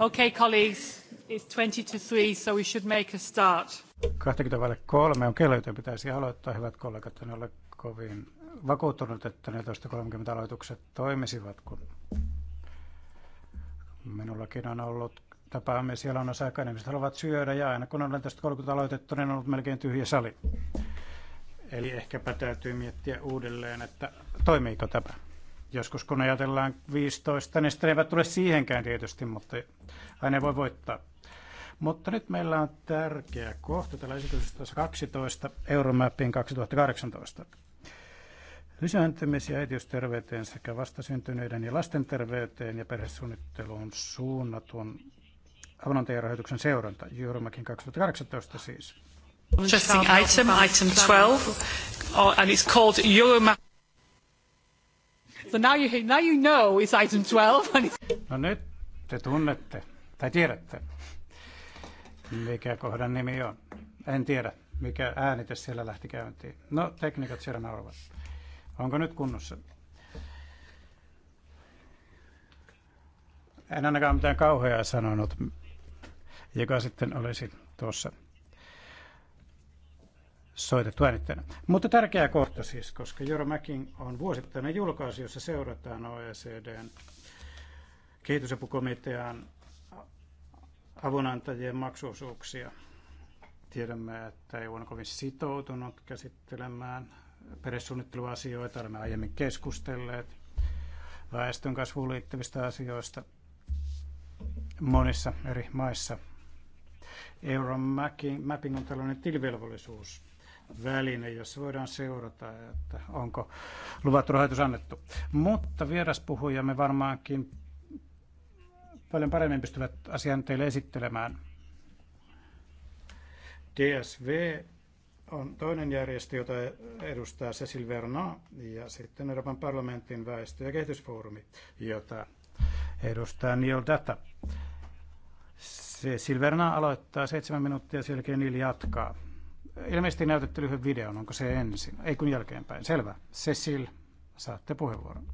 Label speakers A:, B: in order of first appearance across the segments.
A: Okei, Okay, colleagues, it's 20 to 3, so we should make a start.
B: 23 on kello, joten pitäisi aloittaa, hyvät kollegat. En ole kovin vakuuttunut, että 14.30 aloitukset toimisivat, kun minullakin on ollut tapaamme. Siellä on osa aikaa, ihmiset haluavat syödä ja aina kun on tästä 30 aloitettu, niin on ollut melkein tyhjä sali. Eli ehkäpä täytyy miettiä uudelleen, että toimiiko tämä. Joskus kun ajatellaan 15, niin sitten eivät tule siihenkään tietysti, mutta aina voi voittaa. Mutta nyt meillä on tärkeä kohta tällä esityksessä 12 Euromappiin 2018. Lisääntymis- ja äitiysterveyteen sekä vastasyntyneiden ja lasten terveyteen ja perhesuunnitteluun suunnatun avunantajarahoituksen seuranta. Euromakin 2018 siis. Interesting item,
A: item 12, and it's
B: called Euromap.
A: So now you, now you know it's item 12.
B: No nyt te tunnette, tai tiedätte, mikä kohdan nimi on. En tiedä, mikä äänite siellä lähti käyntiin. No, tekniikat siellä nauravat. Onko nyt kunnossa? En ainakaan mitään kauheaa sanonut, joka sitten olisi tuossa soitettu äänittäjänä. Mutta tärkeä kohta siis, koska Jero Mäkin on vuosittainen julkaisu, jossa seurataan OECDn kehitysapukomitean avunantajien maksuosuuksia. Tiedämme, että ei on kovin sitoutunut käsittelemään perhesuunnitteluasioita. Olemme aiemmin keskustelleet väestön kasvuun liittyvistä asioista monissa eri maissa. Euromapping on tällainen tilivelvollisuus väline, jossa voidaan seurata, että onko luvattu rahoitus annettu. Mutta vieraspuhujamme varmaankin paljon paremmin pystyvät asian teille esittelemään. DSV on toinen järjestö, jota edustaa Cecil Vernon ja sitten Euroopan parlamentin väestö- ja kehitysfoorumi, jota edustaa Neil Data. Se Silverna aloittaa seitsemän minuuttia, sen jälkeen Neil jatkaa. Ilmeisesti näytetty lyhyen videon, onko se ensin? Ei kun jälkeenpäin. Selvä. Cecil, saatte puheenvuoron.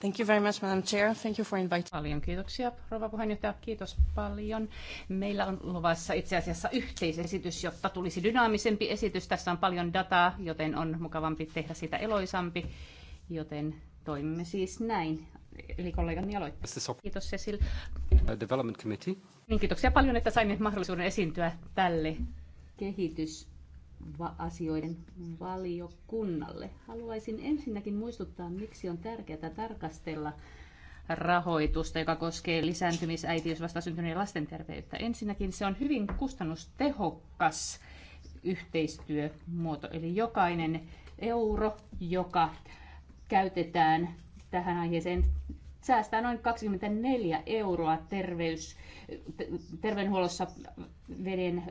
C: Thank you very much, Madam Chair. Thank you for inviting. Paljon kiitoksia, rouva puheenjohtaja. Kiitos paljon. Meillä on luvassa itse asiassa yhteisesitys, jotta tulisi dynaamisempi esitys. Tässä on paljon dataa, joten on mukavampi tehdä siitä eloisampi. Joten toimimme siis näin. Eli kollegani aloittaa. Kiitos Cecil.
D: Development Committee.
C: Niin, kiitoksia paljon, että saimme mahdollisuuden esiintyä tälle kehitysasioiden valiokunnalle. Haluaisin ensinnäkin muistuttaa, miksi on tärkeää tarkastella rahoitusta, joka koskee lisääntymis-, äitiys-, vastasyntyneiden lasten terveyttä. Ensinnäkin se on hyvin kustannustehokas yhteistyömuoto, eli jokainen euro, joka käytetään tähän aiheeseen säästää noin 24 euroa terveys, terveydenhuollossa veden,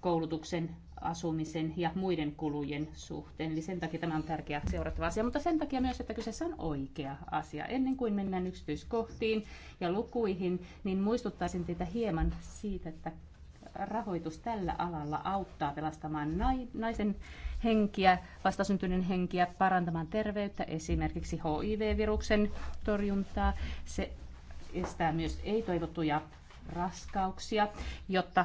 C: koulutuksen, asumisen ja muiden kulujen suhteen. Eli sen takia tämä on tärkeä seurattava asia, mutta sen takia myös, että kyseessä on oikea asia. Ennen kuin mennään yksityiskohtiin ja lukuihin, niin muistuttaisin teitä hieman siitä, että rahoitus tällä alalla auttaa pelastamaan naisen henkiä, vastasyntyneen henkiä, parantamaan terveyttä, esimerkiksi HIV-viruksen torjuntaa. Se estää myös ei-toivottuja raskauksia, jotta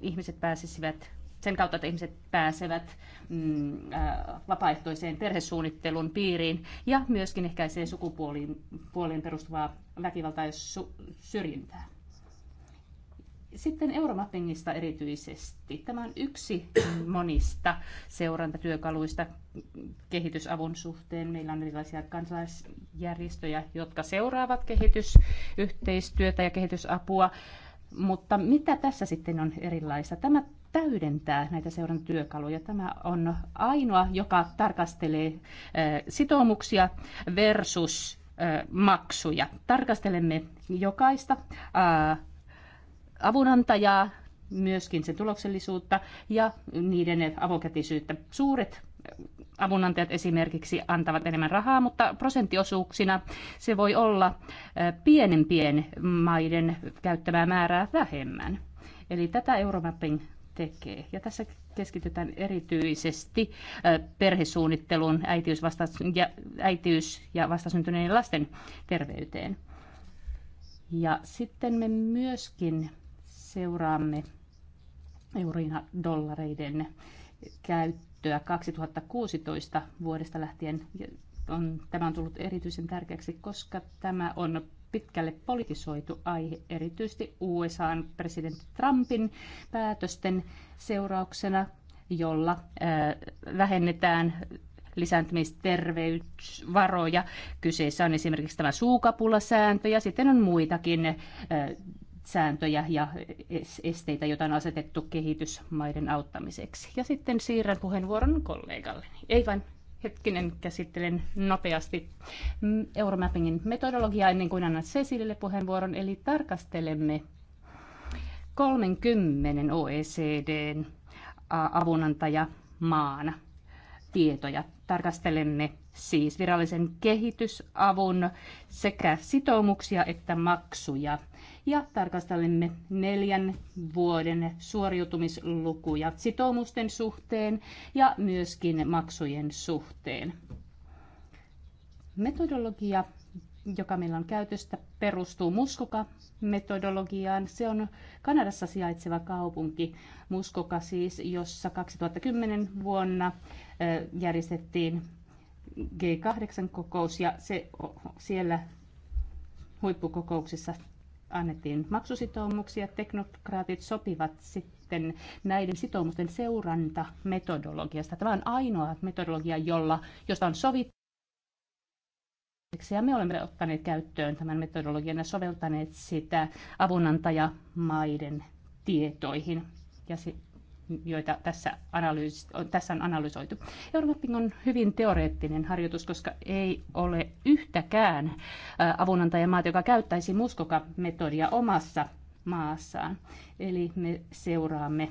C: ihmiset pääsisivät sen kautta, että ihmiset pääsevät mm, äh, vapaaehtoiseen perhesuunnittelun piiriin ja myöskin ehkäisee sukupuoliin perustuvaa väkivaltaa ja syrjintää. Sitten Euromappingista erityisesti. Tämä on yksi monista seurantatyökaluista kehitysavun suhteen. Meillä on erilaisia kansalaisjärjestöjä, jotka seuraavat kehitysyhteistyötä ja kehitysapua. Mutta mitä tässä sitten on erilaista? Tämä täydentää näitä seurantatyökaluja. Tämä on ainoa, joka tarkastelee eh, sitoumuksia versus eh, maksuja. Tarkastelemme jokaista eh, avunantajaa, myöskin sen tuloksellisuutta ja niiden avokätisyyttä. Suuret avunantajat esimerkiksi antavat enemmän rahaa, mutta prosenttiosuuksina se voi olla pienempien maiden käyttämää määrää vähemmän. Eli tätä Euromapping tekee. Ja tässä keskitytään erityisesti perhesuunnitteluun, äitiys, vasta- ja, äitiys ja vastasyntyneiden lasten terveyteen. Ja sitten me myöskin seuraamme dollareiden käyttöä 2016 vuodesta lähtien. On, tämä on tullut erityisen tärkeäksi, koska tämä on pitkälle politisoitu aihe, erityisesti USAn presidentti Trumpin päätösten seurauksena, jolla äh, vähennetään lisääntymisterveysvaroja. Kyseessä on esimerkiksi tämä suukapulasääntö ja sitten on muitakin sääntöjä ja esteitä, joita on asetettu kehitysmaiden auttamiseksi. Ja sitten siirrän puheenvuoron kollegalle. Ei vain hetkinen, käsittelen nopeasti Euromappingin metodologiaa ennen kuin annan Cecilille puheenvuoron. Eli tarkastelemme 30 OECDn avunantaja maana tietoja. Tarkastelemme siis virallisen kehitysavun sekä sitoumuksia että maksuja ja tarkastelemme neljän vuoden suoriutumislukuja sitoumusten suhteen ja myöskin maksujen suhteen. Metodologia, joka meillä on käytöstä, perustuu Muskoka-metodologiaan. Se on Kanadassa sijaitseva kaupunki, Muskoka siis, jossa 2010 vuonna järjestettiin G8-kokous ja se siellä huippukokouksessa annettiin maksusitoumuksia, teknokraatit sopivat sitten näiden sitoumusten seurantametodologiasta. Tämä on ainoa metodologia, jolla, josta on sovittu. Ja me olemme ottaneet käyttöön tämän metodologian ja soveltaneet sitä avunantajamaiden tietoihin. Ja joita tässä, analyys, tässä on analysoitu. Euromapping on hyvin teoreettinen harjoitus, koska ei ole yhtäkään avunantajamaat, joka käyttäisi muskoka-metodia omassa maassaan. Eli me seuraamme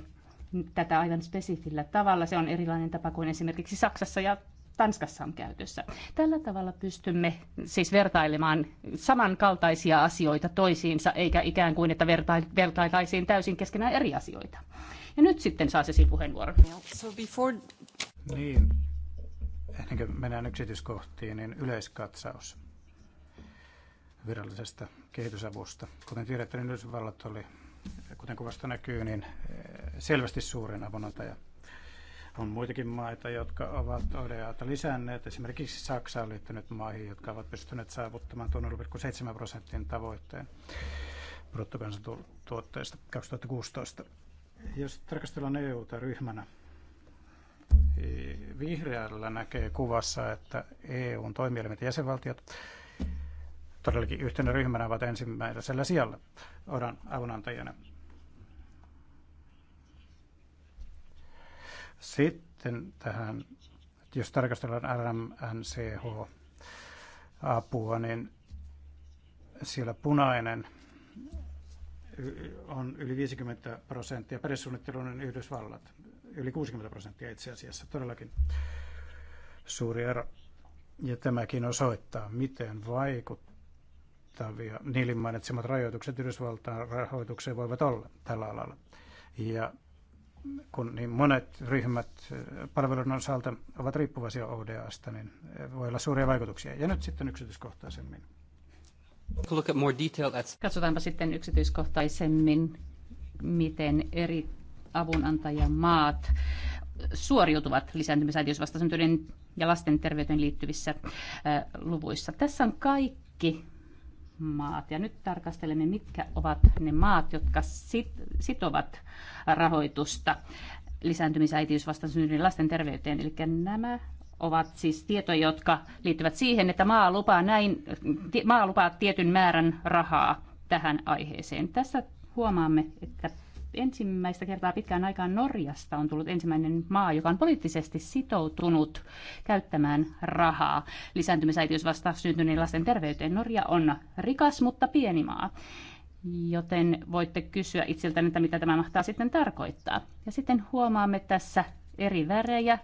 C: tätä aivan spesifillä tavalla. Se on erilainen tapa kuin esimerkiksi Saksassa ja Tanskassa on käytössä. Tällä tavalla pystymme siis vertailemaan samankaltaisia asioita toisiinsa, eikä ikään kuin, että vertailtaisiin täysin keskenään eri asioita. Ja nyt sitten saa se puheenvuoron.
A: So before...
B: Niin, ennen kuin mennään yksityiskohtiin, niin yleiskatsaus virallisesta kehitysavusta. Kuten tiedätte, niin Yhdysvallat oli, kuten kuvasta näkyy, niin eh, selvästi suurin avunantaja. On muitakin maita, jotka ovat ODAta lisänneet. Esimerkiksi Saksa on liittynyt maihin, jotka ovat pystyneet saavuttamaan tuon 0,7 prosentin tavoitteen bruttokansantuotteesta 2016. Jos tarkastellaan EUta ryhmänä, e, vihreällä näkee kuvassa, että EUn toimielimet ja jäsenvaltiot todellakin yhtenä ryhmänä ovat ensimmäisellä sijalla odan avunantajana. Sitten tähän, jos tarkastellaan RMNCH-apua, niin siellä punainen on yli 50 prosenttia, perussuunnittelun on Yhdysvallat, yli 60 prosenttia itse asiassa, todellakin suuri ero. Ja tämäkin osoittaa, miten vaikuttavia Niilin mainitsemat rajoitukset Yhdysvaltain rahoitukseen voivat olla tällä alalla. Ja kun niin monet ryhmät eh, palvelun osalta ovat riippuvaisia ODAsta, niin eh, voi olla suuria vaikutuksia. Ja nyt sitten yksityiskohtaisemmin.
C: Katsotaanpa sitten yksityiskohtaisemmin, miten eri avunantajamaat suoriutuvat lisääntymisäitiys vastasyntyneiden ja lasten terveyteen liittyvissä luvuissa. Tässä on kaikki maat. Ja nyt tarkastelemme, mitkä ovat ne maat, jotka sit, sitovat rahoitusta lisääntymisäitiys vastasyntyneiden lasten terveyteen. Eli nämä ovat siis tietoja, jotka liittyvät siihen, että maa lupaa, näin, maa lupaa tietyn määrän rahaa tähän aiheeseen. Tässä huomaamme, että ensimmäistä kertaa pitkään aikaan Norjasta on tullut ensimmäinen maa, joka on poliittisesti sitoutunut käyttämään rahaa lisääntymisäitiys vasta syntyneen lasten terveyteen. Norja on rikas, mutta pieni maa. Joten voitte kysyä itseltään, että mitä tämä mahtaa sitten tarkoittaa. Ja sitten huomaamme tässä eri värejä,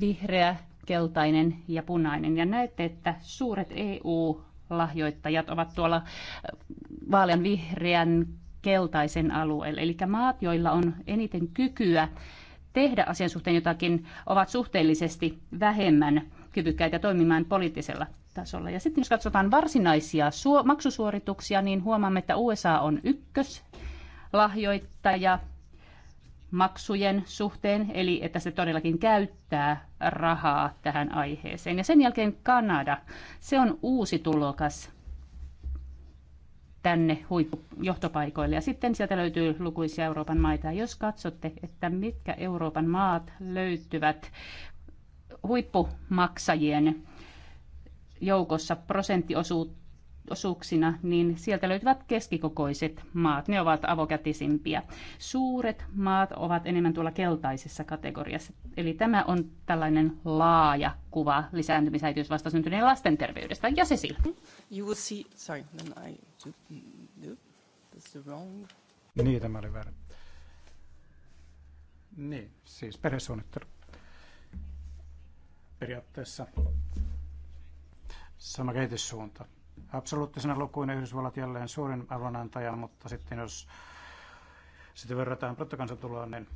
C: vihreä, keltainen ja punainen. Ja näette, että suuret EU-lahjoittajat ovat tuolla äh, vaalean vihreän keltaisen alueella. Eli maat, joilla on eniten kykyä tehdä asian suhteen jotakin, ovat suhteellisesti vähemmän kyvykkäitä toimimaan poliittisella tasolla. Ja sitten jos katsotaan varsinaisia maksusuorituksia, niin huomaamme, että USA on ykkös lahjoittaja maksujen suhteen, eli että se todellakin käyttää rahaa tähän aiheeseen. Ja sen jälkeen Kanada, se on uusi tulokas tänne huippujohtopaikoille. Ja sitten sieltä löytyy lukuisia Euroopan maita. Jos katsotte, että mitkä Euroopan maat löytyvät huippumaksajien joukossa prosenttiosuutta, osuuksina, niin sieltä löytyvät keskikokoiset maat. Ne ovat avokätisimpiä. Suuret maat ovat enemmän tuolla keltaisessa kategoriassa. Eli tämä on tällainen laaja kuva lisääntymisäitiys vastasyntyneen lasten terveydestä. Ja se You will see, sorry, then I, no, that's the wrong.
B: Niin, tämä oli väärä. Niin, siis perhesuunnittelu. Periaatteessa sama kehityssuunta absoluuttisena lukuina Yhdysvallat jälleen suurin avunantaja, mutta sitten jos sitten verrataan bruttokansantuloon, niin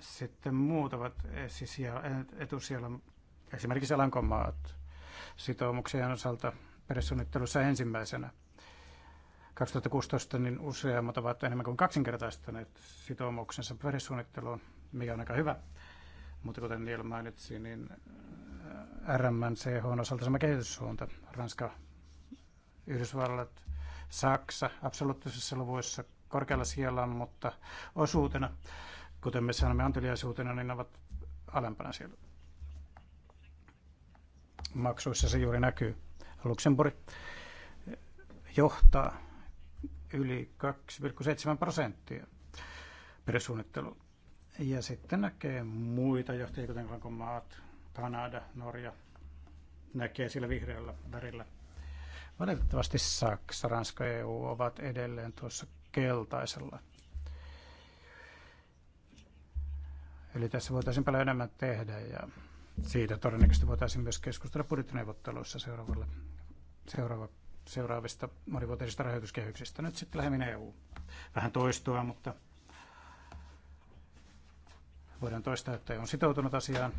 B: sitten muut ovat etusijalla, esimerkiksi Alankomaat sitoumuksien osalta perussuunnittelussa ensimmäisenä. 2016 niin useammat ovat enemmän kuin kaksinkertaistaneet sitoumuksensa perussuunnitteluun, mikä on aika hyvä. Mutta kuten Niel mainitsi, niin RMNCH on osalta sama kehityssuunta. Ranska, Yhdysvallat, Saksa absoluuttisissa luvuissa korkealla siellä, mutta osuutena, kuten me sanomme anteliaisuutena, niin ne ovat alempana siellä. Maksuissa se juuri näkyy. Luxemburg johtaa yli 2,7 prosenttia perussuunnittelu. Ja sitten näkee muita johtajia, kuten maat, Kanada, Norja näkee sillä vihreällä värillä. Valitettavasti Saksa, Ranska ja e EU ovat edelleen tuossa keltaisella. Eli tässä voitaisiin paljon enemmän tehdä ja siitä todennäköisesti voitaisiin myös keskustella budjettineuvotteluissa seuraavalle, seuraava, seuraavista monivuotisista rahoituskehyksistä. Nyt sitten lähemmin EU. Vähän toistoa, mutta voidaan toistaa, että EU on sitoutunut asiaan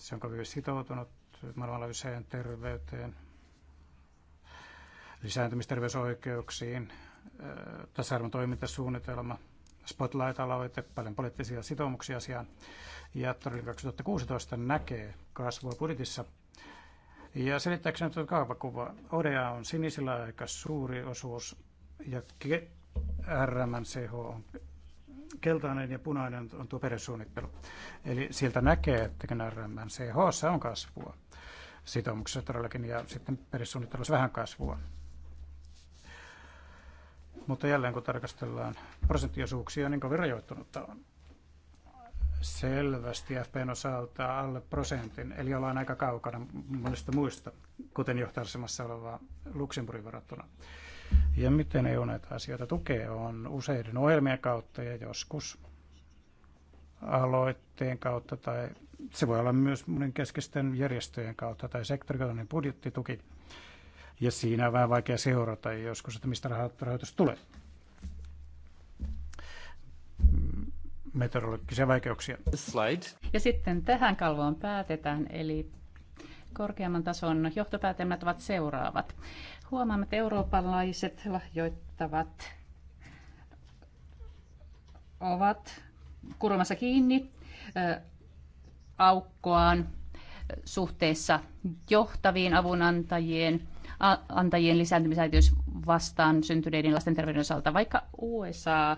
B: se on kovin sitoutunut maailmanlaajuiseen terveyteen, lisääntymisterveysoikeuksiin, tasa-arvon toimintasuunnitelma, Spotlight-aloite, paljon poliittisia sitoumuksia asiaan. Ja todella 2016 näkee kasvua budjetissa. Ja selittääkseni tuota kaavakuvaa. ODA on sinisillä aika suuri osuus ja RMCH on keltainen ja punainen on tuo perhesuunnittelu. Eli sieltä näkee, että NRMn CH on kasvua sitoumuksessa todellakin ja sitten perhesuunnittelussa vähän kasvua. Mutta jälleen kun tarkastellaan prosenttiosuuksia, niin kovin rajoittunutta on. Selvästi FPn osalta alle prosentin, eli ollaan aika kaukana monista muista, kuten johtaisemassa olevaa Luxemburgin verrattuna. Ja miten EU näitä asioita tukee on useiden ohjelmien kautta ja joskus aloitteen kautta tai se voi olla myös monen keskisten järjestöjen kautta tai sektorikotainen budjettituki. Ja siinä on vähän vaikea seurata joskus, että mistä rahoitus tulee. Meteorologisia vaikeuksia. Slide.
C: Ja sitten tähän kalvoon päätetään, eli korkeamman tason johtopäätelmät ovat seuraavat huomaamme, että eurooppalaiset lahjoittavat ovat kuromassa kiinni aukkoaan suhteessa johtaviin avunantajien antajien lisääntymisäitiys vastaan syntyneiden lasten terveyden osalta, vaikka USA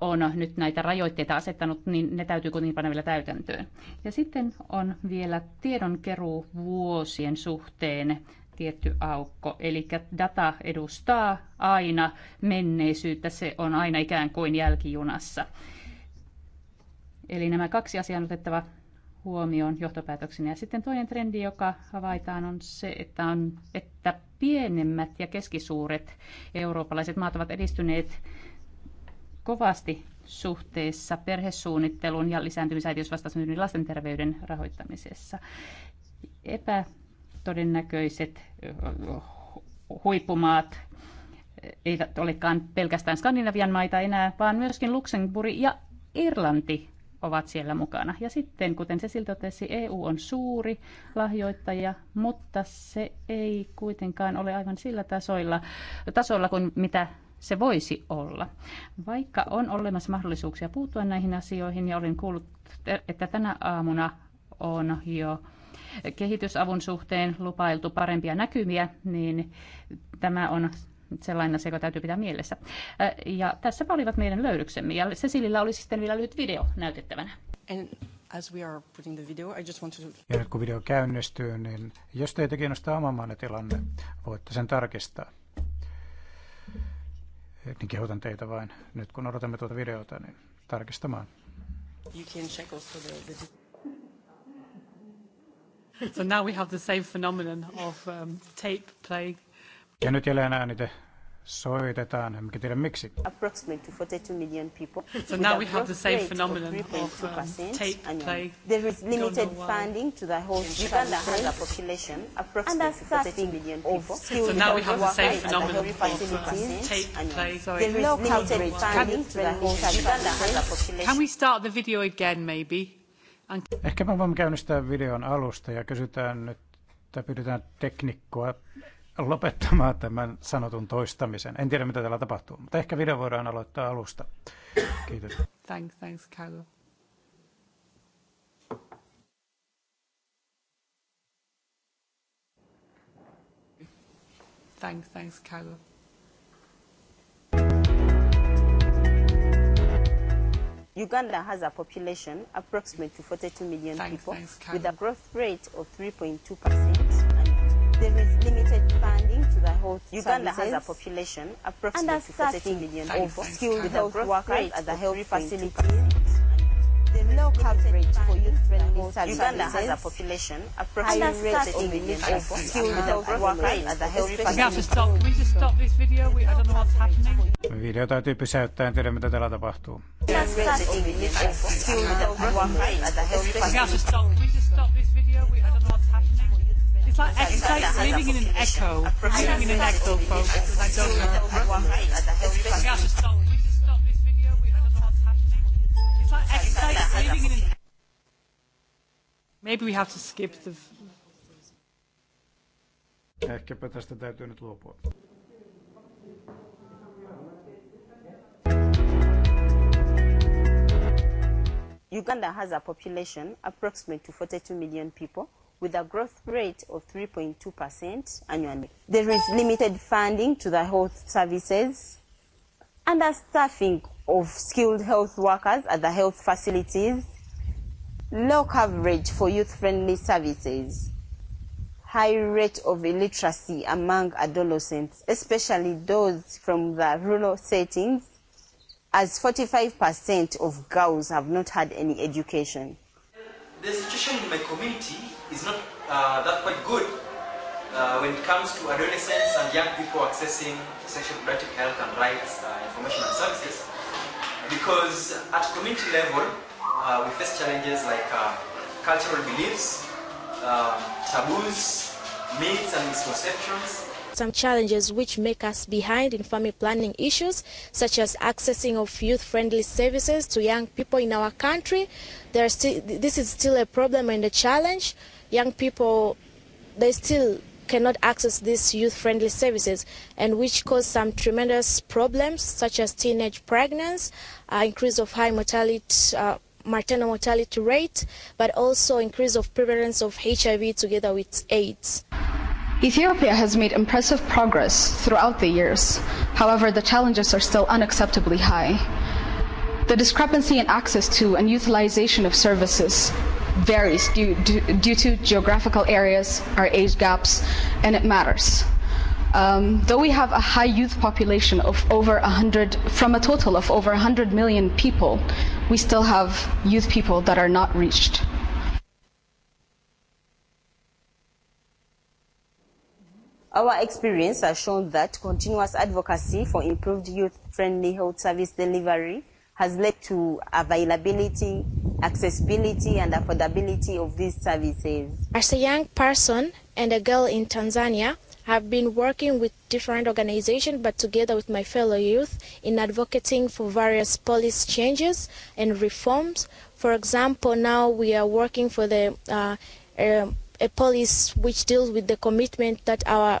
C: on nyt näitä rajoitteita asettanut, niin ne täytyy kuitenkin panna vielä täytäntöön. Ja sitten on vielä tiedonkeruu vuosien suhteen tietty aukko. Eli data edustaa aina menneisyyttä, se on aina ikään kuin jälkijunassa. Eli nämä kaksi asiaa on otettava huomioon johtopäätöksenä. Ja sitten toinen trendi, joka havaitaan, on se, että, on, että pienemmät ja keskisuuret eurooppalaiset maat ovat edistyneet kovasti suhteessa perhesuunnittelun ja lisääntymisäitiysvastaisen lasten terveyden rahoittamisessa. Epä todennäköiset huippumaat eivät olekaan pelkästään Skandinavian maita enää, vaan myöskin Luxemburg ja Irlanti ovat siellä mukana. Ja sitten, kuten se siltä totesi, EU on suuri lahjoittaja, mutta se ei kuitenkaan ole aivan sillä tasoilla, tasolla kuin mitä se voisi olla. Vaikka on olemassa mahdollisuuksia puuttua näihin asioihin, ja olen kuullut, että tänä aamuna on jo kehitysavun suhteen lupailtu parempia näkymiä, niin tämä on sellainen asia, joka täytyy pitää mielessä. Äh, ja tässä olivat meidän löydyksemme, ja Cecilillä oli sitten vielä lyhyt video näytettävänä. And as we are putting the video, I just want to...
A: Ja nyt kun
B: video käynnistyy, niin jos teitä kiinnostaa oman maan tilanne, voitte sen tarkistaa. Niin kehotan teitä vain, nyt kun odotamme tuota videota, niin tarkistamaan.
A: You can check also the, the... So now we have the same phenomenon of um, tape playing.
B: Ja nyt jälleen äänite soitetaan, enkä tiedä miksi.
E: Approximately 42 million people. So now we have the same phenomenon of um, tape playing. There is limited funding to the whole Uganda has a population approximately 42 million people. So now we have the same phenomenon of um, um, tape play. There is limited funding to the whole Uganda has a population.
A: Can we start the video again maybe?
B: Ehkä me voimme käynnistää videon alusta ja kysytään nyt, tai pyydetään teknikkoa lopettamaan tämän sanotun toistamisen. En tiedä, mitä täällä tapahtuu, mutta ehkä video voidaan aloittaa alusta. Kiitos.
A: Thanks, thanks, Carlo. Thanks, thanks, Carlo.
E: Uganda has a population approximately 42 million thanks, people thanks, with a growth rate of 3.2 And There is limited funding to the health Uganda services. has a population approximately 42 million thanks, people skilled health workers at the health facilities coverage for youth-friendly services. Uganda has a population approximately 30 million skilled workers at the health facility.
B: Video täytyy pysäyttää, en tiedä mitä täällä tapahtuu.
A: It's like, it's like living in an
E: echo. Living in an echo, folks, I don't
A: know. Maybe we have to skip the...
B: Ehkäpä tästä täytyy nyt luopua.
E: Uganda has a population approximately 42 million people with a growth rate of 3.2% annually. There is limited funding to the health services, and a staffing of skilled health workers at the health facilities, low coverage for youth-friendly services, high rate of illiteracy among adolescents, especially those from the rural settings, as 45% of girls have not had any education.
A: The situation in my community is
F: not uh, that quite good uh, when it comes to adolescents and young people accessing sexual reproductive health and rights uh, information and services. Because at community level, uh, we face challenges like uh, cultural beliefs,
A: um, taboos, myths and misconceptions.
F: Some challenges which make us behind in family planning issues, such as accessing of youth-friendly services to young people in our country. There still, this is still a problem and a challenge. Young people, they still cannot access these youth-friendly services and which cause some tremendous problems such as teenage pregnancy, uh, increase of high mortality, uh, maternal mortality rate, but also increase of prevalence of HIV together with AIDS. Ethiopia has made impressive progress throughout the years. However, the challenges are still unacceptably high. The discrepancy in access to and utilization of services varies due, due to geographical areas, our age gaps, and it matters. Um, though we have a high youth population of over 100, from a total of over 100 million people, we still have youth people that are not reached.
E: Our experience has shown that continuous advocacy for improved youth friendly health service delivery has led to availability, accessibility, and affordability of these services.
F: As a young person and a girl in Tanzania, I've been working with different organizations, but together with my fellow youth in advocating for various policy changes and reforms. For example, now we are working for the uh, uh, a policy which deals with the commitment that our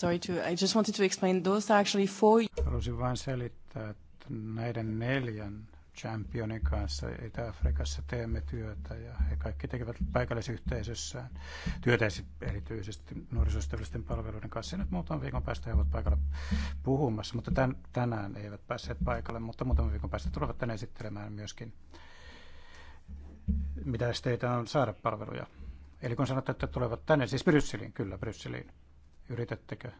A: Sorry to, I just wanted to explain, those are actually four...
B: Halusin vain selittää, että näiden neljän championin kanssa Itä-Afrikassa teemme työtä ja he kaikki tekevät paikallisyhteisössään työtä erityisesti nuorisoystävällisten palveluiden kanssa. Ja nyt muutaman viikon päästä he ovat paikalla puhumassa, mutta tän, tänään eivät päässeet paikalle, mutta muutaman viikon päästä tulevat tänne esittelemään myöskin, mitä esteitä on saada palveluja. Eli kun sanotaan, että tulevat tänne, siis Brysseliin, kyllä Brysseliin, Yritättekö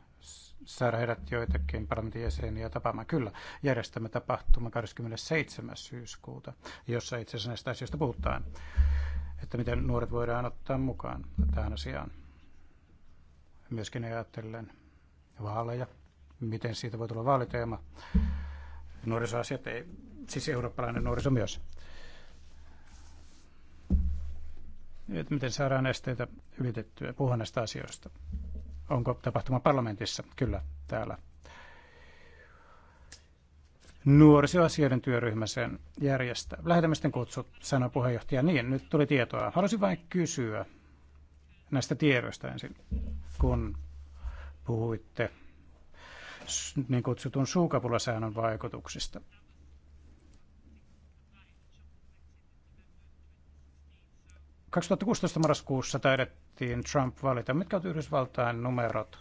B: saada heidät joitakin parlamentin jäseniä tapaamaan? Kyllä, järjestämme tapahtuma 27. syyskuuta, jossa itse asiassa näistä asioista puhutaan, että miten nuoret voidaan ottaa mukaan tähän asiaan. Myöskin ajatellen vaaleja, miten siitä voi tulla vaaliteema. Nuorisoasiat, ei, siis eurooppalainen nuoriso myös. Että miten saadaan esteitä ylitettyä puhua näistä asioista. Onko tapahtuma parlamentissa? Kyllä, täällä. Nuorisoasioiden työryhmä sen järjestää. Lähetämme sitten kutsut, sanoi puheenjohtaja. Niin, nyt tuli tietoa. Haluaisin vain kysyä näistä tiedoista ensin, kun puhuitte niin kutsutun suukapulasäännön vaikutuksista. 2016 marraskuussa taidettiin Trump valita. Mitkä ovat Yhdysvaltain numerot?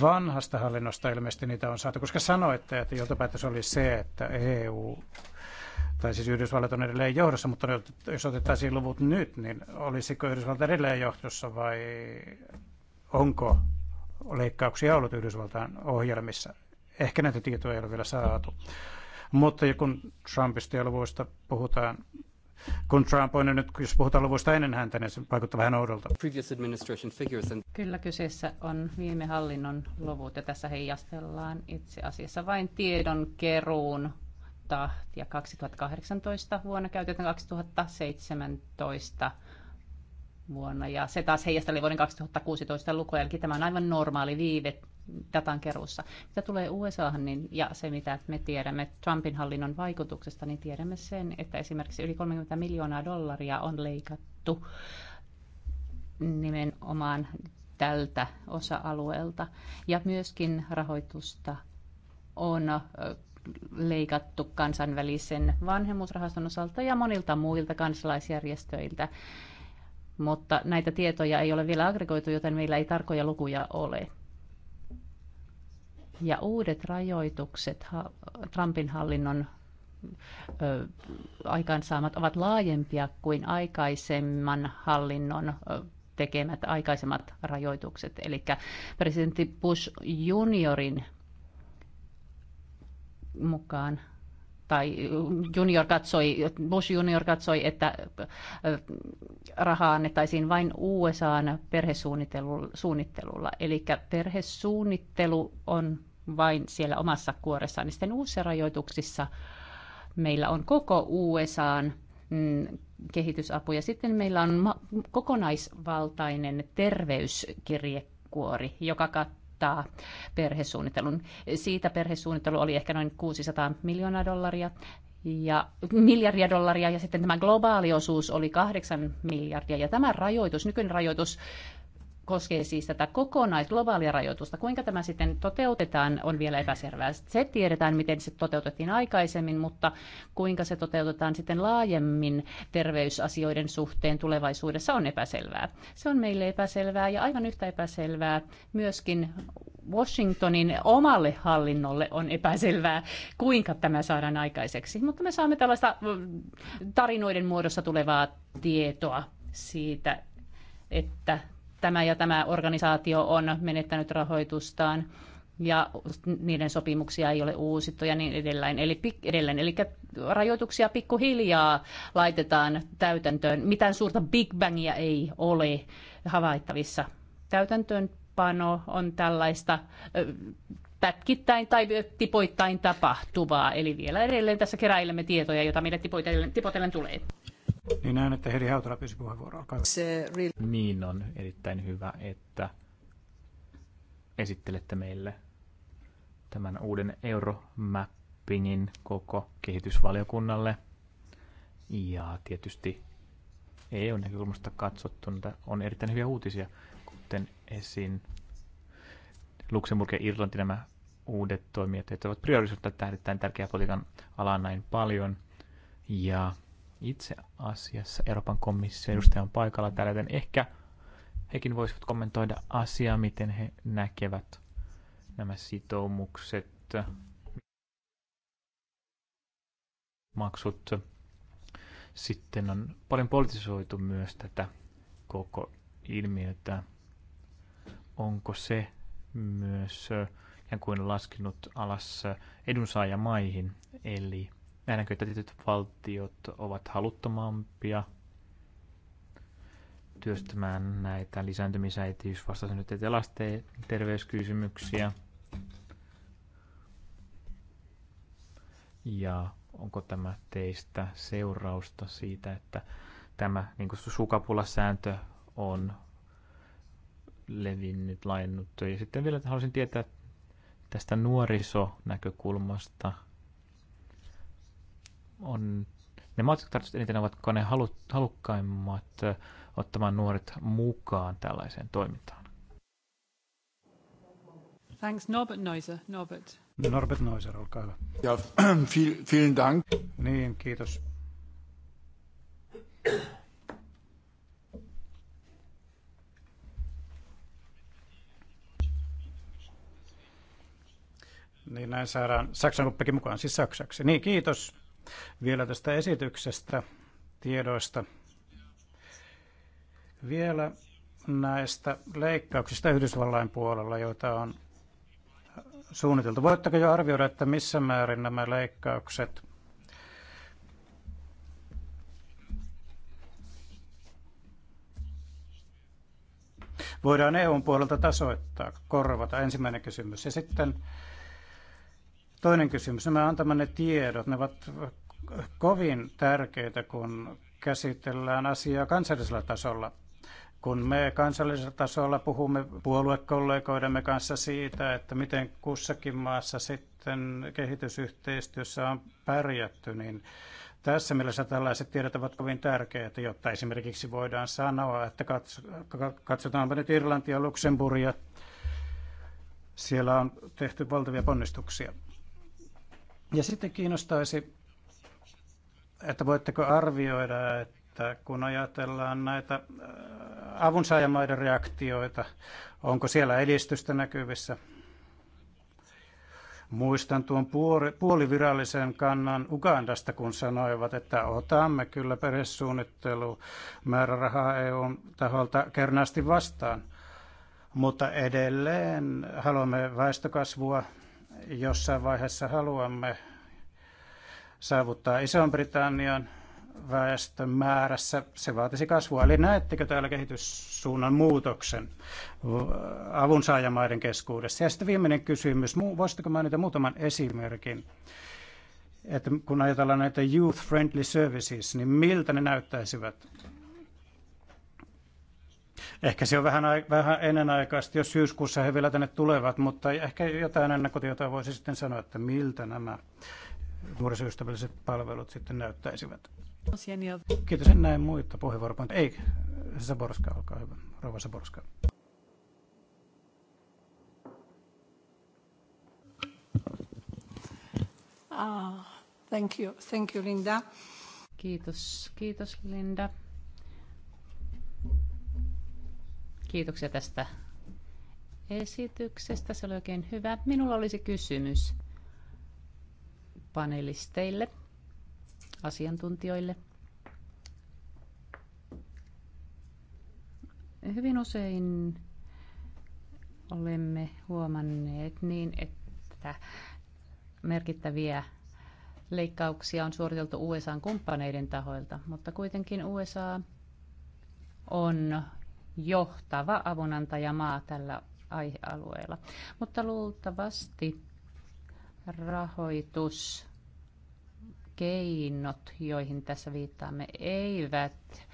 B: Vanhasta hallinnosta ilmeisesti niitä on saatu, koska sanoitte, että johtopäätös oli se, että EU tai siis Yhdysvallat on edelleen johdossa, mutta jos otettaisiin luvut nyt, niin olisiko Yhdysvallat edelleen johdossa vai onko leikkauksia ollut Yhdysvaltain ohjelmissa? Ehkä näitä tietoja ei ole vielä saatu. Mutta kun Trumpista ja luvuista puhutaan, kun Trump on nyt, jos puhutaan luvuista ennen häntä, niin se vaikuttaa vähän oudolta.
C: Kyllä kyseessä on viime hallinnon luvut ja tässä heijastellaan itse asiassa vain tiedon keruun tahtia 2018 vuonna käytetään 2017 vuonna ja se taas heijasteli vuoden 2016 lukuja, eli tämä on aivan normaali viive datan keruussa. Mitä tulee USAhan niin, ja se, mitä me tiedämme Trumpin hallinnon vaikutuksesta, niin tiedämme sen, että esimerkiksi yli 30 miljoonaa dollaria on leikattu nimenomaan tältä osa-alueelta. Ja myöskin rahoitusta on leikattu kansainvälisen vanhemmuusrahaston osalta ja monilta muilta kansalaisjärjestöiltä. Mutta näitä tietoja ei ole vielä aggregoitu, joten meillä ei tarkoja lukuja ole. Ja uudet rajoitukset Trumpin hallinnon aikaansaamat ovat laajempia kuin aikaisemman hallinnon tekemät aikaisemmat rajoitukset. Eli presidentti Bush juniorin mukaan tai junior katsoi, Bush junior katsoi, että rahaa annettaisiin vain USAn perhesuunnittelulla. Eli perhesuunnittelu on vain siellä omassa kuoressaan. Niin sitten uusissa rajoituksissa meillä on koko USAn mm, kehitysapu ja sitten meillä on kokonaisvaltainen terveyskirjekuori, joka kattaa perhesuunnittelun. Siitä perhesuunnittelu oli ehkä noin 600 miljoonaa dollaria ja miljardia dollaria ja sitten tämä globaali osuus oli kahdeksan miljardia ja tämä rajoitus, nykyinen rajoitus koskee siis tätä kokonaisglobaalia rajoitusta. Kuinka tämä sitten toteutetaan on vielä epäselvää. Se tiedetään, miten se toteutettiin aikaisemmin, mutta kuinka se toteutetaan sitten laajemmin terveysasioiden suhteen tulevaisuudessa on epäselvää. Se on meille epäselvää ja aivan yhtä epäselvää myöskin Washingtonin omalle hallinnolle on epäselvää, kuinka tämä saadaan aikaiseksi. Mutta me saamme tällaista tarinoiden muodossa tulevaa tietoa siitä, että tämä ja tämä organisaatio on menettänyt rahoitustaan ja niiden sopimuksia ei ole uusittu ja niin edelleen. Eli, edelleen. Eli rajoituksia pikkuhiljaa laitetaan täytäntöön. Mitään suurta Big Bangia ei ole havaittavissa. Täytäntöönpano on tällaista pätkittäin tai tipoittain tapahtuvaa. Eli vielä edelleen tässä keräilemme tietoja, joita meille tipoitellen, tipotellen tulee.
D: Niin näen, että Heri Hautala pyysi puheenvuoroa. Se real... Niin on erittäin hyvä, että esittelette meille tämän uuden euromappingin koko kehitysvaliokunnalle. Ja tietysti EU-näkökulmasta katsottuna on erittäin hyviä uutisia, kuten esiin Luxemburg ja Irlanti nämä uudet toimijat, jotka ovat priorisoittaneet tähdittäin tärkeää politiikan alaa näin paljon. Ja itse asiassa Euroopan komission edustaja on paikalla täällä, joten ehkä hekin voisivat kommentoida asiaa, miten he näkevät nämä sitoumukset, maksut. Sitten on paljon politisoitu myös tätä koko ilmiötä. Onko se myös ikään kuin laskenut alas edunsaajamaihin, eli Nähdäänkö, että tietyt valtiot ovat haluttomampia työstämään näitä lisääntymisäitiys, vastasynnytteet ja terveyskysymyksiä? Ja onko tämä teistä seurausta siitä, että tämä niin sukapulasääntö on levinnyt, laajennut. Ja sitten vielä haluaisin tietää tästä nuorisonäkökulmasta – on ne maat, jotka tarvitsevat eniten, ovatko ne halu, halukkaimmat ottamaan nuoret mukaan tällaiseen toimintaan?
A: Thanks. Norbert Neuser. Norbert.
B: Norbert Neuser, olkaa hyvä. Ja, viel, vielen Dank. Niin, kiitos. Niin näin saadaan Saksan kuppikin mukaan, siis Saksaksi. Niin, kiitos vielä tästä esityksestä, tiedoista. Vielä näistä leikkauksista Yhdysvallain puolella, joita on suunniteltu. Voitteko jo arvioida, että missä määrin nämä leikkaukset voidaan EUn puolelta tasoittaa, korvata? Ensimmäinen kysymys. Ja sitten Toinen kysymys. Nämä antamanne tiedot, ne ovat kovin tärkeitä, kun käsitellään asiaa kansallisella tasolla. Kun me kansallisella tasolla puhumme puoluekollegoidemme kanssa siitä, että miten kussakin maassa sitten kehitysyhteistyössä on pärjätty, niin tässä mielessä tällaiset tiedot ovat kovin tärkeitä, jotta esimerkiksi voidaan sanoa, että katsotaanpa nyt Irlantia, Luxemburgia. Siellä on tehty valtavia ponnistuksia. Ja sitten kiinnostaisi, että voitteko arvioida, että kun ajatellaan näitä äh, avunsaajamaiden reaktioita, onko siellä edistystä näkyvissä? Muistan tuon puolivirallisen kannan Ugandasta, kun sanoivat, että otamme kyllä perhesuunnittelumäärärahaa EUn taholta kernaasti vastaan. Mutta edelleen haluamme väestökasvua jossain vaiheessa haluamme saavuttaa iso britannian väestön määrässä, se vaatisi kasvua. Eli näettekö täällä kehityssuunnan muutoksen avunsaajamaiden keskuudessa? Ja sitten viimeinen kysymys, voisitko mainita muutaman esimerkin? Että kun ajatellaan näitä youth-friendly services, niin miltä ne näyttäisivät? Ehkä se on vähän, vähän ennenaikaista, jos syyskuussa he vielä tänne tulevat, mutta ehkä jotain ennakkotietoa voisi sitten sanoa, että miltä nämä nuorisoystävälliset palvelut sitten näyttäisivät. Kiitos, en näe muita puheenvuoropointteja. Ei, Saborska, olkaa hyvä. Rouva Saborska.
C: Ah, thank you, thank you Linda. Kiitos, kiitos Linda. Kiitoksia tästä esityksestä. Se oli oikein hyvä. Minulla olisi kysymys panelisteille, asiantuntijoille. Hyvin usein olemme huomanneet niin, että merkittäviä leikkauksia on suoriteltu USAn kumppaneiden tahoilta, mutta kuitenkin USA on johtava avunantajamaa tällä aihealueella. Mutta luultavasti rahoitus keinot, joihin tässä viittaamme, eivät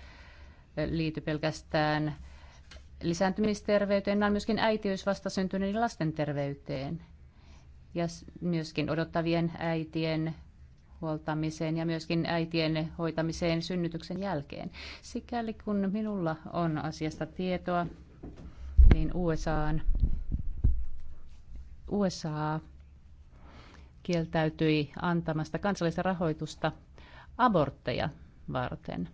C: liity pelkästään lisääntymisterveyteen, vaan myöskin äitiysvastasyntyneiden lasten terveyteen ja myöskin odottavien äitien huoltamiseen ja myöskin äitien hoitamiseen synnytyksen jälkeen. Sikäli kun minulla on asiasta tietoa, niin USAan, USA kieltäytyi antamasta kansallista rahoitusta abortteja varten,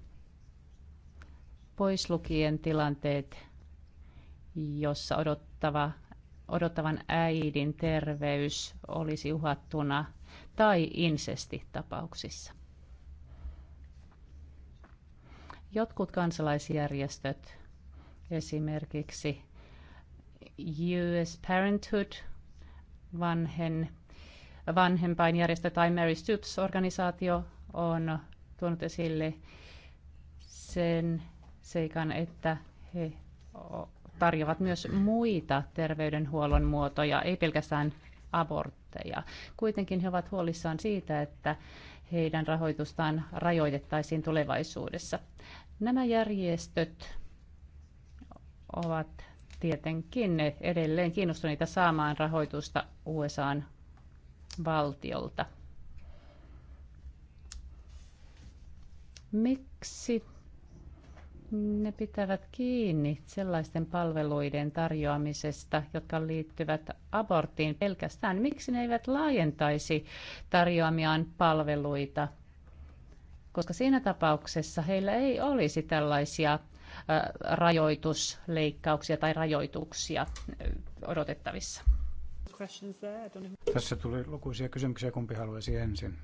C: poislukien tilanteet, jossa odottava, odottavan äidin terveys olisi uhattuna – tai insestitapauksissa. Jotkut kansalaisjärjestöt, esimerkiksi US Parenthood, vanhen, vanhempainjärjestö tai Mary Stoops-organisaatio, on tuonut esille sen seikan, että he tarjoavat myös muita terveydenhuollon muotoja, ei pelkästään abortteja. Kuitenkin he ovat huolissaan siitä, että heidän rahoitustaan rajoitettaisiin tulevaisuudessa. Nämä järjestöt ovat tietenkin edelleen kiinnostuneita saamaan rahoitusta USAn valtiolta. Miksi ne pitävät kiinni sellaisten palveluiden tarjoamisesta, jotka liittyvät aborttiin pelkästään. Miksi ne eivät laajentaisi tarjoamiaan palveluita? Koska siinä tapauksessa heillä ei olisi tällaisia rajoitusleikkauksia tai rajoituksia odotettavissa.
B: Tässä tuli lukuisia kysymyksiä, kumpi haluaisi ensin?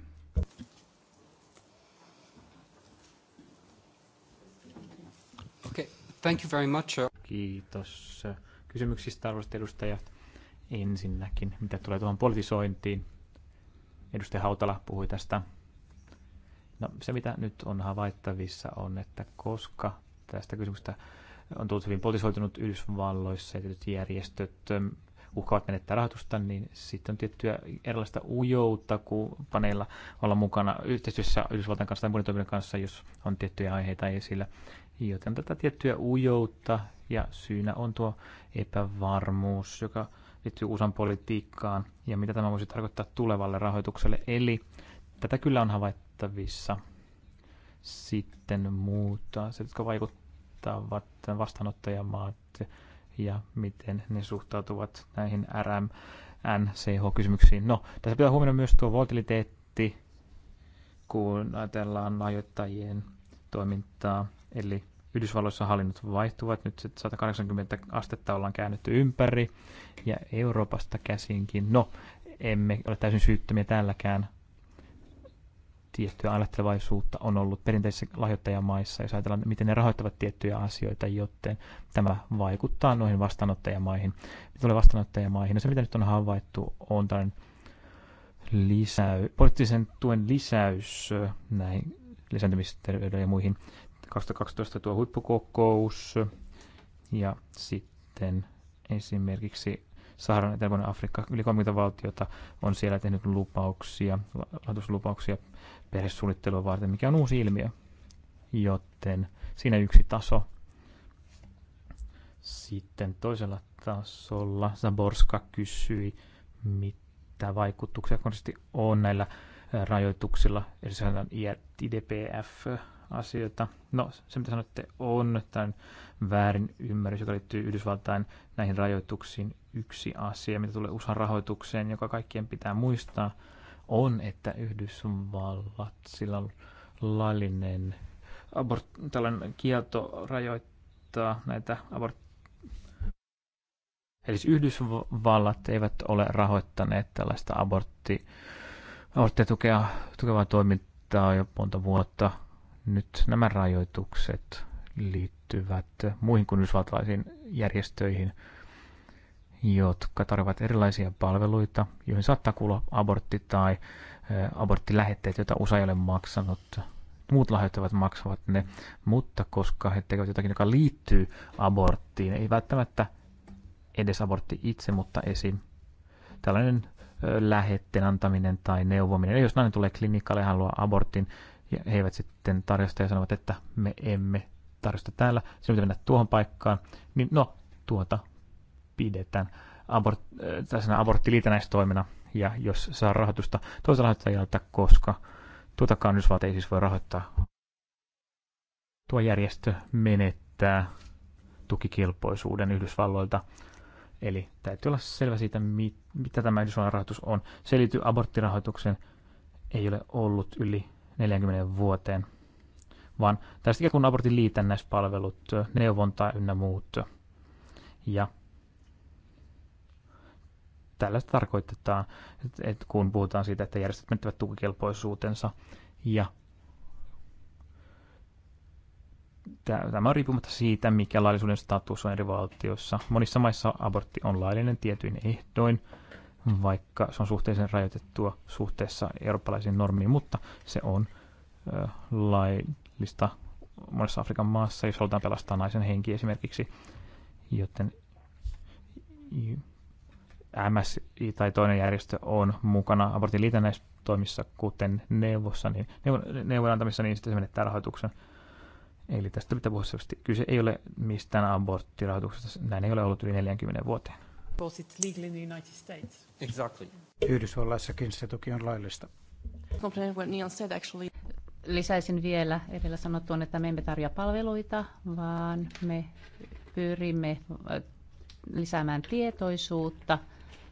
D: Thank you very much. Kiitos äh, kysymyksistä, arvoisat edustajat. Ensinnäkin, mitä tulee tuohon politisointiin. Edustaja Hautala puhui tästä. No, se, mitä nyt on havaittavissa, on, että koska tästä kysymyksestä on tullut hyvin politisoitunut Yhdysvalloissa ja tietyt järjestöt ähm, uhkaavat menettää rahoitusta, niin sitten on tiettyä erilaista ujoutta kun paneilla olla mukana yhteistyössä Yhdysvaltain kanssa tai muiden toiminnan kanssa, jos on tiettyjä aiheita esillä. Joten tätä tiettyä ujoutta ja syynä on tuo epävarmuus, joka liittyy USAn politiikkaan ja mitä tämä voisi tarkoittaa tulevalle rahoitukselle. Eli tätä kyllä on havaittavissa. Sitten muuta, se, jotka vaikuttavat vastaanottajamaat ja miten ne suhtautuvat näihin RM, NCH-kysymyksiin. No, tässä pitää huomioida myös tuo volatiliteetti, kun ajatellaan lajoittajien toimintaa Eli Yhdysvalloissa hallinnot vaihtuvat, nyt 180 astetta ollaan käännetty ympäri ja Euroopasta käsinkin. No, emme ole täysin syyttömiä tälläkään Tiettyä ajattelevaisuutta on ollut perinteisissä lahjoittajamaissa, jos ajatellaan, miten ne rahoittavat tiettyjä asioita, joten tämä vaikuttaa noihin vastaanottajamaihin. Mitä tulee vastaanottajamaihin? No se, mitä nyt on havaittu, on tällainen lisäy, poliittisen tuen lisäys äh, näihin lisääntymisterveyden ja muihin 2012 tuo huippukokous ja sitten esimerkiksi Saharan eteläpuolinen Afrikka, yli 30 valtiota on siellä tehnyt lupauksia, lahjoituslupauksia perhesuunnittelua varten, mikä on uusi ilmiö. Joten siinä yksi taso. Sitten toisella tasolla Zaborska kysyi, mitä vaikutuksia konkreettisesti on näillä rajoituksilla, eli se on IDPF asioita. No, se mitä sanotte on tämän väärin ymmärrys, joka liittyy Yhdysvaltain näihin rajoituksiin. Yksi asia, mitä tulee USAn rahoitukseen, joka kaikkien pitää muistaa, on, että Yhdysvallat, sillä on laillinen abort, tällainen kielto rajoittaa näitä abort... Eli siis Yhdysvallat eivät ole rahoittaneet tällaista abortti, aborttia tukea, tukevaa toimintaa jo monta vuotta nyt nämä rajoitukset liittyvät muihin kuin yhdysvaltalaisiin järjestöihin, jotka tarjoavat erilaisia palveluita, joihin saattaa kuulua abortti tai aborttilähetteet, joita USA ei ole maksanut. Muut lahjoittavat maksavat ne, mutta koska he tekevät jotakin, joka liittyy aborttiin, ei välttämättä edes abortti itse, mutta esim. tällainen lähetteen antaminen tai neuvominen. Eli jos nainen tulee klinikalle ja haluaa abortin, ja he eivät sitten tarjosta ja sanovat, että me emme tarjosta täällä, sinun pitää mennä tuohon paikkaan, niin no, tuota pidetään abort, äh, aborttiliitännäistoimena ja jos saa rahoitusta toisella rahoittajalta, koska tuotakaan Yhdysvallat ei siis voi rahoittaa. Tuo järjestö menettää tukikelpoisuuden Yhdysvalloilta. Eli täytyy olla selvä siitä, mit, mitä tämä Yhdysvallan rahoitus on. Se liittyy aborttirahoitukseen. Ei ole ollut yli 40 vuoteen, vaan tästä kun abortin liitännäispalvelut, neuvonta ynnä muut. Ja tällaista tarkoitetaan, että kun puhutaan siitä, että järjestöt menettävät tukikelpoisuutensa ja tämä on riippumatta siitä, mikä laillisuuden status on eri valtioissa, Monissa maissa abortti on laillinen tietyin ehdoin, vaikka se on suhteellisen rajoitettua suhteessa eurooppalaisiin normiin, mutta se on laillista monessa Afrikan maassa, jos halutaan pelastaa naisen henki esimerkiksi, joten MSI tai toinen järjestö on mukana abortin liitännäistoimissa, kuten neuvossa, niin neuvon antamissa, niin sitten se menettää rahoituksen. Eli tästä pitää puhua Kyse ei ole mistään aborttirahoituksesta. Näin ei ole ollut yli 40 vuoteen
A: because it's
C: legal in the United States. Exactly.
D: Yhdysvalloissakin se toki on laillista.
C: Lisäisin vielä edellä sanottuun, että me emme tarjoa palveluita, vaan me pyrimme lisäämään tietoisuutta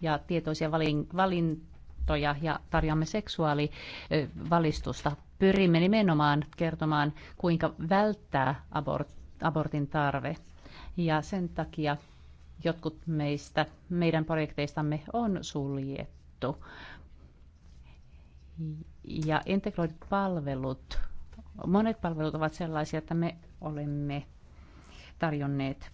C: ja tietoisia valintoja ja tarjoamme seksuaalivalistusta. Pyrimme nimenomaan kertomaan, kuinka välttää abort, abortin tarve. Ja sen takia Jotkut meistä, meidän projekteistamme on suljettu. Ja integroidut palvelut, monet palvelut ovat sellaisia, että me olemme tarjonneet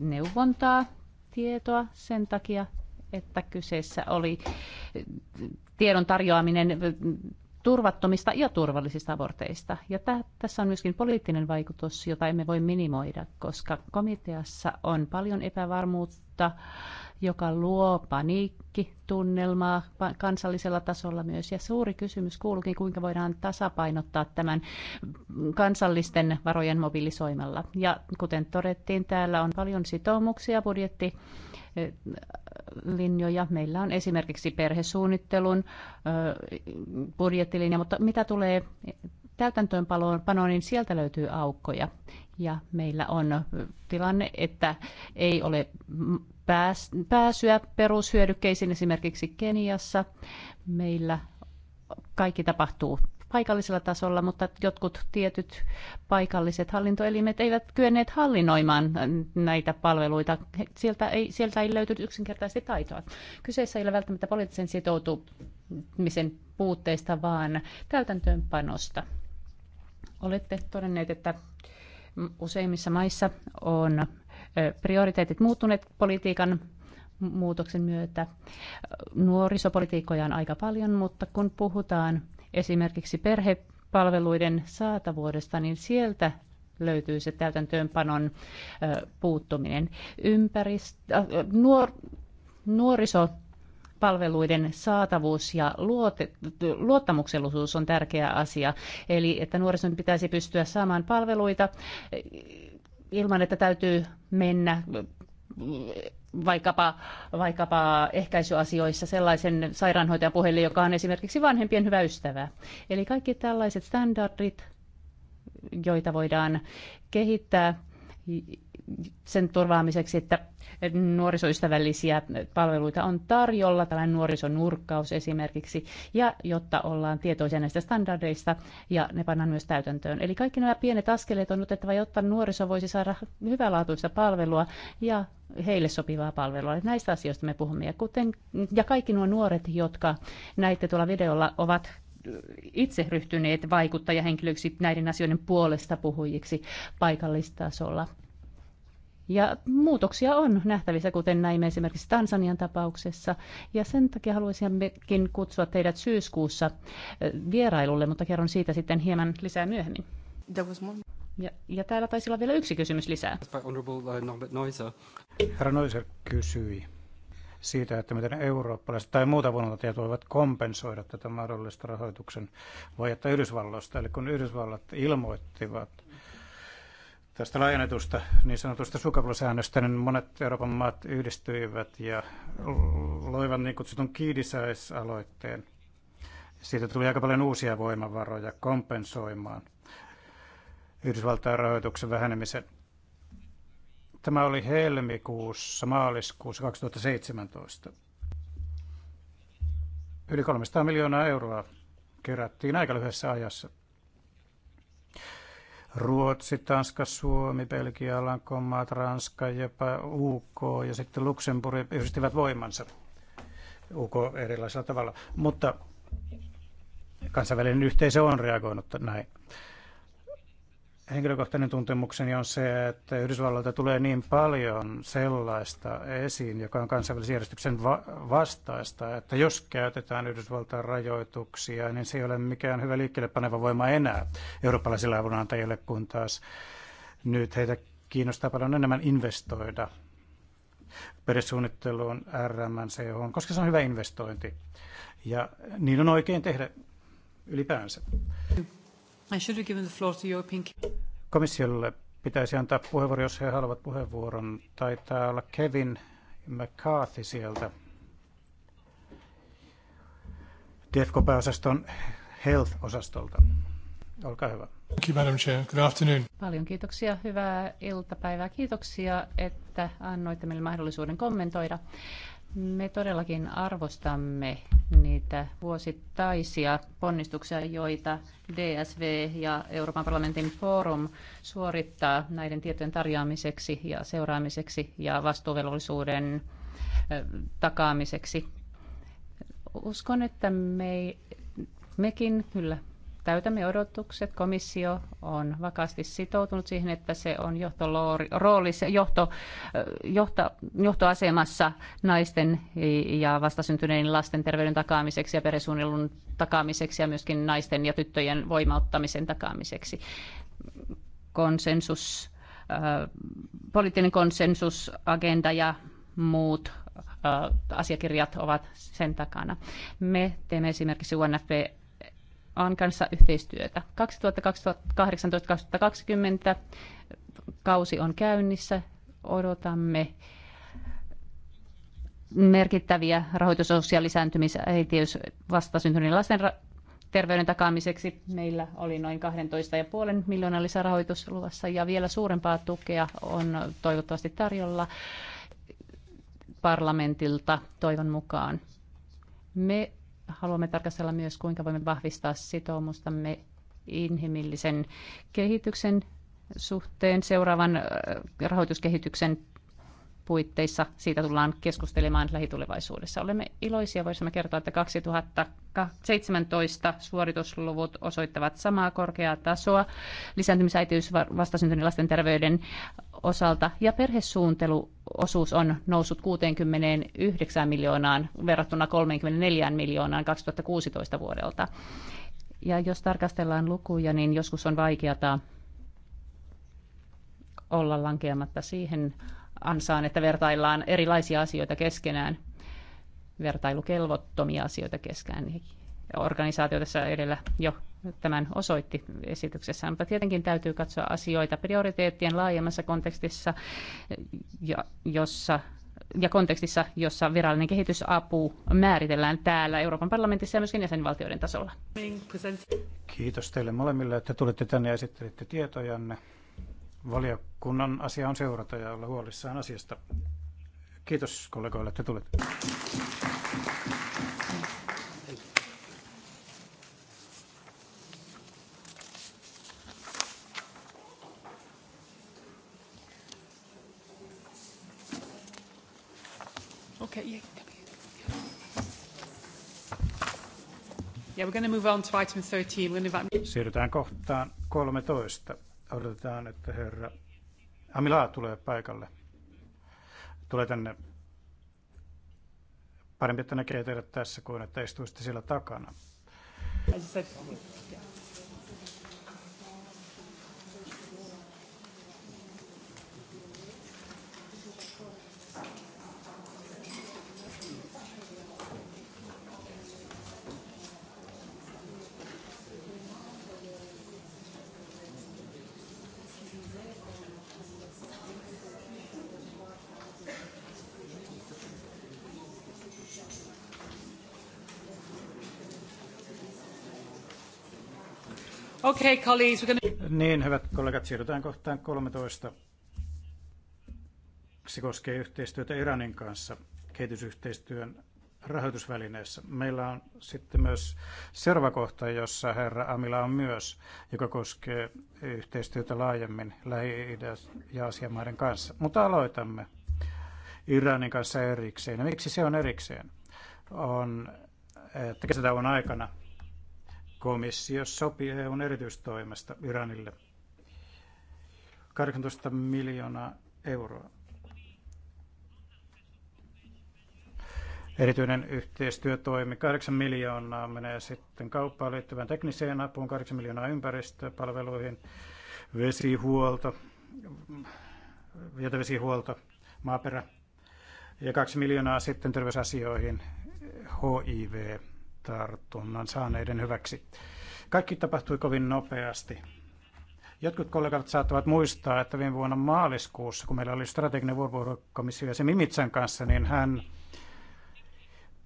C: neuvontaa, tietoa sen takia, että kyseessä oli tiedon tarjoaminen turvattomista ja turvallisista aborteista. Ja tä, tässä on myöskin poliittinen vaikutus, jota emme voi minimoida, koska komiteassa on paljon epävarmuutta, joka luo paniikkitunnelmaa kansallisella tasolla myös. Ja suuri kysymys kuuluukin, kuinka voidaan tasapainottaa tämän kansallisten varojen mobilisoimalla. Ja kuten todettiin, täällä on paljon sitoumuksia budjetti linjoja. Meillä on esimerkiksi perhesuunnittelun budjettilinja, mutta mitä tulee täytäntöönpanoon, niin sieltä löytyy aukkoja. Ja meillä on tilanne, että ei ole pääsyä perushyödykkeisiin esimerkiksi Keniassa. Meillä kaikki tapahtuu paikallisella tasolla, mutta jotkut tietyt paikalliset hallintoelimet eivät kyenneet hallinnoimaan näitä palveluita. Sieltä ei, sieltä ei löytynyt yksinkertaisesti taitoa. Kyseessä ei ole välttämättä poliittisen sitoutumisen puutteista, vaan täytäntöönpanosta. Olette todenneet, että useimmissa maissa on prioriteetit muuttuneet politiikan muutoksen myötä. Nuorisopolitiikkoja on aika paljon, mutta kun puhutaan esimerkiksi perhepalveluiden saatavuudesta, niin sieltä löytyy se täytäntöönpanon puuttuminen. Ympäristö, nuor, nuoriso palveluiden saatavuus ja luot- luottamuksellisuus on tärkeä asia. Eli että nuorison pitäisi pystyä saamaan palveluita ilman, että täytyy mennä vaikkapa, vaikkapa ehkäisyasioissa sellaisen sairaanhoitajan puhelin, joka on esimerkiksi vanhempien hyvä ystävä. Eli kaikki tällaiset standardit, joita voidaan kehittää sen turvaamiseksi, että nuorisoystävällisiä palveluita on tarjolla, tällainen nuorisonurkkaus esimerkiksi, ja jotta ollaan tietoisia näistä standardeista ja ne pannaan myös täytäntöön. Eli kaikki nämä pienet askeleet on otettava, jotta nuoriso voisi saada hyvälaatuista palvelua ja heille sopivaa palvelua. Eli näistä asioista me puhumme. Ja, kuten, ja kaikki nuo nuoret, jotka näitte tuolla videolla, ovat itse ryhtyneet vaikuttajahenkilöiksi näiden asioiden puolesta puhujiksi paikallistasolla ja muutoksia on nähtävissä, kuten näimme esimerkiksi Tansanian tapauksessa. Ja sen takia haluaisimmekin kutsua teidät syyskuussa vierailulle, mutta kerron siitä sitten hieman lisää myöhemmin. Ja, ja täällä taisi olla vielä yksi kysymys lisää. Uh, Herra Noiser kysyi
B: siitä, että miten eurooppalaiset tai muuta vuonnottajat voivat kompensoida tätä mahdollista rahoituksen vajetta Yhdysvalloista. Eli kun Yhdysvallat ilmoittivat tästä laajennetusta niin sanotusta sukapuolisäännöstä, niin monet Euroopan maat yhdistyivät ja loivat niin kutsutun kiidisäisaloitteen. Siitä tuli aika paljon uusia voimavaroja kompensoimaan Yhdysvaltain rahoituksen vähenemisen. Tämä oli helmikuussa, maaliskuussa 2017. Yli 300 miljoonaa euroa kerättiin aika lyhyessä ajassa – Ruotsi, Tanska, Suomi, Belgia, Alankomaat, Ranska, jopa UK ja sitten Luxemburg yhdistivät voimansa. UK erilaisella tavalla. Mutta kansainvälinen yhteisö on reagoinut näin henkilökohtainen tuntemukseni on se, että Yhdysvalloilta tulee niin paljon sellaista esiin, joka on kansainvälisen järjestyksen va- vastaista, että jos käytetään Yhdysvaltain rajoituksia, niin se ei ole mikään hyvä liikkeelle paneva voima enää eurooppalaisille avunantajille, kun taas nyt heitä kiinnostaa paljon enemmän investoida perussuunnitteluun RMNCH, koska se on hyvä investointi. Ja niin on oikein tehdä ylipäänsä. I should have given the floor to European... Komissiolle pitäisi antaa puheenvuoro, jos he haluavat puheenvuoron. Taitaa olla Kevin McCarthy sieltä. DFK-pääosaston Health-osastolta. Olkaa hyvä. Thank you, Madam Chair. Good afternoon.
C: Paljon kiitoksia. Hyvää iltapäivää. Kiitoksia, että annoitte meille mahdollisuuden kommentoida. Me todellakin arvostamme niitä vuosittaisia ponnistuksia, joita DSV ja Euroopan parlamentin forum suorittaa näiden tietojen tarjoamiseksi ja seuraamiseksi ja vastuuvelvollisuuden takaamiseksi. Uskon, että me, mekin kyllä täytämme odotukset. Komissio on vakaasti sitoutunut siihen, että se on johtoroolissa, johto, johto, johtoasemassa naisten ja vastasyntyneiden lasten terveyden takaamiseksi ja perhesuunnitelun takaamiseksi ja myöskin naisten ja tyttöjen voimauttamisen takaamiseksi. Konsensus, poliittinen konsensus, agenda ja muut asiakirjat ovat sen takana. Me teemme esimerkiksi UNFP on kanssa yhteistyötä. 2018-2020 kausi on käynnissä. Odotamme merkittäviä rahoitusosia lisääntymis- äitiys vastasyntyneen lasten terveyden takaamiseksi. Meillä oli noin 12,5 miljoonaa lisärahoitusluvassa ja vielä suurempaa tukea on toivottavasti tarjolla parlamentilta toivon mukaan. Me haluamme tarkastella myös, kuinka voimme vahvistaa sitoumustamme inhimillisen kehityksen suhteen seuraavan äh, rahoituskehityksen puitteissa siitä tullaan keskustelemaan lähitulevaisuudessa. Olemme iloisia, voisimme kertoa, että 2017 suoritusluvut osoittavat samaa korkeaa tasoa lisääntymisäitiys vastasyntyneiden lasten terveyden osalta ja perhesuunteluosuus on noussut 69 miljoonaan verrattuna 34 miljoonaan 2016 vuodelta. Ja jos tarkastellaan lukuja, niin joskus on vaikeata olla lankeamatta siihen ansaan, että vertaillaan erilaisia asioita keskenään, vertailukelvottomia asioita keskenään. Organisaatio tässä edellä jo tämän osoitti esityksessä, mutta tietenkin täytyy katsoa asioita prioriteettien laajemmassa kontekstissa, ja, jossa ja kontekstissa, jossa virallinen kehitysapu määritellään täällä Euroopan parlamentissa ja myöskin jäsenvaltioiden tasolla.
B: Kiitos teille molemmille, että tulitte tänne ja esittelitte tietojanne. Valiokunnan asia on seurata ja olla huolissaan asiasta. Kiitos kollegoille, että tulitte.
A: we're going to move on to item 13.
B: Siirrytään kohtaan 13. Odotetaan, että herra Amilaa tulee paikalle. Tulee tänne. Parempi, että näkee teidät tässä kuin että istuisitte siellä takana.
A: I said, yeah. Okay, colleagues,
B: we're gonna... Niin, hyvät kollegat, siirrytään kohtaan 13. Se koskee yhteistyötä Iranin kanssa kehitysyhteistyön rahoitusvälineessä. Meillä on sitten myös seuraava kohta, jossa herra Amila on myös, joka koskee yhteistyötä laajemmin lähi ja asiamaiden kanssa. Mutta aloitamme Iranin kanssa erikseen. Ja miksi se on erikseen? On, että kesätauon aikana komissio sopi EUn erityistoimesta Iranille 18 miljoonaa euroa. Erityinen yhteistyötoimi 8 miljoonaa menee sitten kauppaan liittyvään tekniseen apuun, 8 miljoonaa ympäristöpalveluihin, vesihuolto, jätevesihuolto, maaperä ja 2 miljoonaa sitten terveysasioihin, HIV, tartunnan saaneiden hyväksi. Kaikki tapahtui kovin nopeasti. Jotkut kollegat saattavat muistaa, että viime vuonna maaliskuussa, kun meillä oli strateginen vuoropuhelukomissio ja se Mimitsän kanssa, niin hän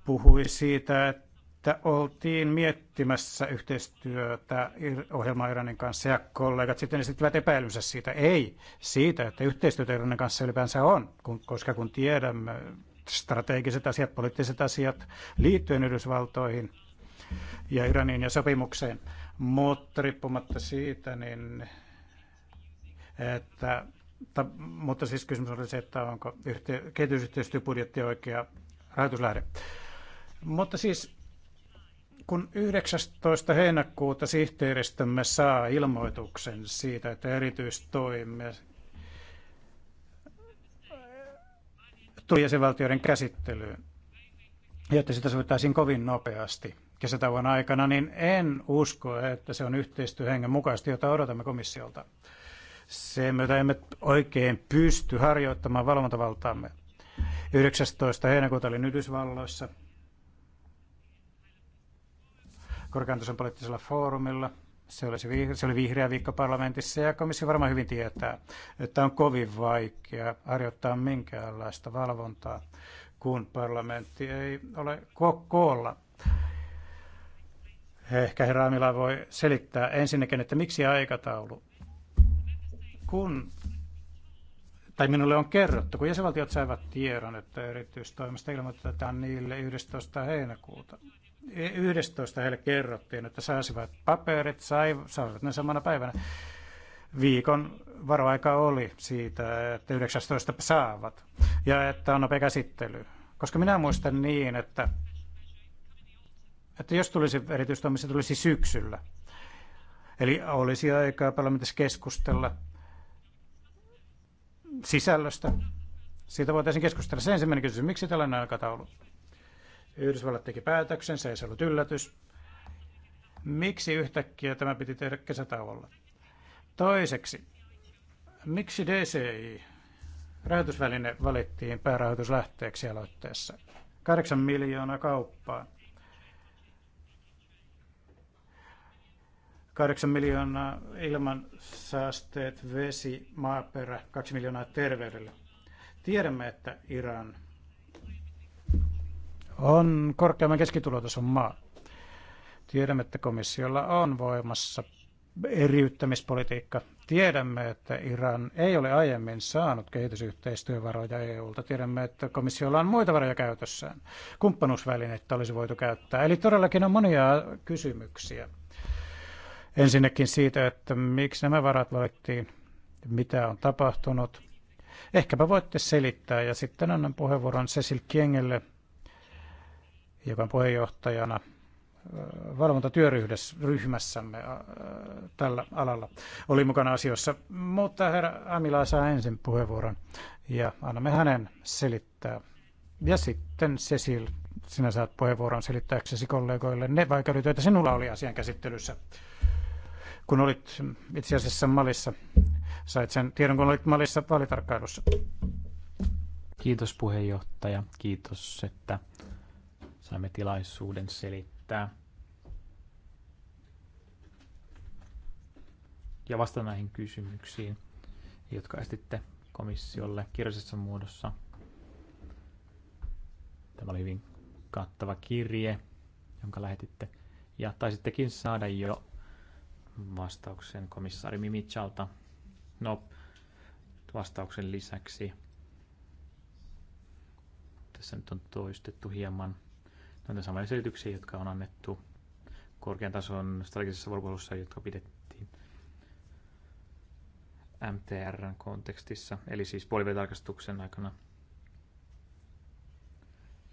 B: puhui siitä, että oltiin miettimässä yhteistyötä ohjelma Iranin kanssa ja kollegat sitten esittivät epäilynsä siitä. Ei siitä, että yhteistyötä Iranin kanssa ylipäänsä on, kun, koska kun tiedämme strategiset asiat, poliittiset asiat liittyen Yhdysvaltoihin ja Iranin ja sopimukseen. Mutta riippumatta siitä, niin että, ta, mutta siis kysymys oli se, että onko yhte, kehitysyhteistyöbudjetti oikea rahoituslähde. Mutta siis kun 19. heinäkuuta sihteeristömme saa ilmoituksen siitä, että erityistoimme tuli jäsenvaltioiden käsittelyyn, jotta sitä sovittaisiin kovin nopeasti kesätauon aikana, niin en usko, että se on yhteistyöhengen mukaisesti, jota odotamme komissiolta. Se mitä emme oikein pysty harjoittamaan valvontavaltaamme. 19. heinäkuuta olin Yhdysvalloissa korkeantason poliittisella foorumilla – se oli, se oli vihreä viikko parlamentissa ja komissio varmaan hyvin tietää, että on kovin vaikea harjoittaa minkäänlaista valvontaa, kun parlamentti ei ole koolla. Ehkä herra Amila voi selittää ensinnäkin, että miksi aikataulu? Kun, tai minulle on kerrottu, kun jäsenvaltiot saivat tiedon, että erityistoimista ilmoitetaan niille 11. heinäkuuta 11 heille kerrottiin, että saisivat paperit, sai, saivat ne samana päivänä. Viikon varoaika oli siitä, että 19 saavat ja että on nopea käsittely. Koska minä muistan niin, että, että jos tulisi erityistoimissa, tulisi syksyllä. Eli olisi aikaa parlamentissa keskustella sisällöstä. Siitä voitaisiin keskustella. Se ensimmäinen kysymys, miksi tällainen aikataulu? Yhdysvallat teki päätöksen, se ei ollut yllätys. Miksi yhtäkkiä tämä piti tehdä kesätauolla? Toiseksi, miksi DCI, rahoitusväline, valittiin päärahoituslähteeksi aloitteessa? 8 miljoonaa kauppaa. 8 miljoonaa ilman saasteet, vesi, maaperä, 2 miljoonaa terveydelle. Tiedämme, että Iran on korkeamman keskitulotason maa. Tiedämme, että komissiolla on voimassa eriyttämispolitiikka. Tiedämme, että Iran ei ole aiemmin saanut kehitysyhteistyövaroja EUlta. Tiedämme, että komissiolla on muita varoja käytössään. Kumppanuusvälineitä olisi voitu käyttää. Eli todellakin on monia kysymyksiä. Ensinnäkin siitä, että miksi nämä varat loittiin, mitä on tapahtunut. Ehkäpä voitte selittää ja sitten annan puheenvuoron Cecil Kiengelle, joka on puheenjohtajana äh, valvontatyöryhmässämme äh, tällä alalla oli mukana asioissa. Mutta herra Amila saa ensin puheenvuoron ja annamme hänen selittää. Ja sitten Cecil, sinä saat puheenvuoron selittääksesi kollegoille ne vaikeudet, joita sinulla oli asian käsittelyssä. Kun olit itse asiassa Malissa, sait sen tiedon, kun olit Malissa vaalitarkkailussa.
D: Kiitos puheenjohtaja, kiitos, että saimme tilaisuuden selittää ja vastata näihin kysymyksiin, jotka esititte komissiolle kirjallisessa muodossa. Tämä oli hyvin kattava kirje, jonka lähetitte. Ja taisittekin saada jo vastauksen komissaari Mimichalta. No, vastauksen lisäksi tässä nyt on toistettu hieman noita samoja selityksiä, jotka on annettu korkean tason strategisessa vuoropuhelussa, jotka pidettiin mtr kontekstissa, eli siis puolivälitarkastuksen aikana.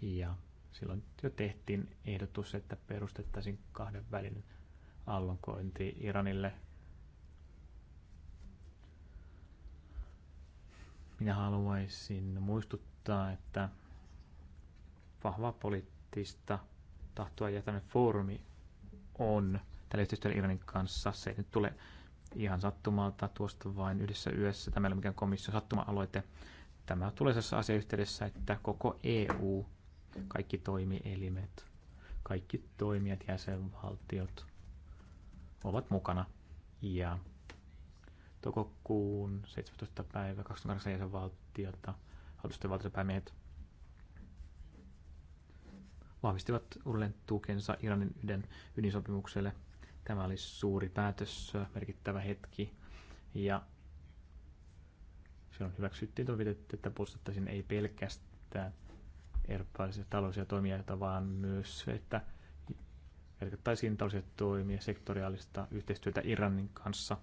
D: Ja silloin jo tehtiin ehdotus, että perustettaisiin kahden välinen allonkointi Iranille. Minä haluaisin muistuttaa, että vahva poliittinen poliittista tahtoa ja tämmöinen foorumi on tällä yhteistyöllä Iranin kanssa. Se ei nyt tule ihan sattumalta tuosta vain yhdessä yössä. Tämä ei ole mikään komission sattuma-aloite. Tämä tulee tässä asiayhteydessä, että koko EU, kaikki toimielimet, kaikki toimijat, jäsenvaltiot ovat mukana. Ja tokokuun 17. päivä 28 jäsenvaltiota, hallitusten valtiopäämiehet vahvistivat uudelleen tukensa Iranin yhden ydinsopimukselle. Tämä oli suuri päätös, merkittävä hetki ja silloin hyväksyttiin toivotettu, että puolustettaisiin ei pelkästään eurooppalaisia taloudellisia toimijoita, vaan myös, että jatkettaisiin taloudellisia toimia sektoriaalista yhteistyötä Iranin kanssa,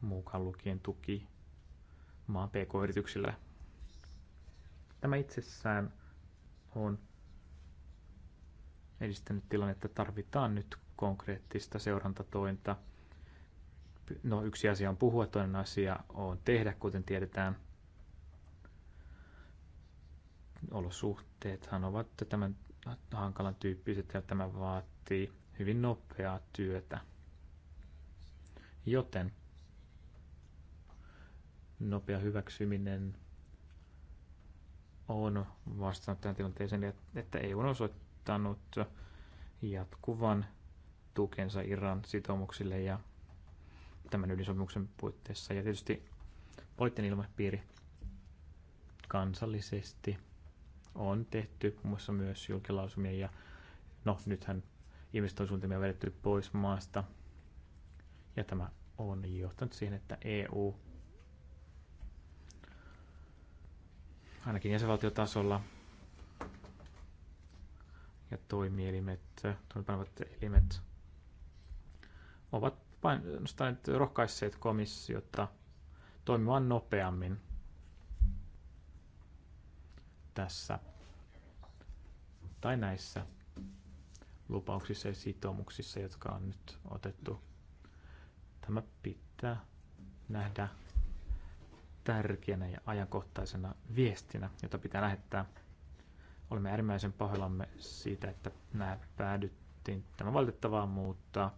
D: mukaan lukien tuki maan pk-yrityksille. Tämä itsessään on edistänyt tilannetta. Tarvitaan nyt konkreettista seurantatointa. No, yksi asia on puhua, toinen asia on tehdä, kuten tiedetään. Olosuhteethan ovat tämän hankalan tyyppiset ja tämä vaatii hyvin nopeaa työtä. Joten nopea hyväksyminen on vastannut tähän tilanteeseen, että EU on osoittanut osoittanut jatkuvan tukensa Iran sitoumuksille ja tämän ydinsopimuksen puitteissa. Ja tietysti poliittinen ilmapiiri kansallisesti on tehty muun muassa myös julkilausumia ja no nythän ihmiset on vedetty pois maasta ja tämä on johtanut siihen, että EU ainakin jäsenvaltiotasolla ja toimielimet, toimivat elimet ovat painostaneet rohkaisseet komissiota toimimaan nopeammin tässä tai näissä lupauksissa ja sitoumuksissa, jotka on nyt otettu. Tämä pitää nähdä tärkeänä ja ajankohtaisena viestinä, jota pitää lähettää Olemme äärimmäisen pahoillamme siitä, että nämä päädyttiin. tämän on valitettavaa, mutta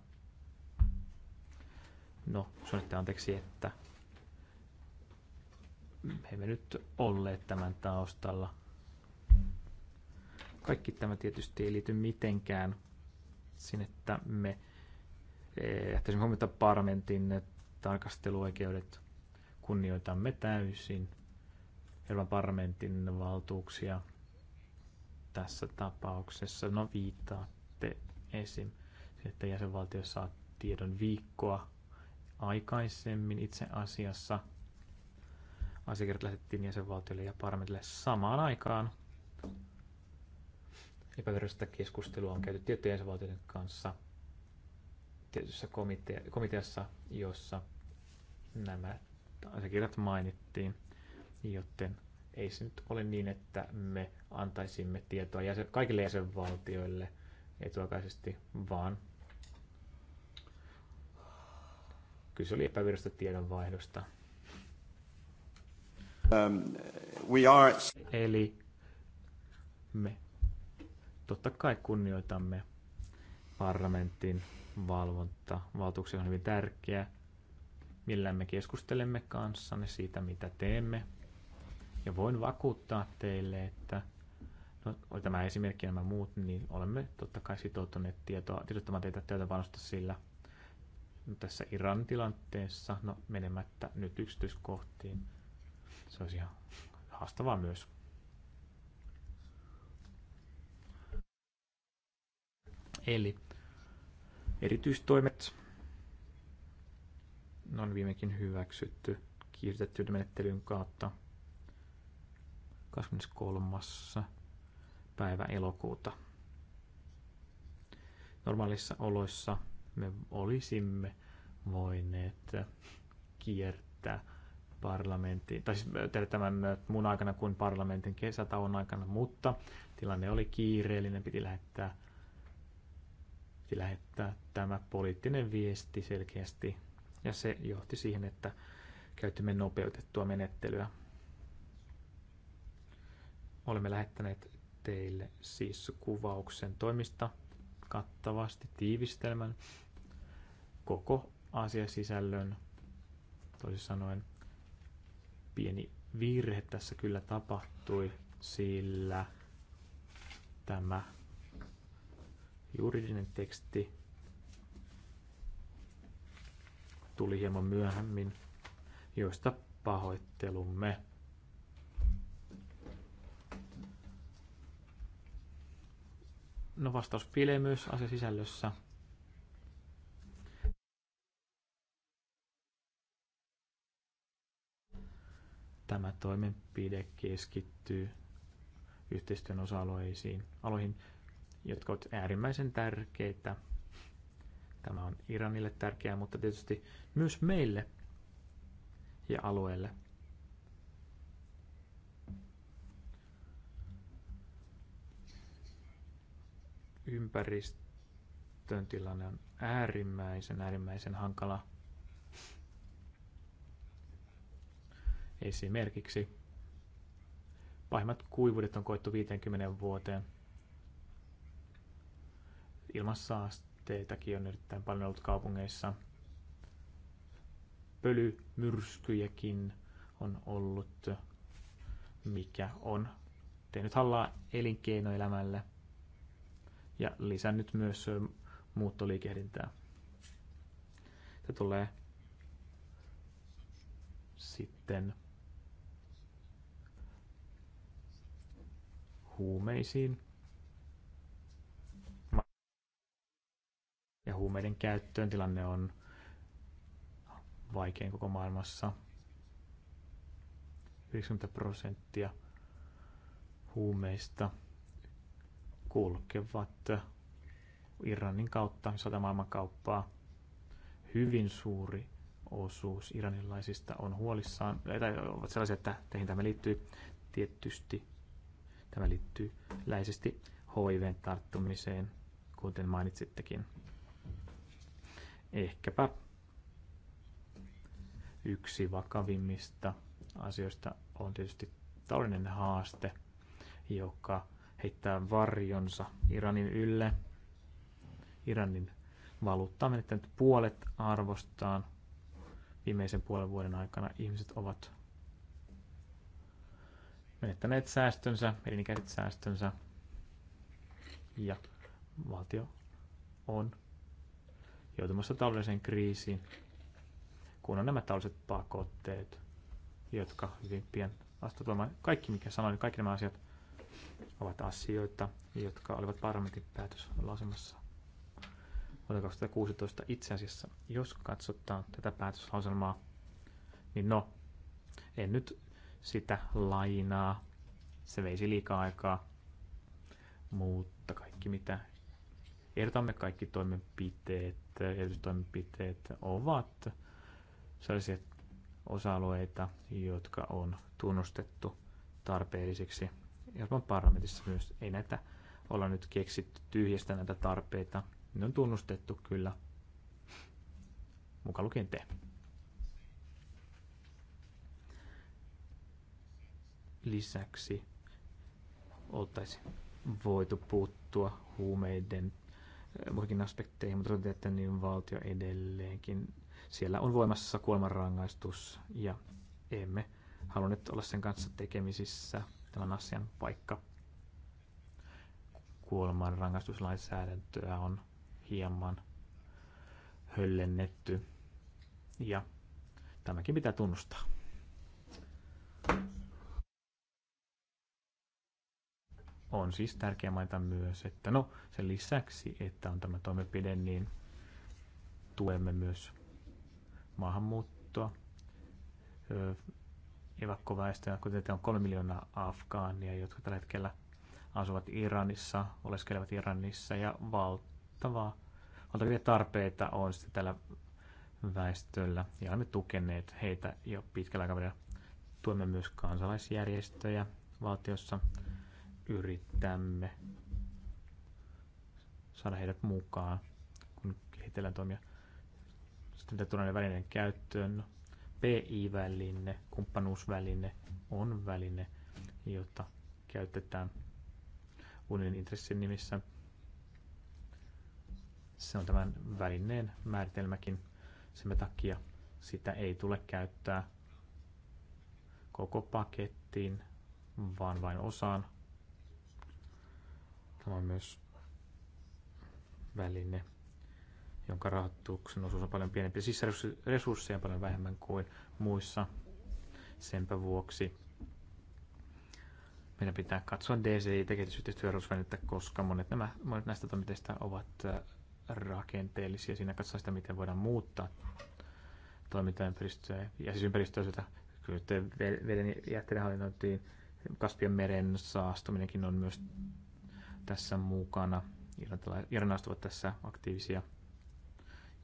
D: no, suunnittaa anteeksi, että he me nyt olleet tämän taustalla. Kaikki tämä tietysti ei liity mitenkään sinne, että me eh, jättäisimme huomiota parlamentin tarkasteluoikeudet. Kunnioitamme täysin Euroopan parlamentin valtuuksia – tässä tapauksessa? No viittaatte esim. että jäsenvaltio saa tiedon viikkoa aikaisemmin itse asiassa. Asiakirjat lähetettiin jäsenvaltiolle ja parlamentille samaan aikaan. Epävirallista keskustelua on käyty tiettyjen jäsenvaltioiden kanssa tietyssä komitea- komiteassa, jossa nämä asiakirjat mainittiin, joten ei se nyt ole niin, että me antaisimme tietoa jäsen, kaikille jäsenvaltioille etuaikaisesti, vaan kyse oli epävirallista tiedonvaihdosta. Um, we are... Eli me totta kai kunnioitamme parlamentin valvonta. Valtuuksia on hyvin tärkeä, millä me keskustelemme kanssanne siitä, mitä teemme ja voin vakuuttaa teille, että no, tämä esimerkki ja nämä muut, niin olemme totta kai sitoutuneet tietoa, tiedottamaan teitä työtä panosta sillä no, tässä Iran tilanteessa, no menemättä nyt yksityiskohtiin, se olisi ihan haastavaa myös. Eli erityistoimet on viimekin hyväksytty kiirtettyyn menettelyn kautta – 23. päivä elokuuta. Normaalissa oloissa me olisimme voineet kiertää parlamentin, tai siis tehdä tämän mun aikana kuin parlamentin kesätauon aikana, mutta tilanne oli kiireellinen, piti lähettää, piti lähettää tämä poliittinen viesti selkeästi, ja se johti siihen, että käytimme nopeutettua menettelyä. Olemme lähettäneet teille siis kuvauksen toimista kattavasti tiivistelmän koko asiasisällön. Toisin sanoen pieni virhe tässä kyllä tapahtui, sillä tämä juridinen teksti tuli hieman myöhemmin, joista pahoittelumme. No vastaus pilemyys asiasisällössä. Tämä toimenpide keskittyy yhteistyön osa-alueisiin, aloihin, jotka ovat äärimmäisen tärkeitä. Tämä on Iranille tärkeää, mutta tietysti myös meille ja alueelle – ympäristön tilanne on äärimmäisen, äärimmäisen hankala. Esimerkiksi pahimmat kuivuudet on koettu 50 vuoteen. Ilmassaasteitakin on erittäin paljon ollut kaupungeissa. Pölymyrskyjäkin on ollut, mikä on tehnyt hallaa elinkeinoelämälle – ja lisännyt myös muuttoliikehdintää. Se tulee sitten huumeisiin ja huumeiden käyttöön. Tilanne on vaikein koko maailmassa. 90 prosenttia huumeista – kulkevat Iranin kautta sata maailmankauppaa. Hyvin suuri osuus iranilaisista on huolissaan, tai ovat sellaisia, että teihin tämä liittyy tietysti, tämä liittyy läheisesti hoiveen tarttumiseen, kuten mainitsittekin. Ehkäpä yksi vakavimmista asioista on tietysti taloudellinen haaste, joka heittää varjonsa Iranin ylle. Iranin valuutta on menettänyt puolet arvostaan viimeisen puolen vuoden aikana. Ihmiset ovat menettäneet säästönsä, elinikäiset säästönsä. Ja valtio on joutumassa taloudelliseen kriisiin, kun on nämä taloudelliset pakotteet, jotka hyvin pian astuvat voimaan. Kaikki, mikä sanoin, kaikki nämä asiat ovat asioita, jotka olivat parlamentin päätöslausemassa vuonna 2016 itse asiassa. Jos katsotaan tätä päätöslauselmaa, niin no, en nyt sitä lainaa. Se veisi liikaa aikaa. Mutta kaikki mitä ehdotamme, kaikki toimenpiteet, erityistoimenpiteet ovat sellaisia osa-alueita, jotka on tunnustettu tarpeellisiksi Euroopan parlamentissa myös ei näitä olla nyt keksitty tyhjästä näitä tarpeita. Ne on tunnustettu kyllä, mukaan lukien te. Lisäksi oltaisiin voitu puuttua huumeiden eh, muihinkin aspekteihin, mutta toteatte, että niin valtio edelleenkin. Siellä on voimassa kuolemanrangaistus ja emme halunneet olla sen kanssa tekemisissä tämän asian, vaikka kuoleman rangaistuslainsäädäntöä on hieman höllennetty. Ja tämäkin pitää tunnustaa. On siis tärkeä mainita myös, että no sen lisäksi, että on tämä toimenpide, niin tuemme myös maahanmuuttoa, evakkoväestöä, kuten teitä on kolme miljoonaa afgaania, jotka tällä hetkellä asuvat Iranissa, oleskelevat Iranissa ja valtavaa, valtavia tarpeita on sitten tällä väestöllä ja olemme tukeneet heitä jo pitkällä aikavälillä. Tuemme myös kansalaisjärjestöjä valtiossa. Yritämme saada heidät mukaan, kun kehitellään toimia. Sitten tätä tulee välinen käyttöön, no, PI-väline, kumppanuusväline, on väline, jota käytetään unionin intressin nimissä. Se on tämän välineen määritelmäkin. Sen takia sitä ei tule käyttää koko pakettiin, vaan vain osaan. Tämä on myös väline, jonka rahoituksen osuus on paljon pienempi. Siis resursseja on paljon vähemmän kuin muissa. Senpä vuoksi meidän pitää katsoa DCI ja koska monet, nämä, monet näistä toimenpiteistä ovat äh, rakenteellisia. Siinä katsotaan sitä, miten voidaan muuttaa toimintaympäristöä ja siis ympäristöä sitä veden jätteiden hallinnointiin. Kaspian meren saastuminenkin on myös tässä mukana. Irannaiset ovat tässä aktiivisia.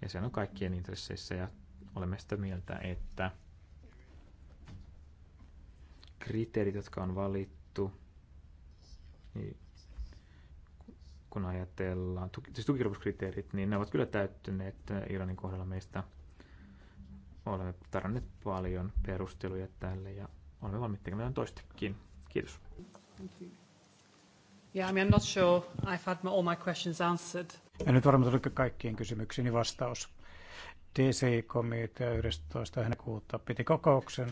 D: Ja se on kaikkien intresseissä ja olemme sitä mieltä, että kriteerit, jotka on valittu, niin kun ajatellaan, tuki, siis niin ne ovat kyllä täyttyneet Iranin kohdalla meistä. Olemme tarjonneet paljon perusteluja tälle ja olemme valmiit tekemään toistakin. Kiitos.
A: Yeah, I mean, I'm not sure I've had all my questions answered.
B: En nyt varmaan tuli kaikkiin kysymyksiin vastaus. dc komitea 11. heinäkuuta piti kokouksen.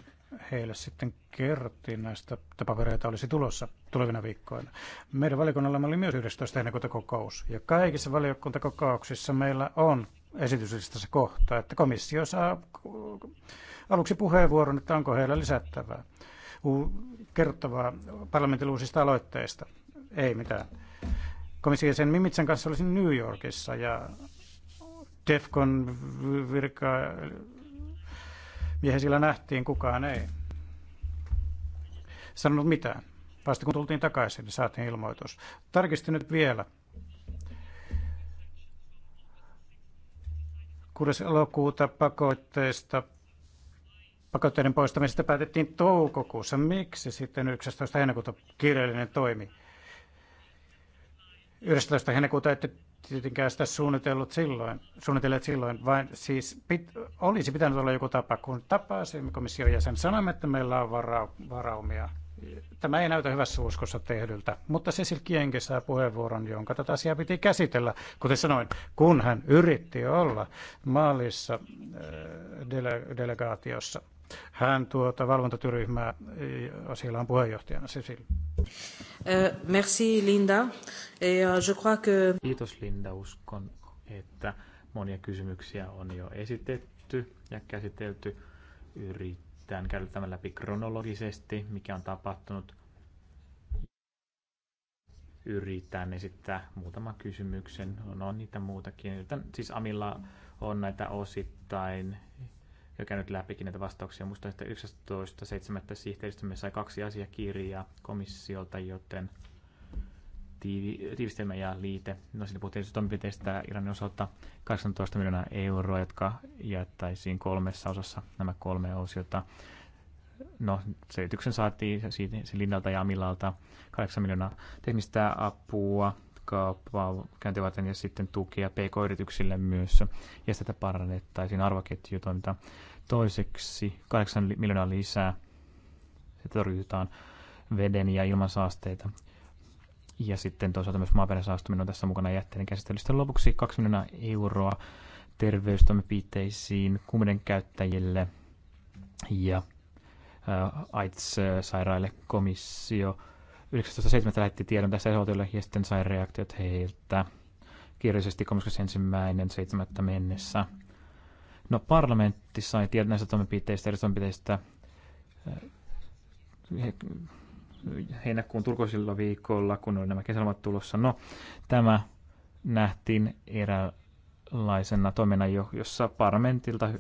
B: Heille sitten kerrottiin näistä papereita olisi tulossa tulevina viikkoina. Meidän valiokunnallamme oli myös 11. heinäkuuta kokous. Ja kaikissa valiokuntakokouksissa meillä on esityslistassa kohta, että komissio saa aluksi puheenvuoron, että onko heillä lisättävää. Kerrottavaa parlamentin uusista aloitteista. Ei mitään komission sen Mimitsen kanssa olisin New Yorkissa ja Defcon virka miehen sillä nähtiin, kukaan ei sanonut mitään. Vasta kun tultiin takaisin, niin saatiin ilmoitus. Tarkistin nyt vielä. 6. elokuuta pakotteista pakotteiden poistamisesta päätettiin toukokuussa. Miksi sitten 11. heinäkuuta kiireellinen toimi? 11. heinäkuuta ette tietenkään sitä suunnitellut silloin, suunnitelleet silloin, vaan siis pit, olisi pitänyt olla joku tapa, kun tapasimme komission jäsen. Sanoimme, että meillä on vara, varaumia. Tämä ei näytä hyvässä uskossa tehdyltä, mutta Cecil Kienke saa puheenvuoron, jonka tätä asiaa piti käsitellä. Kuten sanoin, kun hän yritti olla maalissa äh, dele, delegaatiossa, hän tuota valvontatyryhmää äh,
D: siellä on puheenjohtajana Cecil. Eh, merci Linda. Eh, je crois que... Kiitos Linda. Uskon, että monia kysymyksiä on jo esitetty ja käsitelty. Yritän käydä tämän läpi kronologisesti, mikä on tapahtunut. Yritän esittää muutama kysymyksen. No, on niitä muutakin. Yritän, siis Amilla on näitä osittain jo käynyt läpikin näitä vastauksia. Muistan, että 11.7. me sai kaksi asiakirjaa komissiolta, joten tiivi, tiivistelmä ja liite. No siinä puhuttiin toimenpiteistä Iranin osalta 18 miljoonaa euroa, jotka jaettaisiin kolmessa osassa nämä kolme osiota. No, selityksen saatiin siitä, sen Linnalta ja Amilalta 8 miljoonaa teknistä apua, kauppaa käyntiä varten ja sitten tukea pk-yrityksille myös. Ja sitä parannettaisiin arvoketjutointa. Toiseksi 8 miljoonaa lisää se torjutaan veden ja ilmansaasteita. Ja sitten toisaalta myös maaperän saastuminen on tässä mukana jätteiden käsittelystä. Lopuksi 2 miljoonaa euroa terveystoimenpiteisiin kuumiden käyttäjille ja äh, AIDS-sairaille komissio 19.7. lähetti tiedon tästä esotelölle ja sitten sai reaktiot heiltä kirjallisesti 31.7. mennessä. No parlamentti sai tiedot näistä toimenpiteistä, eri toimenpiteistä eh, heinäkuun turkoisilla viikolla, kun oli nämä kesälomat tulossa. No, tämä nähtiin eräänlaisena toimena, jossa parlamentilta eh,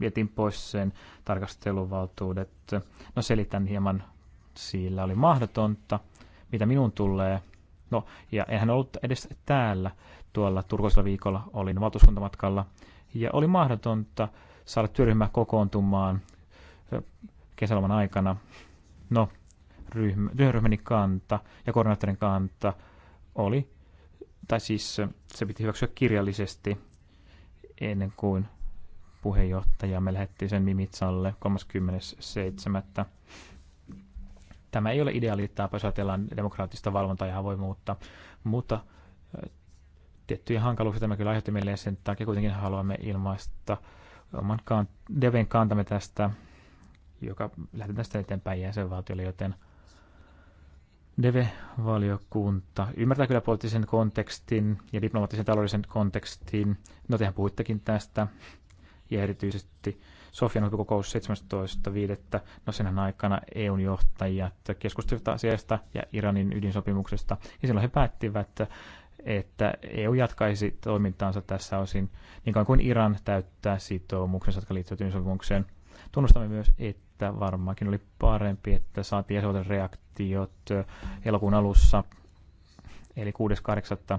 D: vietiin pois sen tarkasteluvaltuudet. No, selitän hieman, sillä oli mahdotonta, mitä minun tulee. No, ja eihän ollut edes täällä tuolla turkoisella viikolla, olin valtuuskuntamatkalla – ja oli mahdotonta saada työryhmä kokoontumaan kesäloman aikana. No, ryhmä, työryhmäni kanta ja koordinaattorin kanta oli, tai siis se piti hyväksyä kirjallisesti ennen kuin puheenjohtajamme lähetti sen Mimitsalle 37. Tämä ei ole ideaali tapa, jos ajatellaan demokraattista valvontaa ja avoimuutta, mutta tiettyjä hankaluuksia tämä kyllä aiheutti meille ja sen takia kuitenkin haluamme ilmaista oman kant- Deven kantamme tästä, joka lähtee tästä eteenpäin jäsenvaltiolle, joten DEVE-valiokunta ymmärtää kyllä poliittisen kontekstin ja diplomaattisen taloudellisen kontekstin. No tehän puhuittekin tästä ja erityisesti Sofian huippukokous 17.5. No sen aikana EUn johtajat keskustelivat asiasta ja Iranin ydinsopimuksesta. Ja silloin he päättivät että EU jatkaisi toimintaansa tässä osin niin kauan kuin Iran täyttää sitoumuksensa, jotka liittyvät sopimukseen. Tunnustamme myös, että varmaankin oli parempi, että saatiin jäsenvaltion reaktiot elokuun alussa, eli 6.8.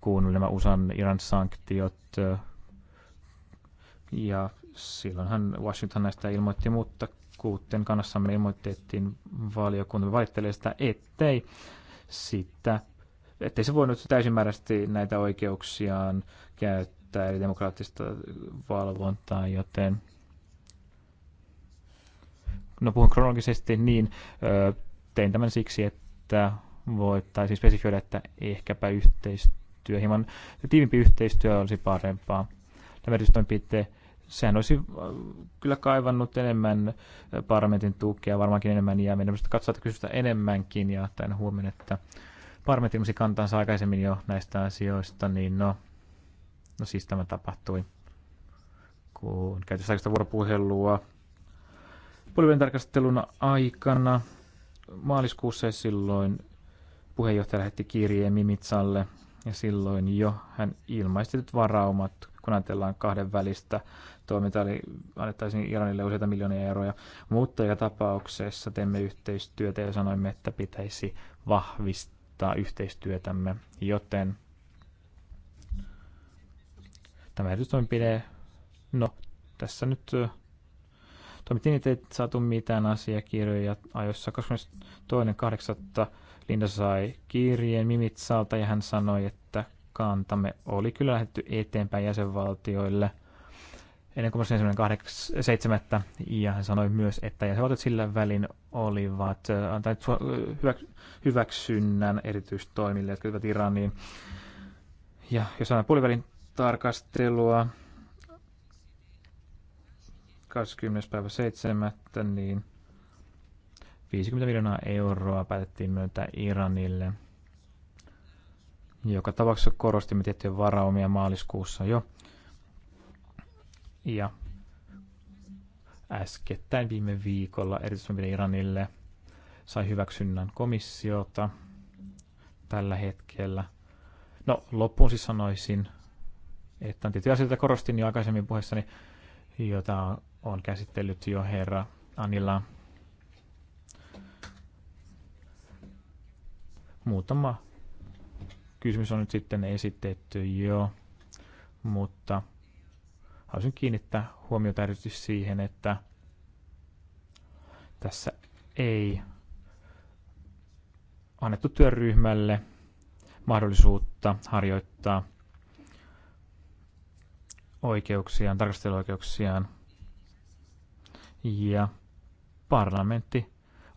D: kun nämä USAn Iran sanktiot ja silloinhan Washington näistä ilmoitti, mutta kuten kannassamme ilmoitettiin valiokunta valittelee sitä, ettei sitä, ettei se voinut täysimääräisesti näitä oikeuksiaan käyttää, eli demokraattista valvontaa, joten no puhun kronologisesti, niin tein tämän siksi, että voitaisiin spesifioida, että ehkäpä yhteistyö, hieman tiivimpi yhteistyö olisi parempaa. Tämä yritystoimenpiteen sehän olisi äh, kyllä kaivannut enemmän äh, parlamentin tukea, varmaankin enemmän, ja meidän pitäisi katsoa kysystä enemmänkin, ja ottaen huomioon, että parlamentin ilmasi kantansa aikaisemmin jo näistä asioista, niin no, no siis tämä tapahtui, kun käytössä aikaista vuoropuhelua puolivälin tarkastelun aikana maaliskuussa ja silloin puheenjohtaja lähetti kirjeen Mimitsalle ja silloin jo hän ilmaisi varaumat, kun ajatellaan kahden välistä toimintaa, eli annettaisiin Iranille useita miljoonia euroja. Mutta ja tapauksessa teemme yhteistyötä ja sanoimme, että pitäisi vahvistaa yhteistyötämme, joten tämä erityistoimenpide, no tässä nyt toimittiin, että ei saatu mitään asiakirjoja ajoissa 22.8. Linda sai kirjeen Mimitsalta ja hän sanoi, että kantamme oli kyllä lähetetty eteenpäin jäsenvaltioille ennen kuin seitsemättä ja hän sanoi myös, että jäsenvaltiot sillä välin olivat äh, antaneet hyväksynnän erityistoimille, jotka olivat Iraniin. Ja jos saadaan puolivälin tarkastelua 20. päivä 7. niin 50 miljoonaa euroa päätettiin myöntää Iranille. Joka tapauksessa korostimme tiettyjä varaumia maaliskuussa jo. Ja äskettäin viime viikolla erityisesti Iranille sai hyväksynnän komissiota tällä hetkellä. No, loppuun siis sanoisin, että on tiettyjä asioita korostin jo aikaisemmin puheessani, jota on käsitellyt jo herra Anilla Muutama kysymys on nyt sitten esitetty jo, mutta haluaisin kiinnittää huomiota erityisesti siihen, että tässä ei annettu työryhmälle mahdollisuutta harjoittaa oikeuksiaan, tarkasteluoikeuksiaan. Ja parlamentti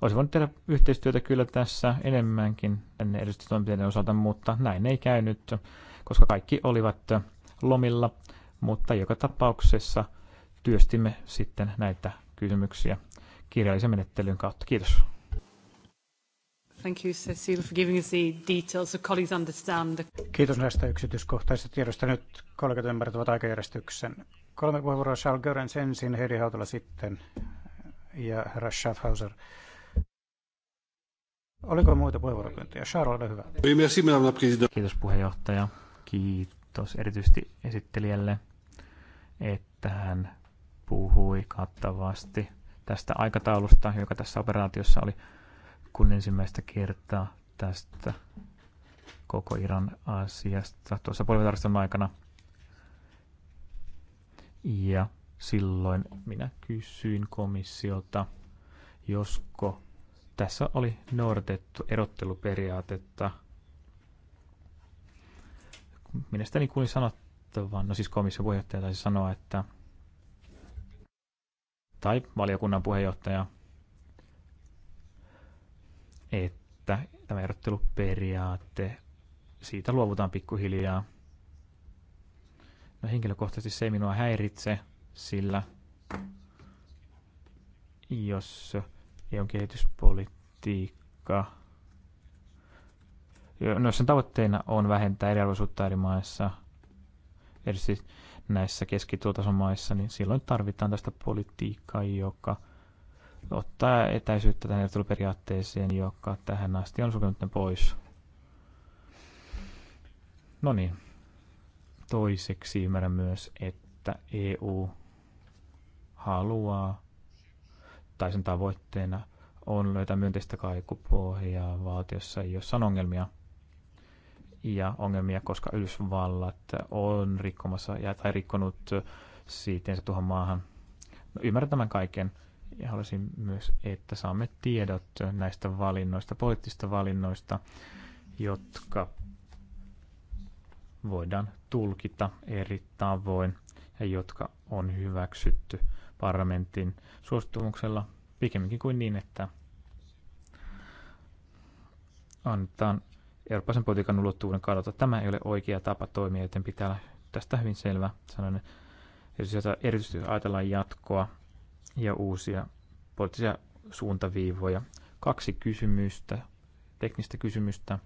D: olisi voinut tehdä yhteistyötä kyllä tässä enemmänkin edustustoimenpiteiden osalta, mutta näin ei käynyt, koska kaikki olivat lomilla, mutta joka tapauksessa työstimme sitten näitä kysymyksiä kirjallisen menettelyn kautta. Kiitos.
A: Thank you, Cecile, for giving us the details so colleagues understand. The...
B: Kiitos näistä yksityiskohtaisista tiedosta. Nyt kollegat ymmärtävät aikajärjestyksen. Kolme puheenvuoroa Charles Görens ensin, Heidi Hautala sitten ja herra Schaffhauser. Oliko muita puheenvuoropyyntöjä? Charles, ole hyvä.
D: Kiitos puheenjohtaja. Kiitos erityisesti esittelijälle, että hän puhui kattavasti tästä aikataulusta, joka tässä operaatiossa oli kun ensimmäistä kertaa tästä koko Iran asiasta tuossa polvitarkastelun aikana. Ja silloin minä kysyin komissiolta, josko tässä oli noudatettu erotteluperiaatetta. Mielestäni kuulin sanottavan, no siis komission puheenjohtaja taisi sanoa, että tai valiokunnan puheenjohtaja, että tämä erotteluperiaate, siitä luovutaan pikkuhiljaa. No henkilökohtaisesti se ei minua häiritse, sillä jos EUn kehityspolitiikka. No, sen tavoitteena on vähentää eriarvoisuutta eri maissa, erityisesti näissä keskituotason maissa, niin silloin tarvitaan tästä politiikkaa, joka ottaa etäisyyttä tähän periaatteeseen, joka tähän asti on sulkenut ne pois. No niin. Toiseksi ymmärrän myös, että EU haluaa tai sen tavoitteena on löytää myönteistä kaikupohjaa valtiossa, jossa on ongelmia. Ja ongelmia, koska Yhdysvallat on rikkomassa ja, tai rikkonut siitä tuohon maahan. No, ymmärrän tämän kaiken ja haluaisin myös, että saamme tiedot näistä valinnoista, poliittisista valinnoista, jotka voidaan tulkita eri tavoin ja jotka on hyväksytty – parlamentin suostumuksella pikemminkin kuin niin, että annetaan eurooppalaisen politiikan ulottuvuuden kadota. Tämä ei ole oikea tapa toimia, joten pitää olla tästä hyvin selvä sananen. Erityisesti ajatellaan jatkoa ja uusia poliittisia suuntaviivoja. Kaksi kysymystä, teknistä kysymystä.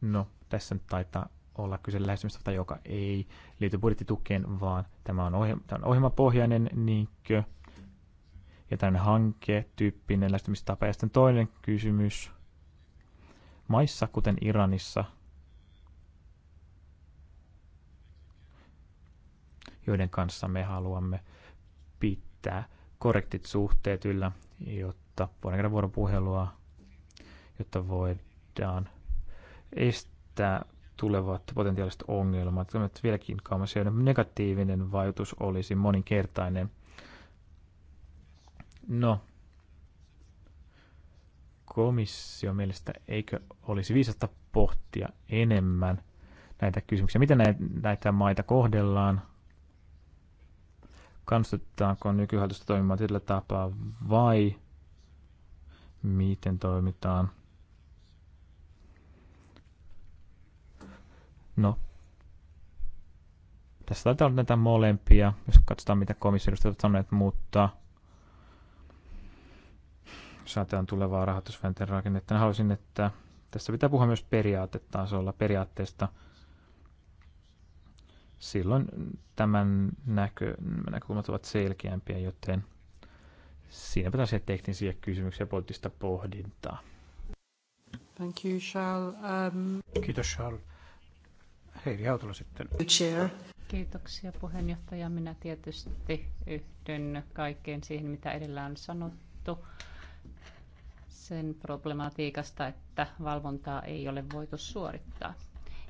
D: No, tässä nyt taitaa olla kyse lähestymistavasta, joka ei liity budjettitukeen, vaan tämä on, ohjelma, tämä on ohjelmapohjainen niinkö, ja tämän hanketyyppinen lähestymistapa. Ja sitten toinen kysymys. Maissa, kuten Iranissa, joiden kanssa me haluamme pitää korrektit suhteet yllä, jotta voidaan käydä vuoropuhelua, jotta voidaan estää tulevat potentiaaliset ongelmat. Vieläkin kauemmas joiden negatiivinen vaikutus olisi moninkertainen. No, komissio mielestä eikö olisi viisasta pohtia enemmän näitä kysymyksiä? Miten näitä maita kohdellaan? Kannustetaanko nykyhallitusta toimimaan tällä tapaa vai miten toimitaan? No. tässä taitaa olla näitä molempia, jos katsotaan mitä komissiodustajat ovat sanoneet, mutta saatetaan tulevaa rahoitusvälineen rakennetta, niin haluaisin, että tässä pitää puhua myös periaatetasolla, periaatteesta. Silloin tämän näkö, näkökulmat ovat selkeämpiä, joten siinä pitää se teknisiä kysymyksiä poliittista pohdintaa.
C: Thank you, Charles. Um...
B: Kiitos, Charles. Heidi Hautala sitten.
C: Chair. Kiitoksia puheenjohtaja. Minä tietysti yhdyn kaikkeen siihen, mitä edellä on sanottu sen problematiikasta, että valvontaa ei ole voitu suorittaa.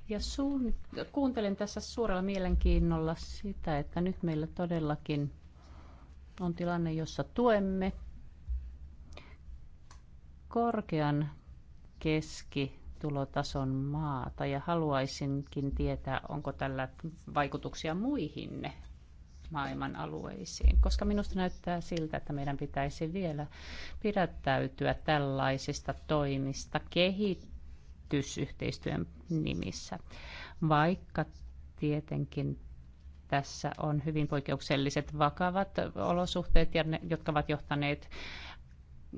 C: Ja suun, kuuntelen tässä suurella mielenkiinnolla sitä, että nyt meillä todellakin on tilanne, jossa tuemme korkean keski tulotason maata ja haluaisinkin tietää, onko tällä vaikutuksia muihin maailman alueisiin, koska minusta näyttää siltä, että meidän pitäisi vielä pidättäytyä tällaisista toimista kehitysyhteistyön nimissä, vaikka tietenkin tässä on hyvin poikkeukselliset vakavat olosuhteet, jotka ovat johtaneet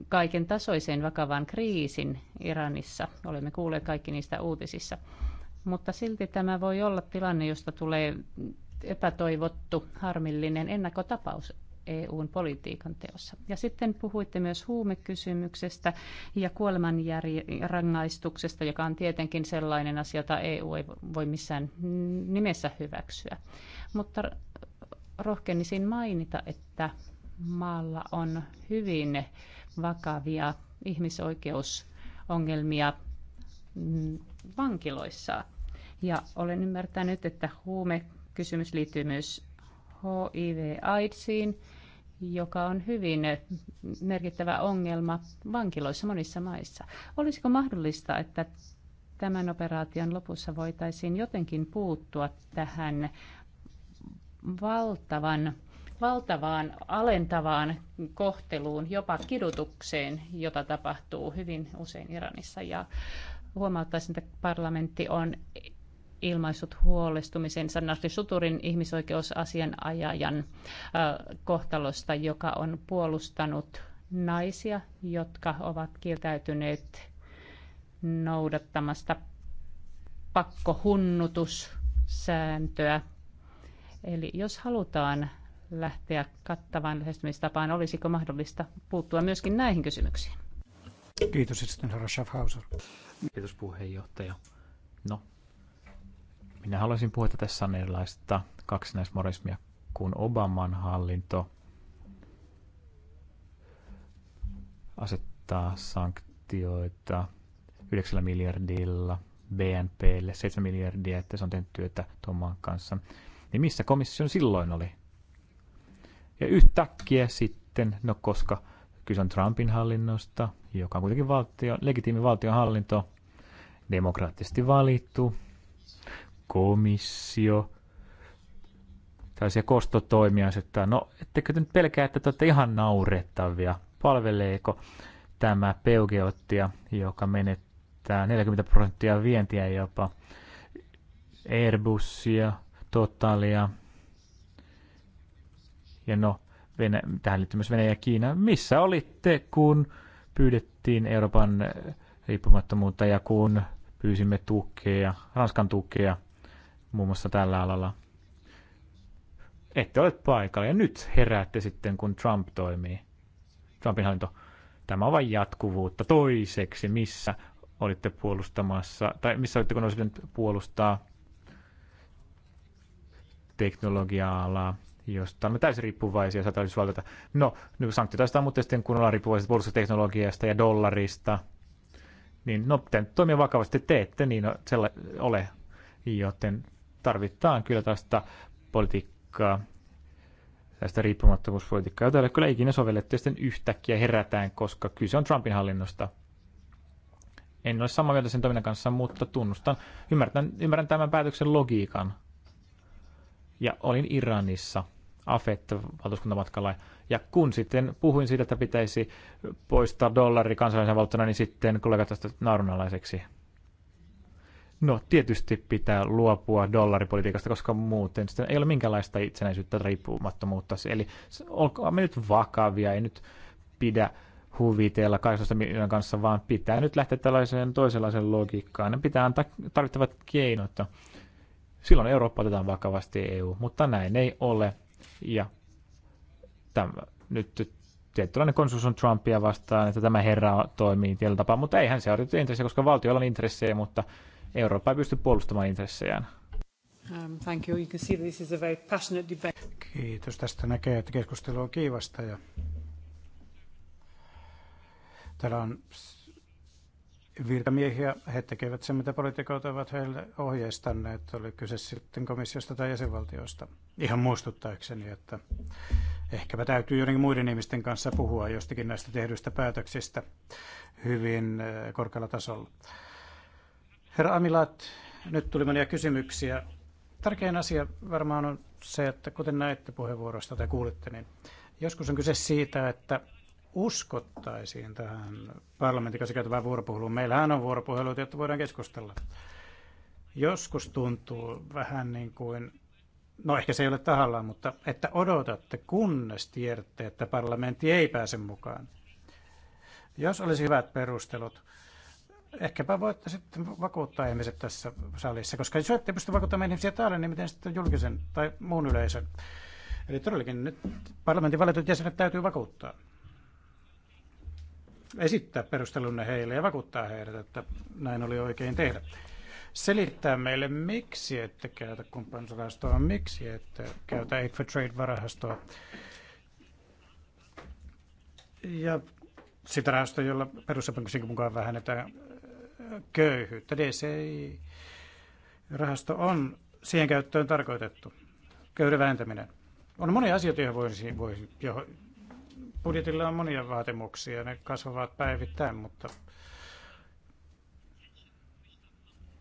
C: kaiken tasoiseen vakavaan kriisin Iranissa. Olemme kuulleet kaikki niistä uutisissa. Mutta silti tämä voi olla tilanne, josta tulee epätoivottu, harmillinen ennakkotapaus EUn politiikan teossa. Ja sitten puhuitte myös huumekysymyksestä ja kuolemanrangaistuksesta, joka on tietenkin sellainen asia, jota EU ei voi missään nimessä hyväksyä. Mutta rohkenisin mainita, että maalla on hyvin vakavia ihmisoikeusongelmia mm, vankiloissa. Ja olen ymmärtänyt, että huumekysymys liittyy myös HIV-AIDSiin, joka on hyvin merkittävä ongelma vankiloissa monissa maissa. Olisiko mahdollista, että tämän operaation lopussa voitaisiin jotenkin puuttua tähän valtavan valtavaan alentavaan kohteluun, jopa kidutukseen, jota tapahtuu hyvin usein Iranissa. Ja huomauttaisin, että parlamentti on ilmaissut huolestumisensa Nasri Suturin ihmisoikeusasianajajan kohtalosta, joka on puolustanut naisia, jotka ovat kieltäytyneet noudattamasta pakkohunnutussääntöä. Eli jos halutaan lähteä kattavaan lähestymistapaan. Olisiko mahdollista puuttua myöskin näihin kysymyksiin? Kiitos sitten herra Schaffhauser.
D: Kiitos puheenjohtaja. No, minä haluaisin puhua, tässä on erilaista kaksinaismorismia kuin Obaman hallinto asettaa sanktioita 9 miljardilla BNPlle, 7 miljardia, että se on tehnyt työtä Tomaan kanssa. Niin missä komissio silloin oli? Ja yhtäkkiä sitten, no koska kyse on Trumpin hallinnosta, joka on kuitenkin valtio, legitiimi valtionhallinto, demokraattisesti valittu, komissio, tällaisia kostotoimia että No, ettekö te nyt pelkää, että te olette ihan naurettavia? Palveleeko tämä Peugeottia, joka menettää 40 prosenttia vientiä jopa, Airbusia, Totalia, ja no, Venä- tähän liittyy myös Venäjä ja Kiina. Missä olitte, kun pyydettiin Euroopan eh, riippumattomuutta ja kun pyysimme tukea, Ranskan tukea muun muassa tällä alalla? Ette ole paikalla ja nyt heräätte sitten, kun Trump toimii. Trumpin hallinto. Tämä on vain jatkuvuutta. Toiseksi, missä olitte puolustamassa, tai missä olitte, kun olisitte puolustaa teknologia-alaa, josta olemme täysin riippuvaisia satelliittisvaltiota. No, nyt sanktioita mutta sitten kun ollaan riippuvaisia puolustusteknologiasta ja dollarista, niin no, te toimia vakavasti teette, niin selle ole. Joten tarvitaan kyllä tästä politiikkaa, tästä riippumattomuuspolitiikkaa, jota ei ole kyllä ikinä sovellettu ja sitten yhtäkkiä herätään, koska kyse on Trumpin hallinnosta. En ole samaa mieltä sen toiminnan kanssa, mutta tunnustan, ymmärrän, ymmärrän tämän päätöksen logiikan. Ja olin Iranissa afetta valtuuskuntamatkalla Ja kun sitten puhuin siitä, että pitäisi poistaa dollari kansallisen valuuttana, niin sitten kollega tästä naurunalaiseksi. No, tietysti pitää luopua dollaripolitiikasta, koska muuten sitten ei ole minkäänlaista itsenäisyyttä riippumattomuutta. Eli me nyt vakavia, ei nyt pidä huvitella 18 miljoonan kanssa, vaan pitää nyt lähteä tällaiseen toisenlaiseen logiikkaan. Ne pitää antaa tarvittavat keinot. Silloin Eurooppa otetaan vakavasti EU, mutta näin ei ole. Ja tämä, nyt tietynlainen konsensus on Trumpia vastaan, että tämä herra toimii tietyllä tapaa, mutta eihän se ole intressejä, koska valtiolla on intressejä, mutta Eurooppa ei pysty puolustamaan intressejään.
A: Um, thank you. You can see this is a very passionate debate.
B: Kiitos. Tästä näkee, että keskustelu on kiivasta ja täällä on virkamiehiä. He tekevät sen, mitä poliitikot ovat heille ohjeistaneet, oli kyse sitten komissiosta tai jäsenvaltioista. Ihan muistuttaakseni, että ehkäpä täytyy joidenkin muiden ihmisten kanssa puhua jostakin näistä tehdyistä päätöksistä hyvin eh, korkealla tasolla. Herra Amilat, nyt tuli monia kysymyksiä. Tärkein asia varmaan on se, että kuten näette puheenvuorosta tai kuulitte, niin joskus on kyse siitä, että uskottaisiin tähän parlamentin kanssa käytävään vuoropuheluun. Meillähän on vuoropuheluita, jotta voidaan keskustella. Joskus tuntuu vähän niin kuin, no ehkä se ei ole tahallaan, mutta että odotatte, kunnes tiedätte, että parlamentti ei pääse mukaan. Jos olisi hyvät perustelut, ehkäpä voitte sitten vakuuttaa ihmiset tässä salissa, koska jos ette pysty vakuuttamaan ihmisiä täällä, niin miten sitten julkisen tai muun yleisön? Eli todellakin nyt parlamentin valitut jäsenet täytyy vakuuttaa esittää perustelunne heille ja vakuuttaa heidät, että näin oli oikein tehdä. Selittää meille, miksi ette käytä kumppanuusrahastoa, miksi ette käytä Trade-varahastoa. ja sitä rahastoa, jolla perussopimuksen mukaan vähennetään köyhyyttä. DCI-rahasto on siihen käyttöön tarkoitettu. Köyden vähentäminen. On monia asioita, joihin voisi, voisi, budjetilla on monia vaatimuksia, ne kasvavat päivittäin, mutta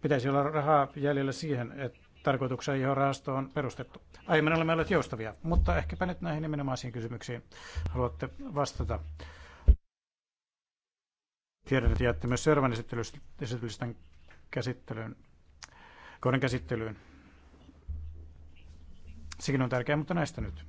B: pitäisi olla rahaa jäljellä siihen, että tarkoitukseen, johon rahasto on perustettu. Aiemmin olemme olleet joustavia, mutta ehkäpä nyt näihin nimenomaisiin kysymyksiin haluatte vastata. Tiedän, että jäätte myös seuraavan esitellisten käsittelyyn, kohdan käsittelyyn. Sekin on tärkeää, mutta näistä nyt.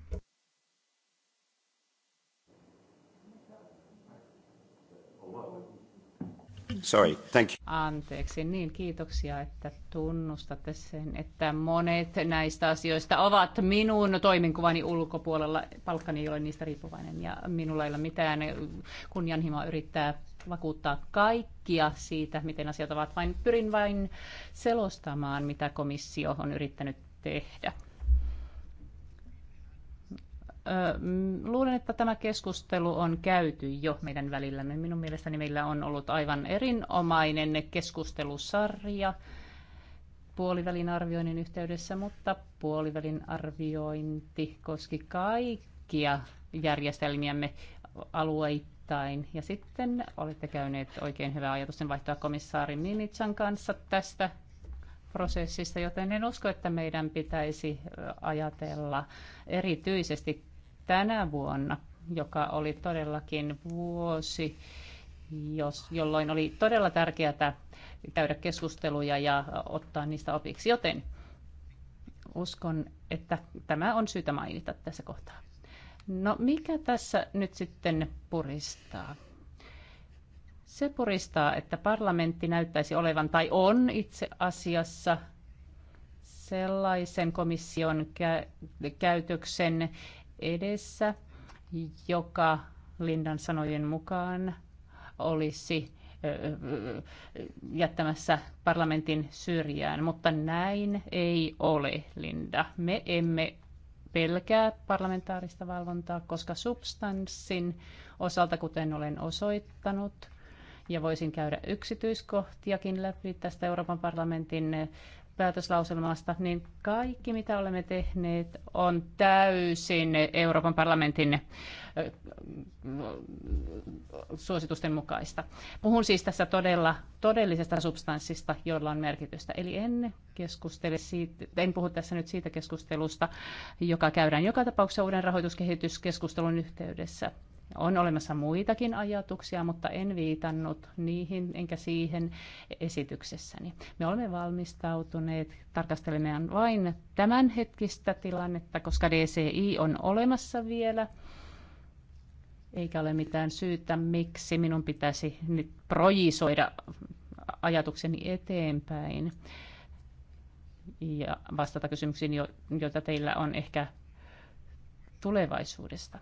B: Sorry, thank you.
C: Anteeksi, niin kiitoksia, että tunnustatte sen, että monet näistä asioista ovat minun toiminkuvani ulkopuolella. Palkkani ei ole niistä riippuvainen ja minulla ei ole mitään kunnianhimoa yrittää vakuuttaa kaikkia siitä, miten asiat ovat, vain pyrin vain selostamaan, mitä komissio on yrittänyt tehdä. Mm, luulen, että tämä keskustelu on käyty jo meidän välillämme. Minun mielestäni meillä on ollut aivan erinomainen keskustelusarja puolivälin arvioinnin yhteydessä, mutta puolivälin arviointi koski kaikkia järjestelmiämme alueittain. Ja sitten olette käyneet oikein hyvää ajatusten vaihtoa komissaari Minitsan kanssa tästä prosessista, joten en usko, että meidän pitäisi ajatella erityisesti tänä vuonna, joka oli todellakin vuosi, jos, jolloin oli todella tärkeää käydä keskusteluja ja ottaa niistä opiksi. Joten uskon, että tämä on syytä mainita tässä kohtaa. No mikä tässä nyt sitten puristaa? Se puristaa, että parlamentti näyttäisi olevan tai on itse asiassa sellaisen komission kä- käytöksen edessä, joka Lindan sanojen mukaan olisi jättämässä parlamentin syrjään, mutta näin ei ole, Linda. Me emme pelkää parlamentaarista valvontaa, koska substanssin osalta, kuten olen osoittanut, ja voisin käydä yksityiskohtiakin läpi tästä Euroopan parlamentin päätöslauselmasta, niin kaikki mitä olemme tehneet on täysin Euroopan parlamentin suositusten mukaista. Puhun siis tässä todella todellisesta substanssista, jolla on merkitystä. Eli en, keskustele siitä, en puhu tässä nyt siitä keskustelusta, joka käydään joka tapauksessa uuden rahoituskehityskeskustelun yhteydessä. On olemassa muitakin ajatuksia, mutta en viitannut niihin enkä siihen esityksessäni. Me olemme valmistautuneet tarkastelemaan vain tämänhetkistä tilannetta, koska DCI on olemassa vielä eikä ole mitään syytä, miksi minun pitäisi nyt projisoida ajatukseni eteenpäin ja vastata kysymyksiin, joita teillä on ehkä tulevaisuudesta.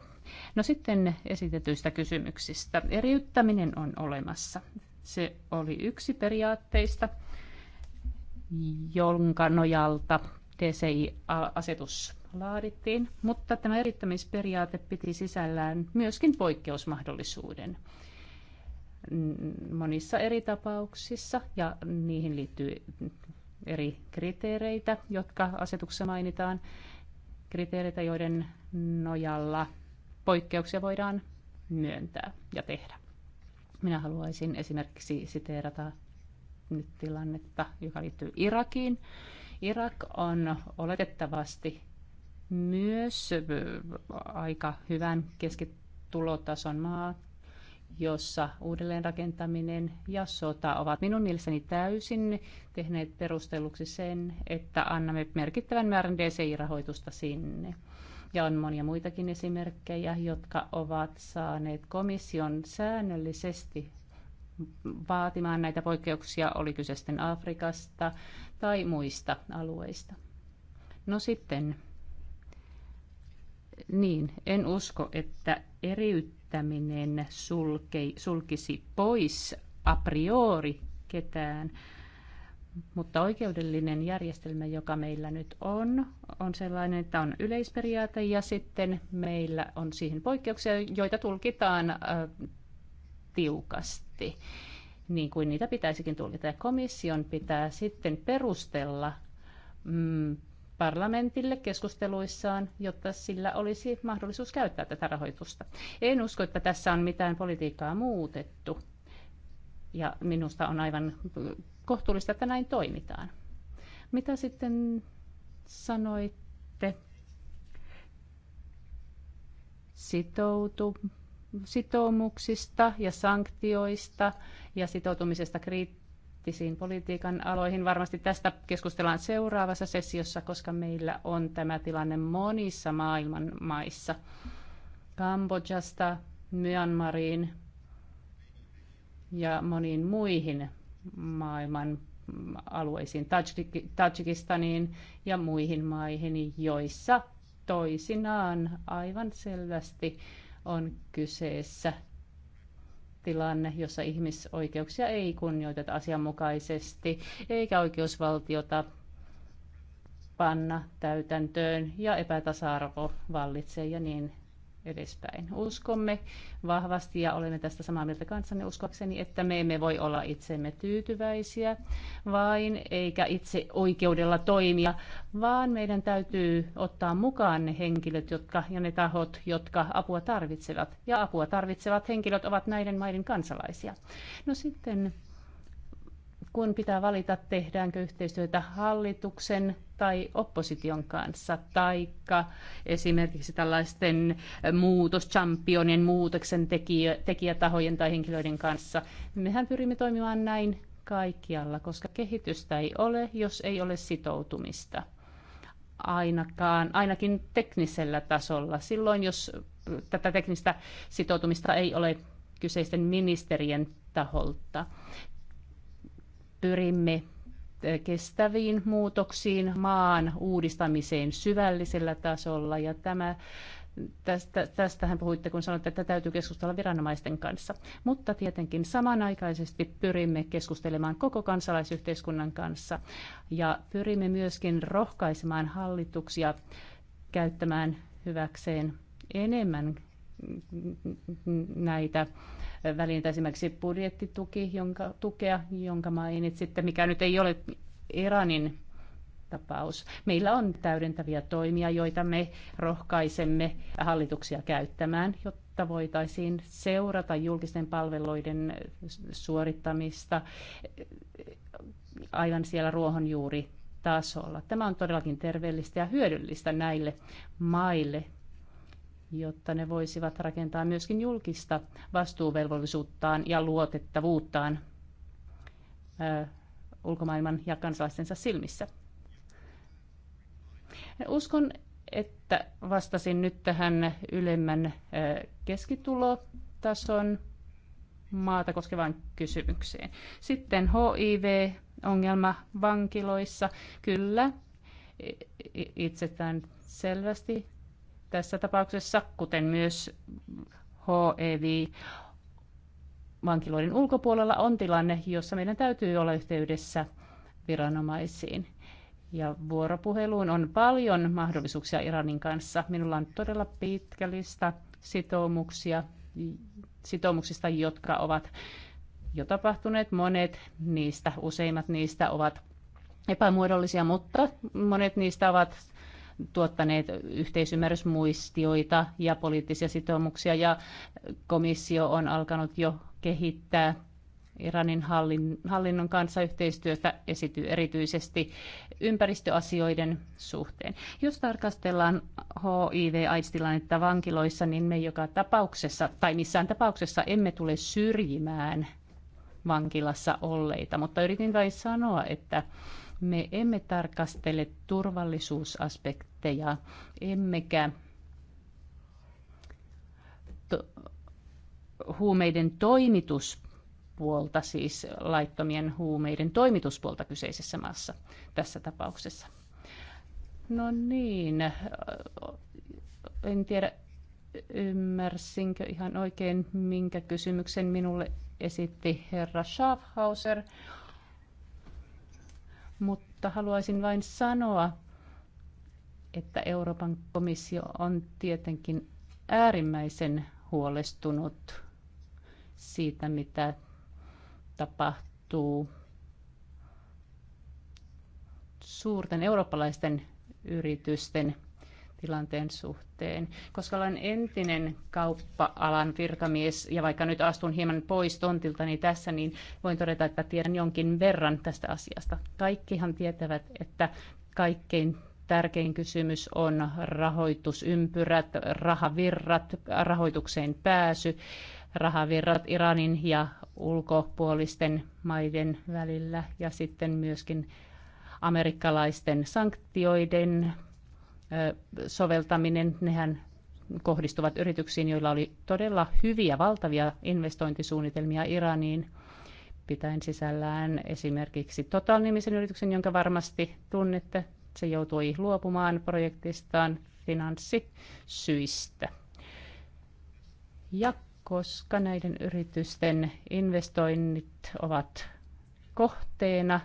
C: No sitten esitetyistä kysymyksistä. Eriyttäminen on olemassa. Se oli yksi periaatteista, jonka nojalta TCI-asetus laadittiin, mutta tämä erittämisperiaate piti sisällään myöskin poikkeusmahdollisuuden monissa eri tapauksissa ja niihin liittyy eri kriteereitä, jotka asetuksessa mainitaan, kriteereitä, joiden nojalla poikkeuksia voidaan myöntää ja tehdä. Minä haluaisin esimerkiksi siteerata nyt tilannetta, joka liittyy Irakiin. Irak on oletettavasti myös aika hyvän keskitulotason maa, jossa uudelleenrakentaminen ja sota ovat minun mielestäni täysin tehneet perustelluksi sen, että annamme merkittävän määrän DCI-rahoitusta sinne ja on monia muitakin esimerkkejä, jotka ovat saaneet komission säännöllisesti vaatimaan näitä poikkeuksia, oli kyse sitten Afrikasta tai muista alueista. No sitten, niin, en usko, että eriyttäminen sulkei, sulkisi pois a priori ketään mutta oikeudellinen järjestelmä, joka meillä nyt on, on sellainen, että on yleisperiaate ja sitten meillä on siihen poikkeuksia, joita tulkitaan tiukasti, niin kuin niitä pitäisikin tulkita. Ja komission pitää sitten perustella mm, parlamentille keskusteluissaan, jotta sillä olisi mahdollisuus käyttää tätä rahoitusta. En usko, että tässä on mitään politiikkaa muutettu ja minusta on aivan kohtuullista, että näin toimitaan. Mitä sitten sanoitte sitoutu, sitoumuksista ja sanktioista ja sitoutumisesta kriittisiin politiikan aloihin. Varmasti tästä keskustellaan seuraavassa sessiossa, koska meillä on tämä tilanne monissa maailman maissa. Kambodžasta Myanmariin, ja moniin muihin maailman alueisiin, Tajikistaniin ja muihin maihin, joissa toisinaan aivan selvästi on kyseessä tilanne, jossa ihmisoikeuksia ei kunnioiteta asianmukaisesti, eikä oikeusvaltiota panna täytäntöön ja epätasa-arvo vallitsee ja niin edespäin. Uskomme vahvasti ja olemme tästä samaa mieltä kanssanne uskoakseni, että me emme voi olla itsemme tyytyväisiä vain, eikä itse oikeudella toimia, vaan meidän täytyy ottaa mukaan ne henkilöt jotka, ja ne tahot, jotka apua tarvitsevat. Ja apua tarvitsevat henkilöt ovat näiden maiden kansalaisia. No sitten kun pitää valita, tehdäänkö yhteistyötä hallituksen tai opposition kanssa, taikka esimerkiksi tällaisten muutoschampionien, muutoksen tekijätahojen tai henkilöiden kanssa. Mehän pyrimme toimimaan näin kaikkialla, koska kehitystä ei ole, jos ei ole sitoutumista. Ainakaan, ainakin teknisellä tasolla. Silloin, jos tätä teknistä sitoutumista ei ole kyseisten ministerien taholta pyrimme eh, kestäviin muutoksiin, maan uudistamiseen syvällisellä tasolla ja tämä Tästä, tästähän puhuitte, kun sanoitte, että täytyy keskustella viranomaisten kanssa. Mutta tietenkin samanaikaisesti pyrimme keskustelemaan koko kansalaisyhteiskunnan kanssa ja pyrimme myöskin rohkaisemaan hallituksia käyttämään hyväkseen enemmän näitä välineitä, esimerkiksi budjettituki, jonka, tukea, jonka mainitsit, mikä nyt ei ole Iranin tapaus. Meillä on täydentäviä toimia, joita me rohkaisemme hallituksia käyttämään, jotta voitaisiin seurata julkisten palveluiden suorittamista aivan siellä tasolla Tämä on todellakin terveellistä ja hyödyllistä näille maille, jotta ne voisivat rakentaa myöskin julkista vastuuvelvollisuuttaan ja luotettavuuttaan ulkomaailman ja kansalaistensa silmissä. Uskon, että vastasin nyt tähän ylemmän keskitulotason maata koskevaan kysymykseen. Sitten HIV-ongelma vankiloissa. Kyllä, itsestään selvästi tässä tapauksessa, kuten myös HEV vankiloiden ulkopuolella on tilanne, jossa meidän täytyy olla yhteydessä viranomaisiin. Ja vuoropuheluun on paljon mahdollisuuksia Iranin kanssa. Minulla on todella pitkä lista sitoumuksia, sitoumuksista, jotka ovat jo tapahtuneet. Monet niistä, useimmat niistä ovat epämuodollisia, mutta monet niistä ovat tuottaneet yhteisymmärrysmuistioita ja poliittisia sitoumuksia ja komissio on alkanut jo kehittää Iranin hallinnon kanssa yhteistyötä esityy erityisesti ympäristöasioiden suhteen. Jos tarkastellaan HIV-aistilannetta vankiloissa, niin me joka tapauksessa tai missään tapauksessa emme tule syrjimään vankilassa olleita, mutta yritin vain sanoa, että me emme tarkastele turvallisuusaspektia ja emmekä to- huumeiden toimitus puolta, siis laittomien huumeiden toimituspuolta kyseisessä maassa tässä tapauksessa. No niin, en tiedä ymmärsinkö ihan oikein, minkä kysymyksen minulle esitti herra Schaffhauser, mutta haluaisin vain sanoa, että Euroopan komissio on tietenkin äärimmäisen huolestunut siitä, mitä tapahtuu suurten eurooppalaisten yritysten tilanteen suhteen. Koska olen entinen kauppa-alan virkamies ja vaikka nyt astun hieman pois tontiltani niin tässä, niin voin todeta, että tiedän jonkin verran tästä asiasta. Kaikkihan tietävät, että kaikkein tärkein kysymys on rahoitusympyrät, rahavirrat, rahoitukseen pääsy, rahavirrat Iranin ja ulkopuolisten maiden välillä ja sitten myöskin amerikkalaisten sanktioiden soveltaminen, nehän kohdistuvat yrityksiin, joilla oli todella hyviä, valtavia investointisuunnitelmia Iraniin, pitäen sisällään esimerkiksi Total-nimisen yrityksen, jonka varmasti tunnette, se joutui luopumaan projektistaan finanssisyistä. Ja koska näiden yritysten investoinnit ovat kohteena,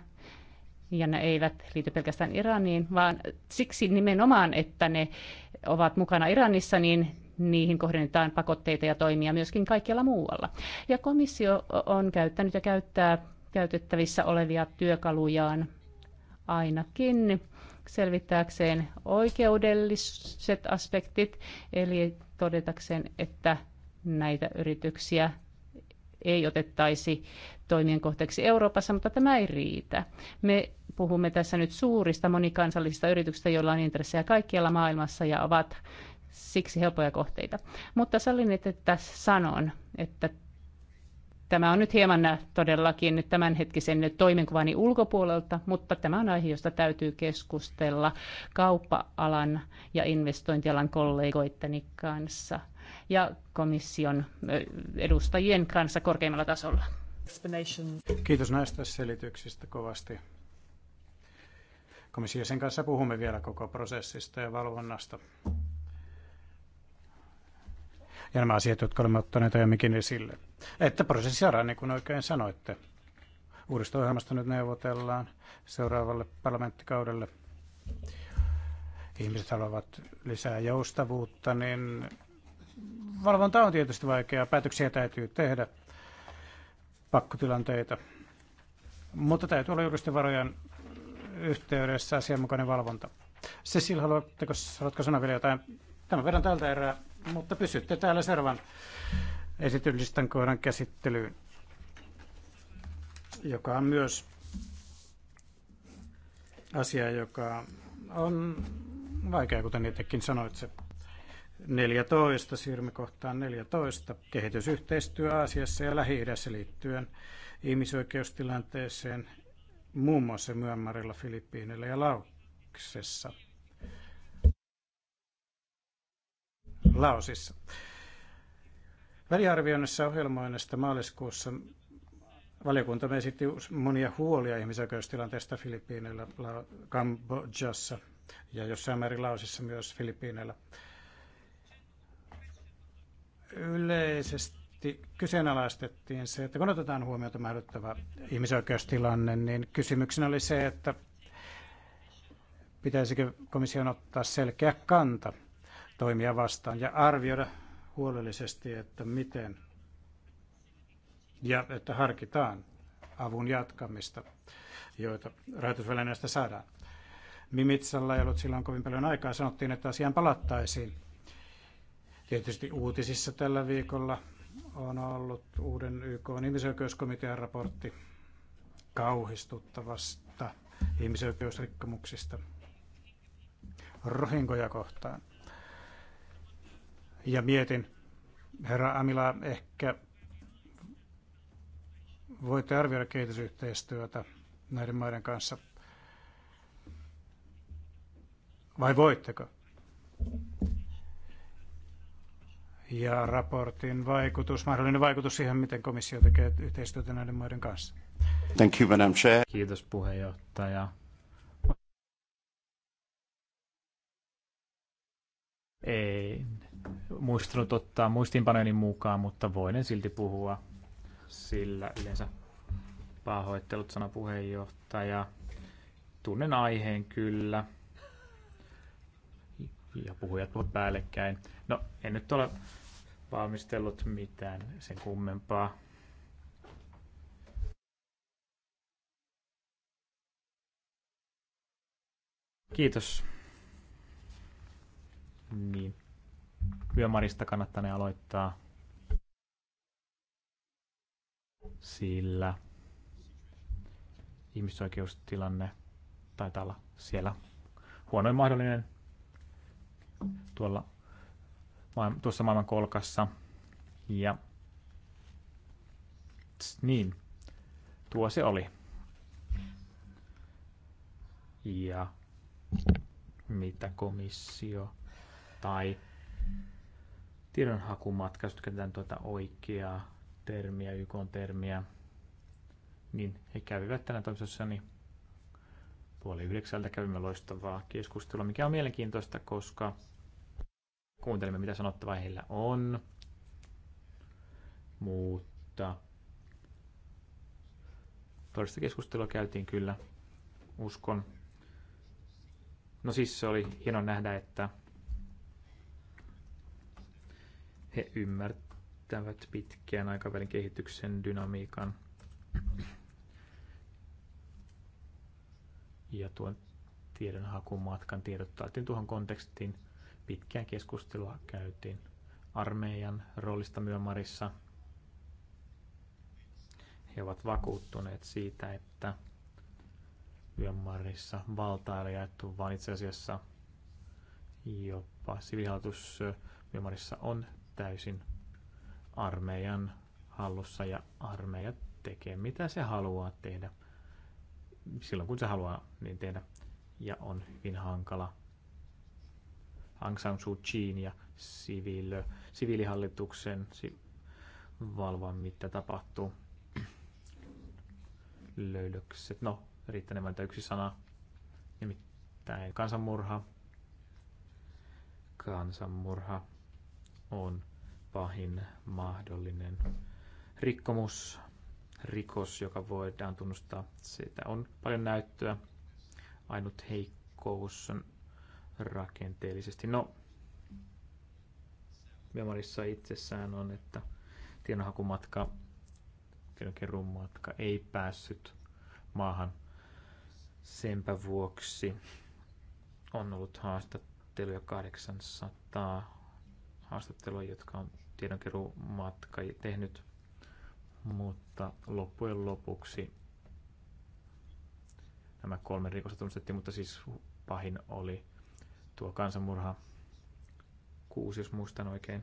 C: ja ne eivät liity pelkästään Iraniin, vaan siksi nimenomaan, että ne ovat mukana Iranissa, niin niihin kohdennetaan pakotteita ja toimia myöskin kaikkialla muualla. Ja komissio on käyttänyt ja käyttää käytettävissä olevia työkalujaan ainakin selvittääkseen oikeudelliset aspektit, eli todetakseen, että näitä yrityksiä ei otettaisi toimien kohteeksi Euroopassa, mutta tämä ei riitä. Me puhumme tässä nyt suurista monikansallisista yrityksistä, joilla on intressejä kaikkialla maailmassa ja ovat siksi helpoja kohteita. Mutta sallin, että sanon, että Tämä on nyt hieman todellakin nyt tämänhetkisen toimenkuvani ulkopuolelta, mutta tämä on aihe, josta täytyy keskustella kauppa-alan ja investointialan kollegoitteni kanssa ja komission edustajien kanssa korkeimmalla tasolla.
B: Kiitos näistä selityksistä kovasti. Komission kanssa puhumme vielä koko prosessista ja valvonnasta ja nämä asiat, jotka olemme ottaneet aiemminkin esille. Että prosessi saadaan, niin kuin oikein sanoitte. Uudesta ohjelmasta nyt neuvotellaan seuraavalle parlamenttikaudelle. Ihmiset haluavat lisää joustavuutta, niin valvonta on tietysti vaikeaa. Päätöksiä täytyy tehdä, pakkotilanteita. Mutta täytyy olla juristin varojen yhteydessä asianmukainen valvonta. Cecil, haluatteko, sanoa vielä jotain? Tämän verran tältä erää mutta pysytte täällä seuraavan esityslistan kohdan käsittelyyn, joka on myös asia, joka on vaikea, kuten itsekin sanoit se 14, siirrymme kohtaan 14, kehitysyhteistyö Aasiassa ja lähi liittyen ihmisoikeustilanteeseen muun muassa Myönmarilla, Filippiineillä ja Lauksessa – Laosissa. Väliarvioinnissa ohjelmoinnista maaliskuussa valiokunta esitti monia huolia ihmisoikeustilanteesta Filippiineillä, Kambodjassa ja jossain määrin Laosissa myös Filippiineillä. Yleisesti kyseenalaistettiin se, että kun otetaan huomioon tämä hälyttävä ihmisoikeustilanne, niin kysymyksenä oli se, että pitäisikö komission ottaa selkeä kanta toimia vastaan ja arvioida huolellisesti, että miten ja että harkitaan avun jatkamista, joita rahoitusvälineestä saadaan. Mimitsalla ei ollut silloin kovin paljon aikaa. Sanottiin, että asiaan palattaisiin. Tietysti uutisissa tällä viikolla on ollut uuden YK ihmisoikeuskomitean raportti kauhistuttavasta ihmisoikeusrikkomuksista rohinkoja kohtaan. Ja mietin, herra Amila, ehkä voitte arvioida kehitysyhteistyötä näiden maiden kanssa. Vai voitteko? Ja raportin vaikutus, mahdollinen vaikutus siihen, miten komissio tekee yhteistyötä näiden maiden kanssa.
D: Thank you, Madam Chair. Kiitos puheenjohtaja. Ei muistunut ottaa muistiinpanojeni mukaan, mutta voin silti puhua sillä yleensä pahoittelut sana puheenjohtaja. Tunnen aiheen kyllä. Ja puhujat puhuvat päällekkäin. No, en nyt ole valmistellut mitään sen kummempaa. Kiitos. Niin. Yömarista kannattanee aloittaa, sillä ihmisoikeustilanne taitaa olla siellä huonoin mahdollinen tuolla tuossa maailman kolkassa. Ja tss, niin, tuo se oli. Ja mitä komissio tai tiedonhakumatkaisut, käytetään tuota oikeaa termiä, YK-termiä, niin he kävivät tänä niin puoli yhdeksältä kävimme loistavaa keskustelua, mikä on mielenkiintoista, koska kuuntelimme, mitä sanottavaa heillä on, mutta toista keskustelua käytiin kyllä, uskon. No siis se oli hieno nähdä, että He ymmärtävät pitkään aikavälin kehityksen dynamiikan. Ja tuon tiedonhakumatkan tiedot taatiin tuohon kontekstiin. Pitkää keskustelua käytiin armeijan roolista Myanmarissa. He ovat vakuuttuneet siitä, että Myanmarissa valtaa oli jaettu, vaan itse asiassa jopa sivihallitus Myanmarissa on täysin armeijan hallussa ja armeija tekee mitä se haluaa tehdä silloin kun se haluaa niin tehdä ja on hyvin hankala Aung San Suu Kyiin ja siviilö, siviilihallituksen si, valvoa, mitä tapahtuu. Löydökset. No, riittänee yksi sana. Nimittäin kansanmurha. Kansanmurha on pahin mahdollinen rikkomus, rikos, joka voidaan tunnustaa. Siitä on paljon näyttöä. Ainut heikkous on rakenteellisesti. No, memorissa itsessään on, että tiedonhakumatka, tiedonkeruun matka ei päässyt maahan senpä vuoksi on ollut haastatteluja 800 haastattelua, jotka on tiedonkeruumatka tehnyt, mutta loppujen lopuksi nämä kolme rikosta tunnustettiin, mutta siis pahin oli tuo kansanmurha kuusi, jos muistan oikein.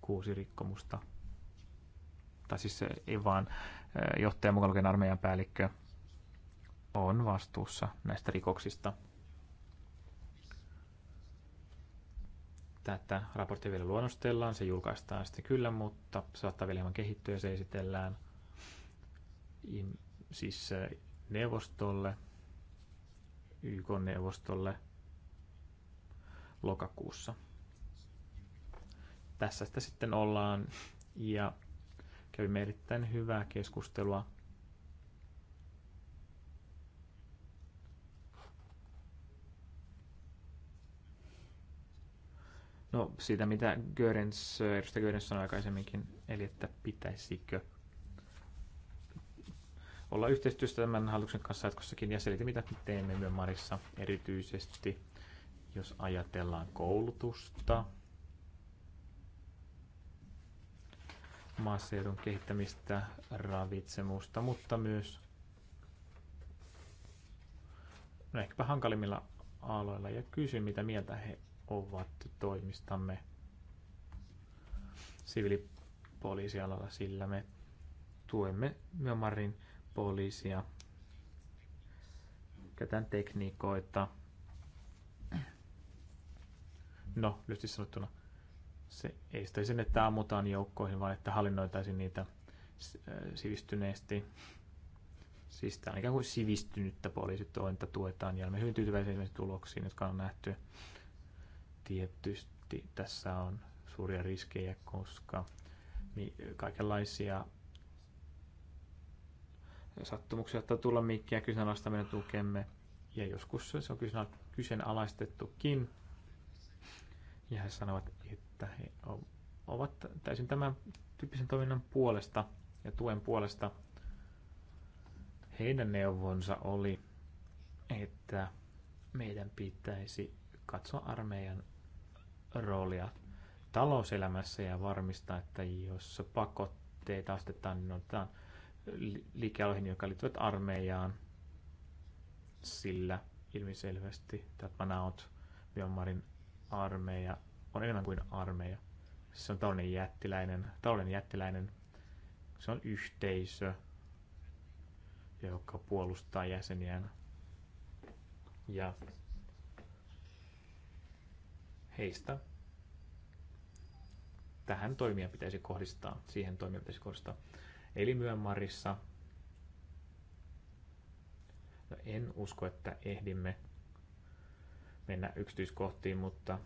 D: Kuusi rikkomusta. Tai siis se ei vaan eh, johtaja mukaan armeijan päällikkö on vastuussa näistä rikoksista. tätä raporttia vielä luonnostellaan, se julkaistaan sitten kyllä, mutta saattaa vielä hieman kehittyä ja se esitellään siis neuvostolle, YK-neuvostolle lokakuussa. Tässä sitä sitten ollaan ja kävimme erittäin hyvää keskustelua No siitä, mitä Görens, äh, edustaja Görens sanoi aikaisemminkin, eli että pitäisikö olla yhteistyössä tämän hallituksen kanssa jatkossakin ja selitä, mitä teemme Myanmarissa erityisesti, jos ajatellaan koulutusta, maaseudun kehittämistä, ravitsemusta, mutta myös no ehkäpä hankalimmilla aloilla ja kysyn, mitä mieltä he ovat toimistamme siviilipoliisialalla, sillä me tuemme Myanmarin poliisia, käytän tekniikoita. No, lyhyesti sanottuna, se ei sitä sen, että ammutaan joukkoihin, vaan että hallinnoitaisiin niitä äh, sivistyneesti. Siis tämä on ikään kuin sivistynyttä poliisitointa tuetaan ja me hyvin tyytyväisiä tuloksiin, jotka on nähty Tietysti tässä on suuria riskejä, koska kaikenlaisia sattumuksia saattaa tulla mikkiä kyseenalaistaminen tukemme. Ja joskus se on kyseenalaistettukin. Ja he sanovat, että he ovat täysin tämän tyyppisen toiminnan puolesta ja tuen puolesta. Heidän neuvonsa oli, että meidän pitäisi katsoa armeijan roolia talouselämässä ja varmistaa, että jos pakotteita astetaan, niin otetaan liikealoihin, jotka liittyvät armeijaan, sillä ilmiselvästi Tatmanaut, Myanmarin armeija, on enemmän kuin armeija. Se on talouden jättiläinen, talouden jättiläinen. Se on yhteisö, joka puolustaa jäseniään. Ja heistä tähän toimia pitäisi kohdistaa, siihen toimia pitäisi kohdistaa. Eli Myönmarissa no en usko, että ehdimme mennä yksityiskohtiin, mutta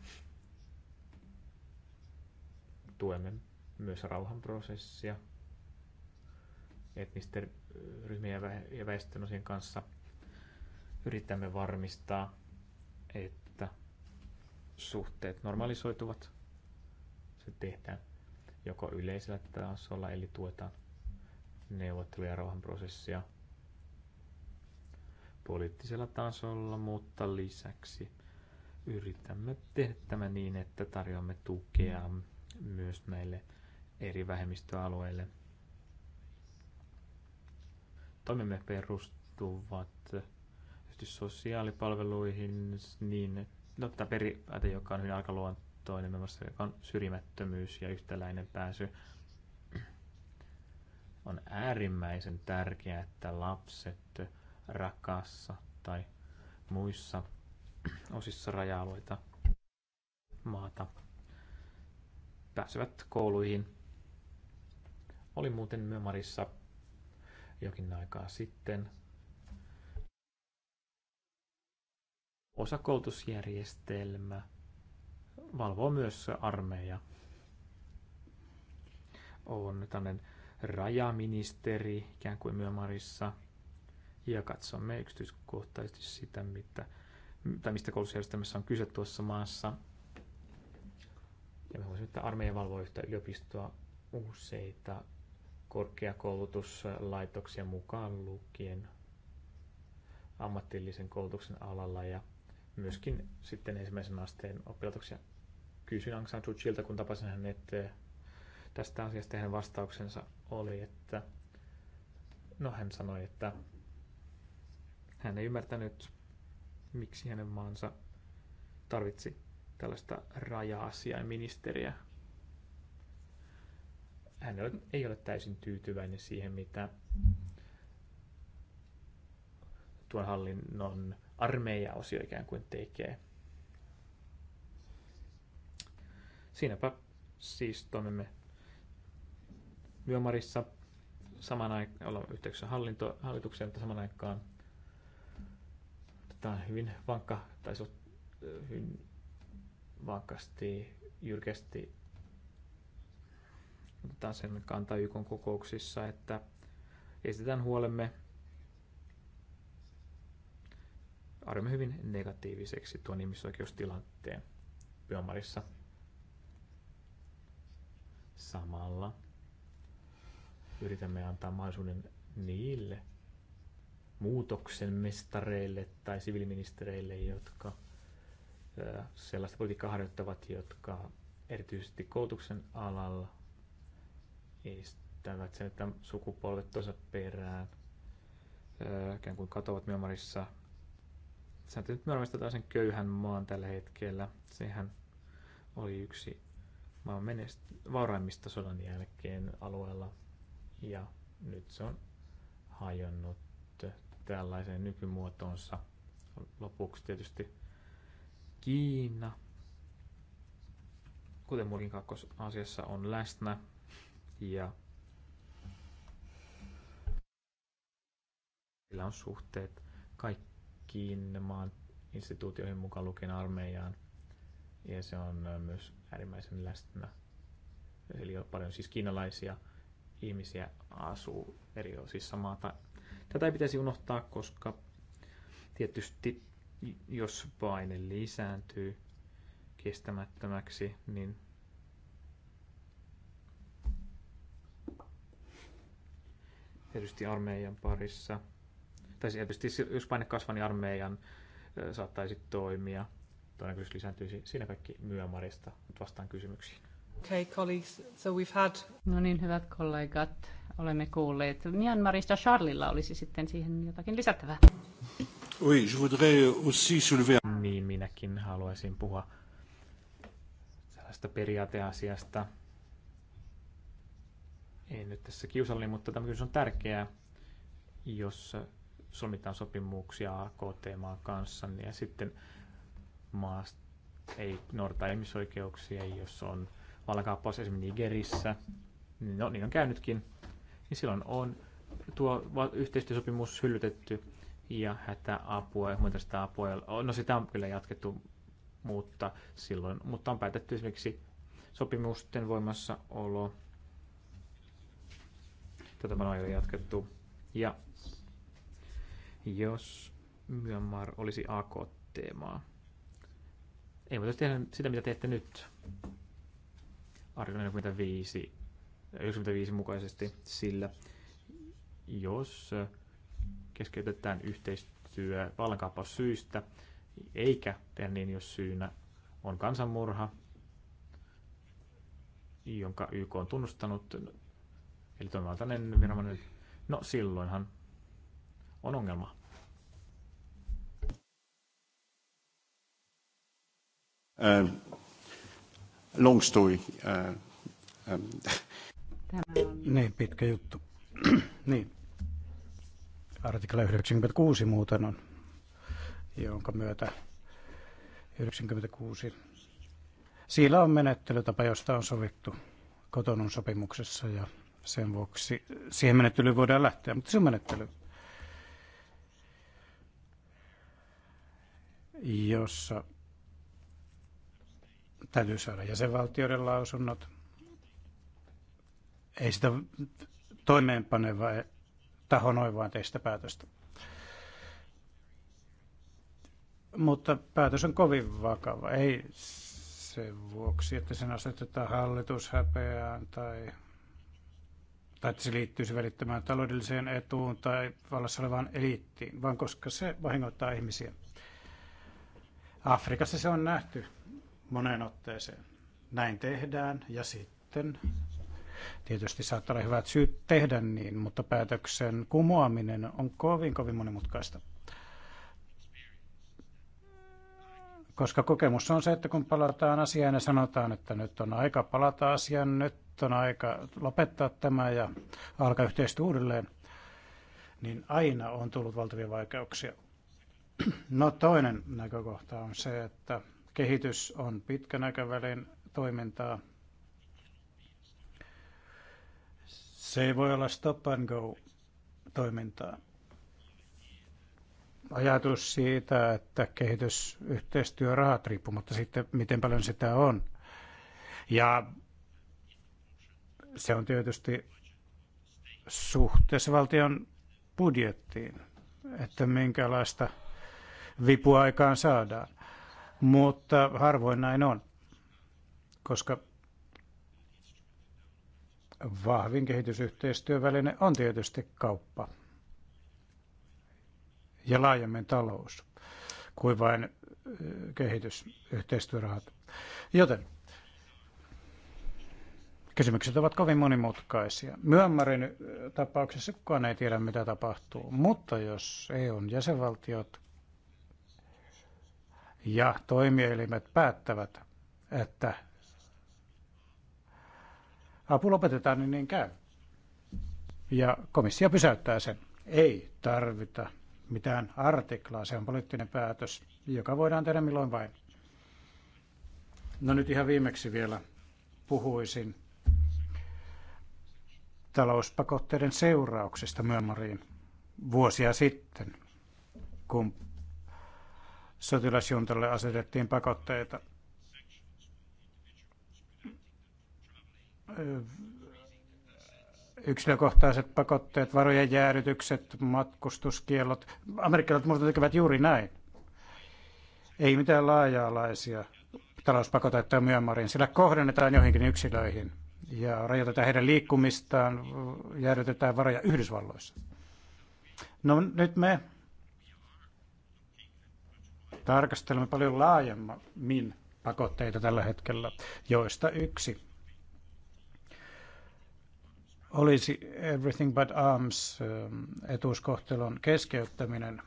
D: tuemme myös rauhanprosessia etnisten ryhmien ja osien kanssa. Yritämme varmistaa, että suhteet normalisoituvat. Se tehdään joko yleisellä tasolla, eli tuetaan neuvotteluja ja rauhanprosessia poliittisella tasolla, mutta lisäksi yritämme tehdä tämä niin, että tarjoamme tukea myös näille eri vähemmistöalueille. Toimimme perustuvat sosiaalipalveluihin niin, että No, tämä periaate, joka on hyvin alkaluontoinen, muun muassa joka on syrjimättömyys ja yhtäläinen pääsy. On äärimmäisen tärkeää, että lapset rakassa tai muissa osissa raja-alueita maata pääsevät kouluihin. Olin muuten Myömarissa jokin aikaa sitten osakoulutusjärjestelmä valvoo myös armeija. On tämmöinen rajaministeri ikään kuin Myömarissa. ja katsomme yksityiskohtaisesti sitä, mitä, tai mistä koulutusjärjestelmässä on kyse tuossa maassa. Ja me voisimme että armeija valvoo yhtä yliopistoa useita korkeakoulutuslaitoksia mukaan lukien ammatillisen koulutuksen alalla ja myöskin sitten ensimmäisen asteen oppilaitoksia. Kysyin Aung San Suu Kyiltä, kun tapasin eteen eh, tästä asiasta, hänen vastauksensa oli, että no hän sanoi, että hän ei ymmärtänyt, miksi hänen maansa tarvitsi tällaista raja-asiaa ja ministeriä. Hän ei ole täysin tyytyväinen siihen, mitä tuon hallinnon armeijaosio ikään kuin tekee. Siinäpä siis toimimme Myanmarissa saman aikaan, olla yhteyksissä hallinto, hallitukseen, mutta saman aikaan tämä on hyvin vankka, tai se hyvin vankasti, jyrkästi otetaan sen kantaa YK kokouksissa, että esitetään huolemme arvioimme hyvin negatiiviseksi tuon ihmisoikeustilanteen Pyömarissa. Samalla yritämme antaa mahdollisuuden niille muutoksen mestareille tai siviiliministereille, jotka sellaista politiikkaa harjoittavat, jotka erityisesti koulutuksen alalla estävät sen, että sukupolvet toisa perään ikään kuin katoavat Myanmarissa Sä nyt normistetaan sen köyhän maan tällä hetkellä. Sehän oli yksi maan menest- vauraimmista sodan jälkeen alueella. Ja nyt se on hajonnut tällaiseen nykymuotoonsa. Lopuksi tietysti Kiina, kuten muukin kakkosasiassa, on läsnä. Ja sillä on suhteet kaikki kaikkiin maan instituutioihin mukaan lukien armeijaan. Ja se on myös äärimmäisen läsnä. Eli on paljon siis kiinalaisia ihmisiä asuu eri osissa maata. Tätä ei pitäisi unohtaa, koska tietysti jos paine lisääntyy kestämättömäksi, niin tietysti armeijan parissa – tai tietysti jos paine kasvaa, niin armeijan saattaisi toimia. Todennäköisesti lisääntyisi siinä kaikki myömarista. Nyt vastaan kysymyksiin.
C: Okay, colleagues. So we've had... No niin, hyvät kollegat, olemme kuulleet. Myanmarista Charlilla olisi sitten siihen jotakin lisättävää.
D: Oui, je voudrais aussi soulever... Niin, minäkin haluaisin puhua tällaista periaateasiasta. Ei nyt tässä kiusallinen, mutta tämä kysymys on tärkeää, jos sommitaan sopimuksia AKT-maan kanssa, niin ja sitten maasta ei noudata ihmisoikeuksia, jos on vallankaappaus esimerkiksi Nigerissä, no niin on käynytkin, niin silloin on tuo yhteistyösopimus hyllytetty ja hätäapua ja muita apua. No sitä on kyllä jatkettu, mutta silloin, mutta on päätetty esimerkiksi sopimusten voimassaolo. Tätä on jo jatkettu. Ja jos Myanmar olisi AKT-maa. Ei voitaisi tehdä sitä, mitä teette nyt. Artikla 45, 95 mukaisesti sillä, jos keskeytetään yhteistyö vallankaappaussyistä, eikä tehdä niin, jos syynä on kansanmurha, jonka YK on tunnustanut, eli toimivaltainen viranomainen, no silloinhan on ongelma.
B: Uh, long story. Uh, um. Niin, pitkä juttu. niin. Artikla 96 muuten on, jonka myötä 96. Sillä on menettelytapa, josta on sovittu kotonun sopimuksessa ja sen vuoksi siihen menettelyyn voidaan lähteä, mutta se on menettely. jossa täytyy saada jäsenvaltioiden lausunnot. Ei sitä toimeenpaneva taho noin vaan teistä päätöstä. Mutta päätös on kovin vakava. Ei sen vuoksi, että sen asetetaan hallitushäpeään tai, tai että se liittyisi välittämään taloudelliseen etuun tai vallassa olevaan eliittiin, vaan koska se vahingoittaa ihmisiä. Afrikassa se on nähty moneen otteeseen. Näin tehdään ja sitten tietysti saattaa olla hyvät syyt tehdä niin, mutta päätöksen kumoaminen on kovin kovin monimutkaista. Koska kokemus on se, että kun palataan asiaan ja sanotaan, että nyt on aika palata asiaan, nyt on aika lopettaa tämä ja alkaa yhteistyö uudelleen, niin aina on tullut valtavia vaikeuksia. No toinen näkökohta on se, että kehitys on pitkän aikavälin toimintaa. Se ei voi olla stop and go toimintaa. Ajatus siitä, että kehitysyhteistyörahat mutta sitten, miten paljon sitä on. Ja se on tietysti suhteessa valtion budjettiin, että minkälaista – vipuaikaan saadaan. Mutta harvoin näin on, koska vahvin kehitysyhteistyöväline on tietysti kauppa ja laajemmin talous kuin vain kehitysyhteistyörahat. Joten kysymykset ovat kovin monimutkaisia. Myönmarin tapauksessa kukaan ei tiedä, mitä tapahtuu, mutta jos EUn jäsenvaltiot ja toimielimet päättävät, että apu lopetetaan, niin niin käy. Ja komissio pysäyttää sen. Ei tarvita mitään artiklaa, se on poliittinen päätös, joka voidaan tehdä milloin vain. No nyt ihan viimeksi vielä puhuisin talouspakotteiden seurauksista Myanmariin vuosia sitten, kun sotilasjuntalle asetettiin pakotteita. Yksilökohtaiset pakotteet, varojen jäädytykset, matkustuskiellot. Amerikkalaiset muuten tekevät juuri näin. Ei mitään laaja-alaisia talouspakotteita Myanmarin, sillä kohdennetaan johonkin yksilöihin ja rajoitetaan heidän liikkumistaan, jäädytetään varoja Yhdysvalloissa. No nyt me Tarkastelemme paljon laajemmin pakotteita tällä hetkellä, joista yksi olisi Everything But Arms ähm, etuuskohtelon keskeyttäminen.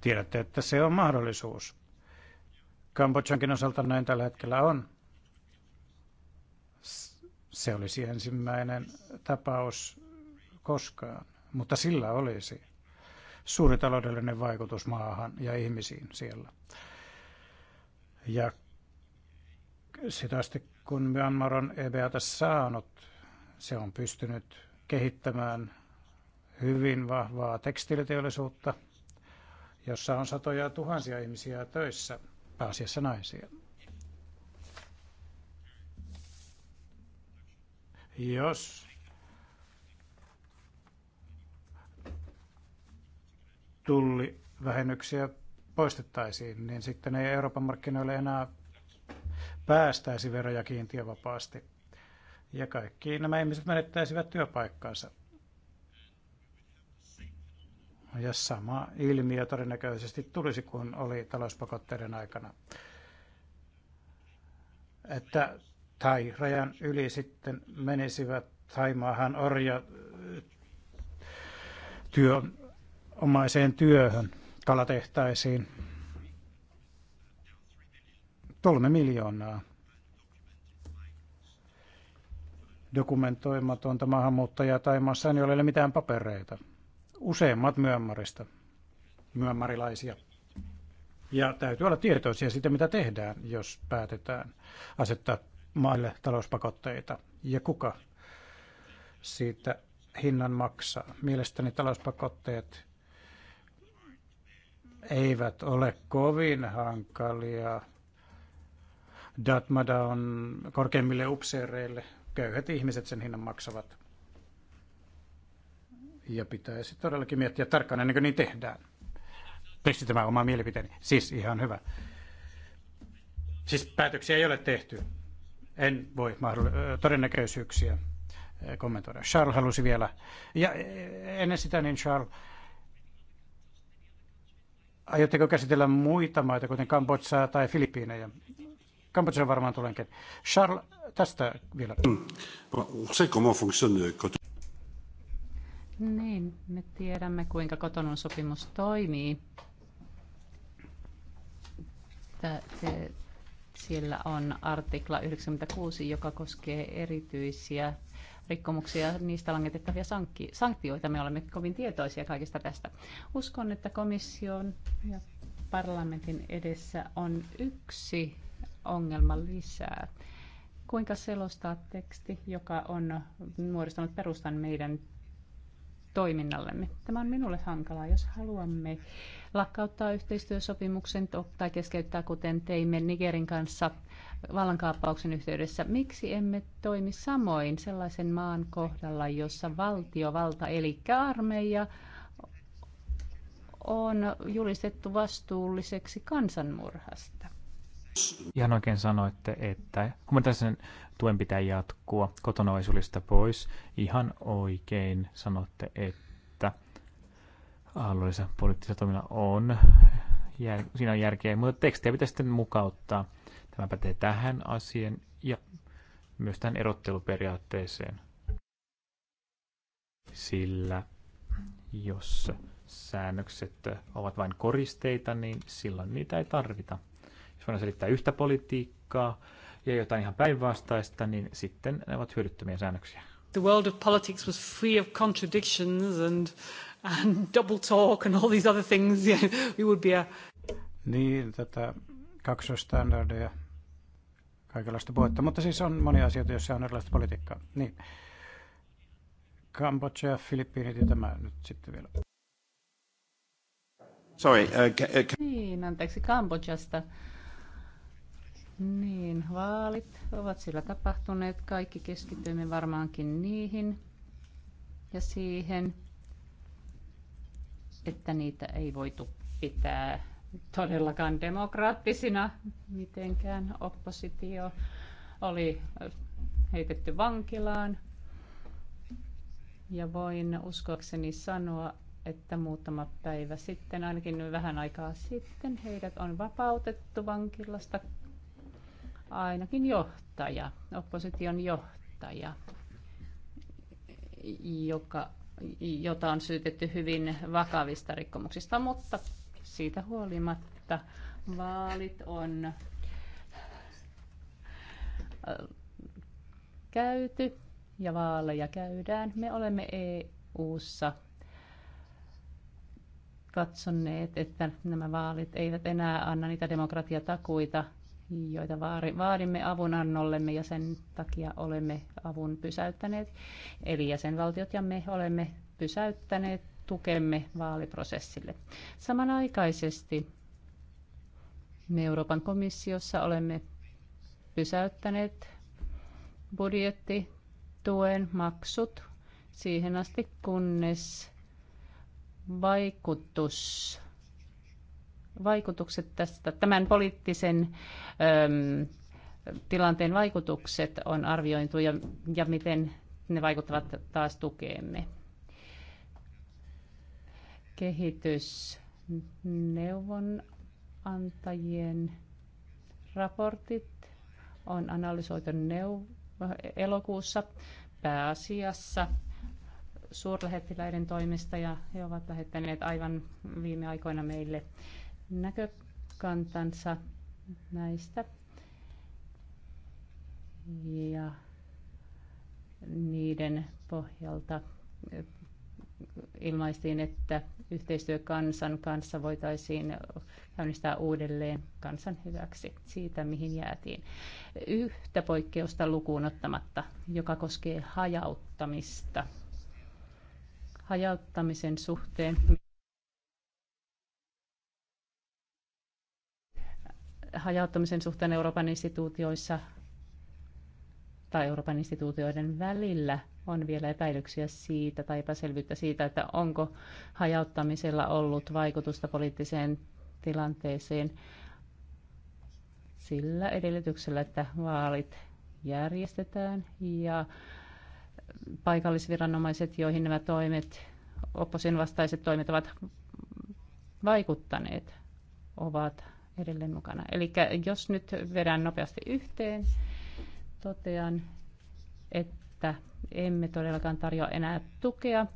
B: Tiedätte, että se on mahdollisuus. Kambodjankin osalta näin tällä hetkellä on. Se olisi ensimmäinen tapaus koskaan, mutta sillä olisi suuri taloudellinen vaikutus maahan ja ihmisiin siellä. Ja sitä asti kun Myanmar on EBAta saanut, se on pystynyt kehittämään hyvin vahvaa tekstiiliteollisuutta, jossa on satoja tuhansia ihmisiä töissä, pääasiassa naisia. Jos tullivähennyksiä poistettaisiin, niin sitten ei Euroopan markkinoille enää päästäisi veroja kiintiövapaasti. Ja kaikki nämä ihmiset menettäisivät työpaikkaansa. Ja sama ilmiö todennäköisesti tulisi, kun oli talouspakotteiden aikana. Että tai rajan yli sitten menisivät Taimaahan orja työ omaiseen työhön kalatehtaisiin. Kolme miljoonaa dokumentoimatonta maahanmuuttajaa tai maassa ei niin ole mitään papereita. Useimmat myömmarista, myömmarilaisia. Ja täytyy olla tietoisia siitä, mitä tehdään, jos päätetään asettaa maille talouspakotteita. Ja kuka siitä hinnan maksaa? Mielestäni talouspakotteet eivät ole kovin hankalia. Datmada on korkeimmille upseereille. Köyhät ihmiset sen hinnan maksavat. Ja pitäisi todellakin miettiä tarkkaan ennen kuin niin tehdään. Pesti tämä oma mielipiteeni. Siis ihan hyvä. Siis päätöksiä ei ole tehty. En voi mahdoll- todennäköisyyksiä kommentoida. Charles halusi vielä. Ja ennen sitä niin Charles, Aiotteko käsitellä muita maita, kuten Kambodsaa tai Filippiinejä? Kambodsaa varmaan tulenkin. Charles, tästä vielä.
C: Niin, me tiedämme, kuinka kotonun sopimus toimii. Siellä on artikla 96, joka koskee erityisiä rikkomuksia, niistä langetettavia sanktioita. Me olemme kovin tietoisia kaikista tästä. Uskon, että komission ja parlamentin edessä on yksi ongelma lisää. Kuinka selostaa teksti, joka on muodostanut perustan meidän toiminnallemme. Tämä on minulle hankalaa, jos haluamme lakkauttaa yhteistyösopimuksen tai keskeyttää, kuten teimme Nigerin kanssa vallankaappauksen yhteydessä. Miksi emme toimi samoin sellaisen maan kohdalla, jossa valtiovalta eli armeija on julistettu vastuulliseksi kansanmurhasta?
D: Ihan oikein sanoitte, että humanitaarisen tuen pitää jatkua kotona ei sulista pois. Ihan oikein sanotte, että alueellisen poliittisella toimilla on, siinä on järkeä, mutta tekstiä pitäisi sitten mukauttaa. Tämä pätee tähän asiaan ja myös tähän erotteluperiaatteeseen. Sillä jos säännökset ovat vain koristeita, niin silloin niitä ei tarvita. Jos voidaan selittää yhtä politiikkaa ja jotain ihan päinvastaista, niin sitten ne ovat hyödyttömiä säännöksiä. The world of politics was free of contradictions and,
A: and double talk and all these other things. Yeah, we would be a...
D: Niin,
B: tätä kaksoistandardeja, kaikenlaista puhetta, mutta siis on monia asioita, joissa on erilaista politiikkaa. Niin. Kambodža ja Filippiinit ja tämä nyt sitten vielä. Sorry. Uh, uh
C: niin, anteeksi, Kambodžasta. Niin, vaalit ovat sillä tapahtuneet. Kaikki keskitymme varmaankin niihin ja siihen, että niitä ei voitu pitää todellakaan demokraattisina mitenkään. Oppositio oli äh, heitetty vankilaan. Ja voin uskoakseni sanoa, että muutama päivä sitten, ainakin vähän aikaa sitten, heidät on vapautettu vankilasta ainakin johtaja, opposition johtaja, joka, jota on syytetty hyvin vakavista rikkomuksista, mutta siitä huolimatta vaalit on äh, käyty ja vaaleja käydään. Me olemme EU-ssa katsoneet, että nämä vaalit eivät enää anna niitä demokratiatakuita, joita vaadimme avunannollemme ja sen takia olemme avun pysäyttäneet. Eli jäsenvaltiot ja me olemme pysäyttäneet tukemme vaaliprosessille. Samanaikaisesti me Euroopan komissiossa olemme pysäyttäneet budjettituen maksut siihen asti, kunnes vaikutus, vaikutukset tästä, tämän poliittisen äm, tilanteen vaikutukset on arvioitu ja, ja miten ne vaikuttavat taas tukeemme kehitys neuvonantajien raportit on analysoitu neu- elokuussa pääasiassa suurlähettiläiden toimesta ja he ovat lähettäneet aivan viime aikoina meille näkökantansa näistä. Ja niiden pohjalta ilmaistiin, että yhteistyö kansan kanssa voitaisiin käynnistää uudelleen kansan hyväksi siitä, mihin jäätiin. Yhtä poikkeusta lukuun ottamatta, joka koskee hajauttamista. Hajauttamisen suhteen hajauttamisen suhteen Euroopan instituutioissa tai Euroopan instituutioiden välillä – on vielä epäilyksiä siitä tai epäselvyyttä siitä, että onko hajauttamisella ollut vaikutusta poliittiseen tilanteeseen sillä edellytyksellä, että vaalit järjestetään ja paikallisviranomaiset, joihin nämä toimet, opposin vastaiset toimet ovat vaikuttaneet, ovat edelleen mukana. Eli jos nyt vedän nopeasti yhteen, totean, että emme todellakaan tarjoa enää tukea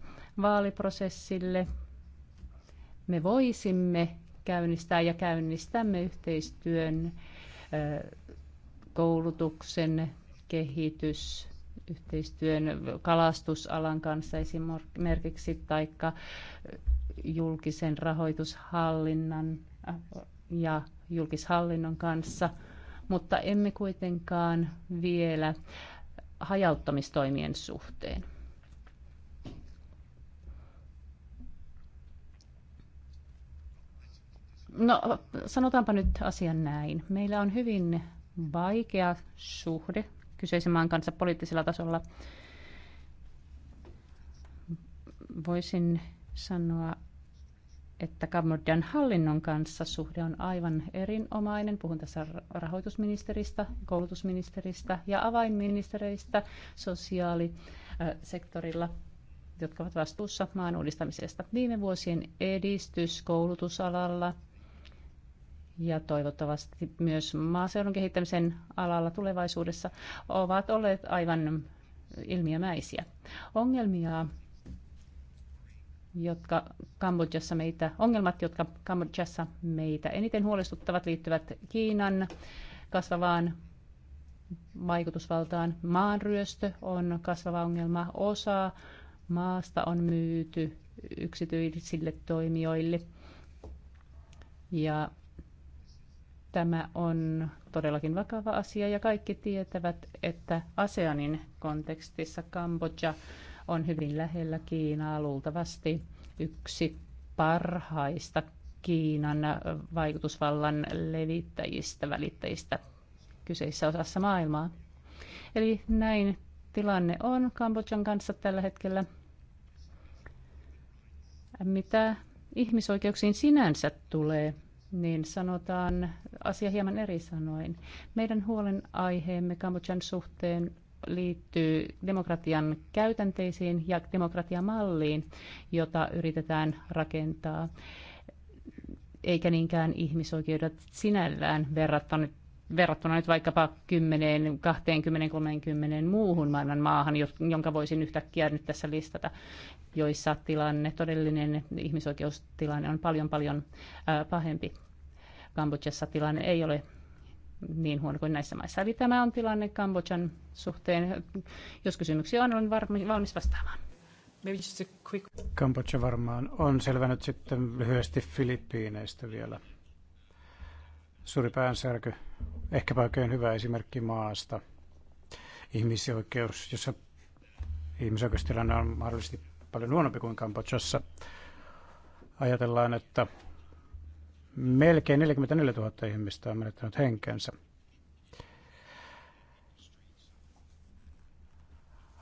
C: vaaliprosessille. Me voisimme käynnistää ja käynnistämme yhteistyön koulutuksen, kehitys, yhteistyön kalastusalan kanssa esimerkiksi, taikka julkisen rahoitushallinnan ja julkishallinnon kanssa, mutta emme kuitenkaan vielä hajauttamistoimien suhteen. No, sanotaanpa nyt asian näin. Meillä on hyvin vaikea suhde kyseisen maan kanssa poliittisella tasolla. Voisin sanoa, että Kambodjan hallinnon kanssa suhde on aivan erinomainen. Puhun tässä rahoitusministeristä, koulutusministeristä ja avainministereistä sosiaalisektorilla jotka ovat vastuussa maan uudistamisesta. Viime vuosien edistys koulutusalalla ja toivottavasti myös maaseudun kehittämisen alalla tulevaisuudessa ovat olleet aivan ilmiömäisiä. Ongelmia jotka Kambodjassa meitä, ongelmat, jotka Kambodjassa meitä eniten huolestuttavat, liittyvät Kiinan kasvavaan vaikutusvaltaan. Maanryöstö on kasvava ongelma. Osa maasta on myyty yksityisille toimijoille. Ja tämä on todellakin vakava asia ja kaikki tietävät, että ASEANin kontekstissa Kambodja on hyvin lähellä Kiinaa luultavasti yksi parhaista Kiinan vaikutusvallan levittäjistä, välittäjistä kyseisessä osassa maailmaa. Eli näin tilanne on Kambodjan kanssa tällä hetkellä. Mitä ihmisoikeuksiin sinänsä tulee, niin sanotaan asia hieman eri sanoin. Meidän huolenaiheemme Kambodjan suhteen liittyy demokratian käytänteisiin ja demokratiamalliin, jota yritetään rakentaa, eikä niinkään ihmisoikeudet sinällään verrattuna verrattuna nyt vaikkapa 10, 20, 30 muuhun maailman maahan, jonka voisin yhtäkkiä nyt tässä listata, joissa tilanne, todellinen ihmisoikeustilanne on paljon paljon pahempi. Kambodjassa tilanne ei ole niin huono kuin näissä maissa. Eli tämä on tilanne Kambodjan suhteen. Jos kysymyksiä on, olen valmis vastaamaan. Quick...
B: varmaan on selvännyt sitten lyhyesti Filippiineistä vielä. Suuri päänsärky, ehkäpä oikein hyvä esimerkki maasta. Ihmisoikeus, jossa ihmisoikeustilanne on mahdollisesti paljon huonompi kuin Kambodjassa. Ajatellaan, että Melkein 44 000 ihmistä on menettänyt henkensä.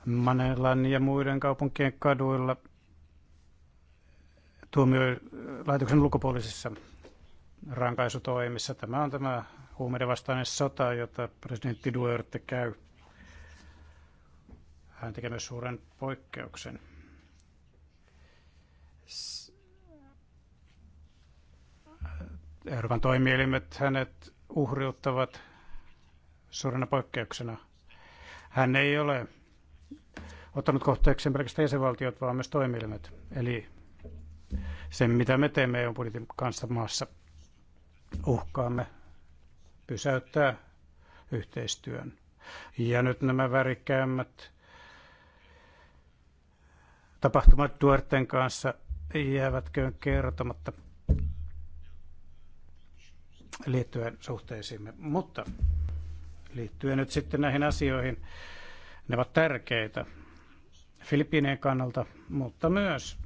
B: Manelan ja muiden kaupunkien kaduilla tuomiolaitoksen ulkopuolisissa rankaisutoimissa. Tämä on tämä huumeiden vastainen sota, jota presidentti Duerte käy. Hän tekee myös suuren poikkeuksen Euroopan toimielimet hänet uhriuttavat suurena poikkeuksena. Hän ei ole ottanut kohteeksi pelkästään jäsenvaltiot, vaan myös toimielimet. Eli sen, mitä me teemme EU-budjetin kanssa maassa, uhkaamme pysäyttää yhteistyön. Ja nyt nämä värikkäämmät tapahtumat tuorten kanssa jäävätkö kertomatta liittyen suhteisiimme. Mutta liittyen nyt sitten näihin asioihin, ne ovat tärkeitä Filippiinien kannalta, mutta myös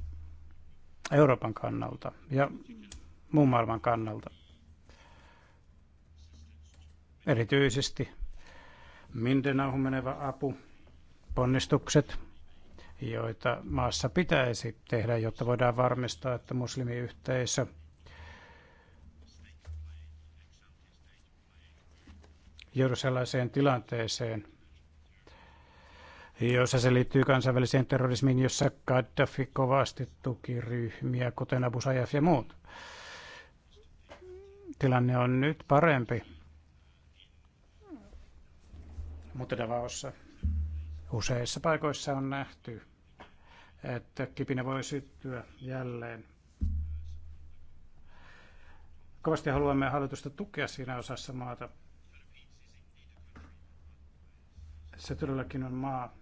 B: Euroopan kannalta ja muun maailman kannalta. Erityisesti Mindenauhun menevä apu, ponnistukset, joita maassa pitäisi tehdä, jotta voidaan varmistaa, että muslimiyhteisö – joudu sellaiseen tilanteeseen, jossa se liittyy kansainväliseen terrorismiin, jossa Gaddafi kovasti tuki ryhmiä, kuten Abu Sayyaf ja muut. Tilanne on nyt parempi, mutta Davaossa useissa paikoissa on nähty, että kipinä voi syttyä jälleen. Kovasti haluamme hallitusta tukea siinä osassa maata, Se todellakin on maa,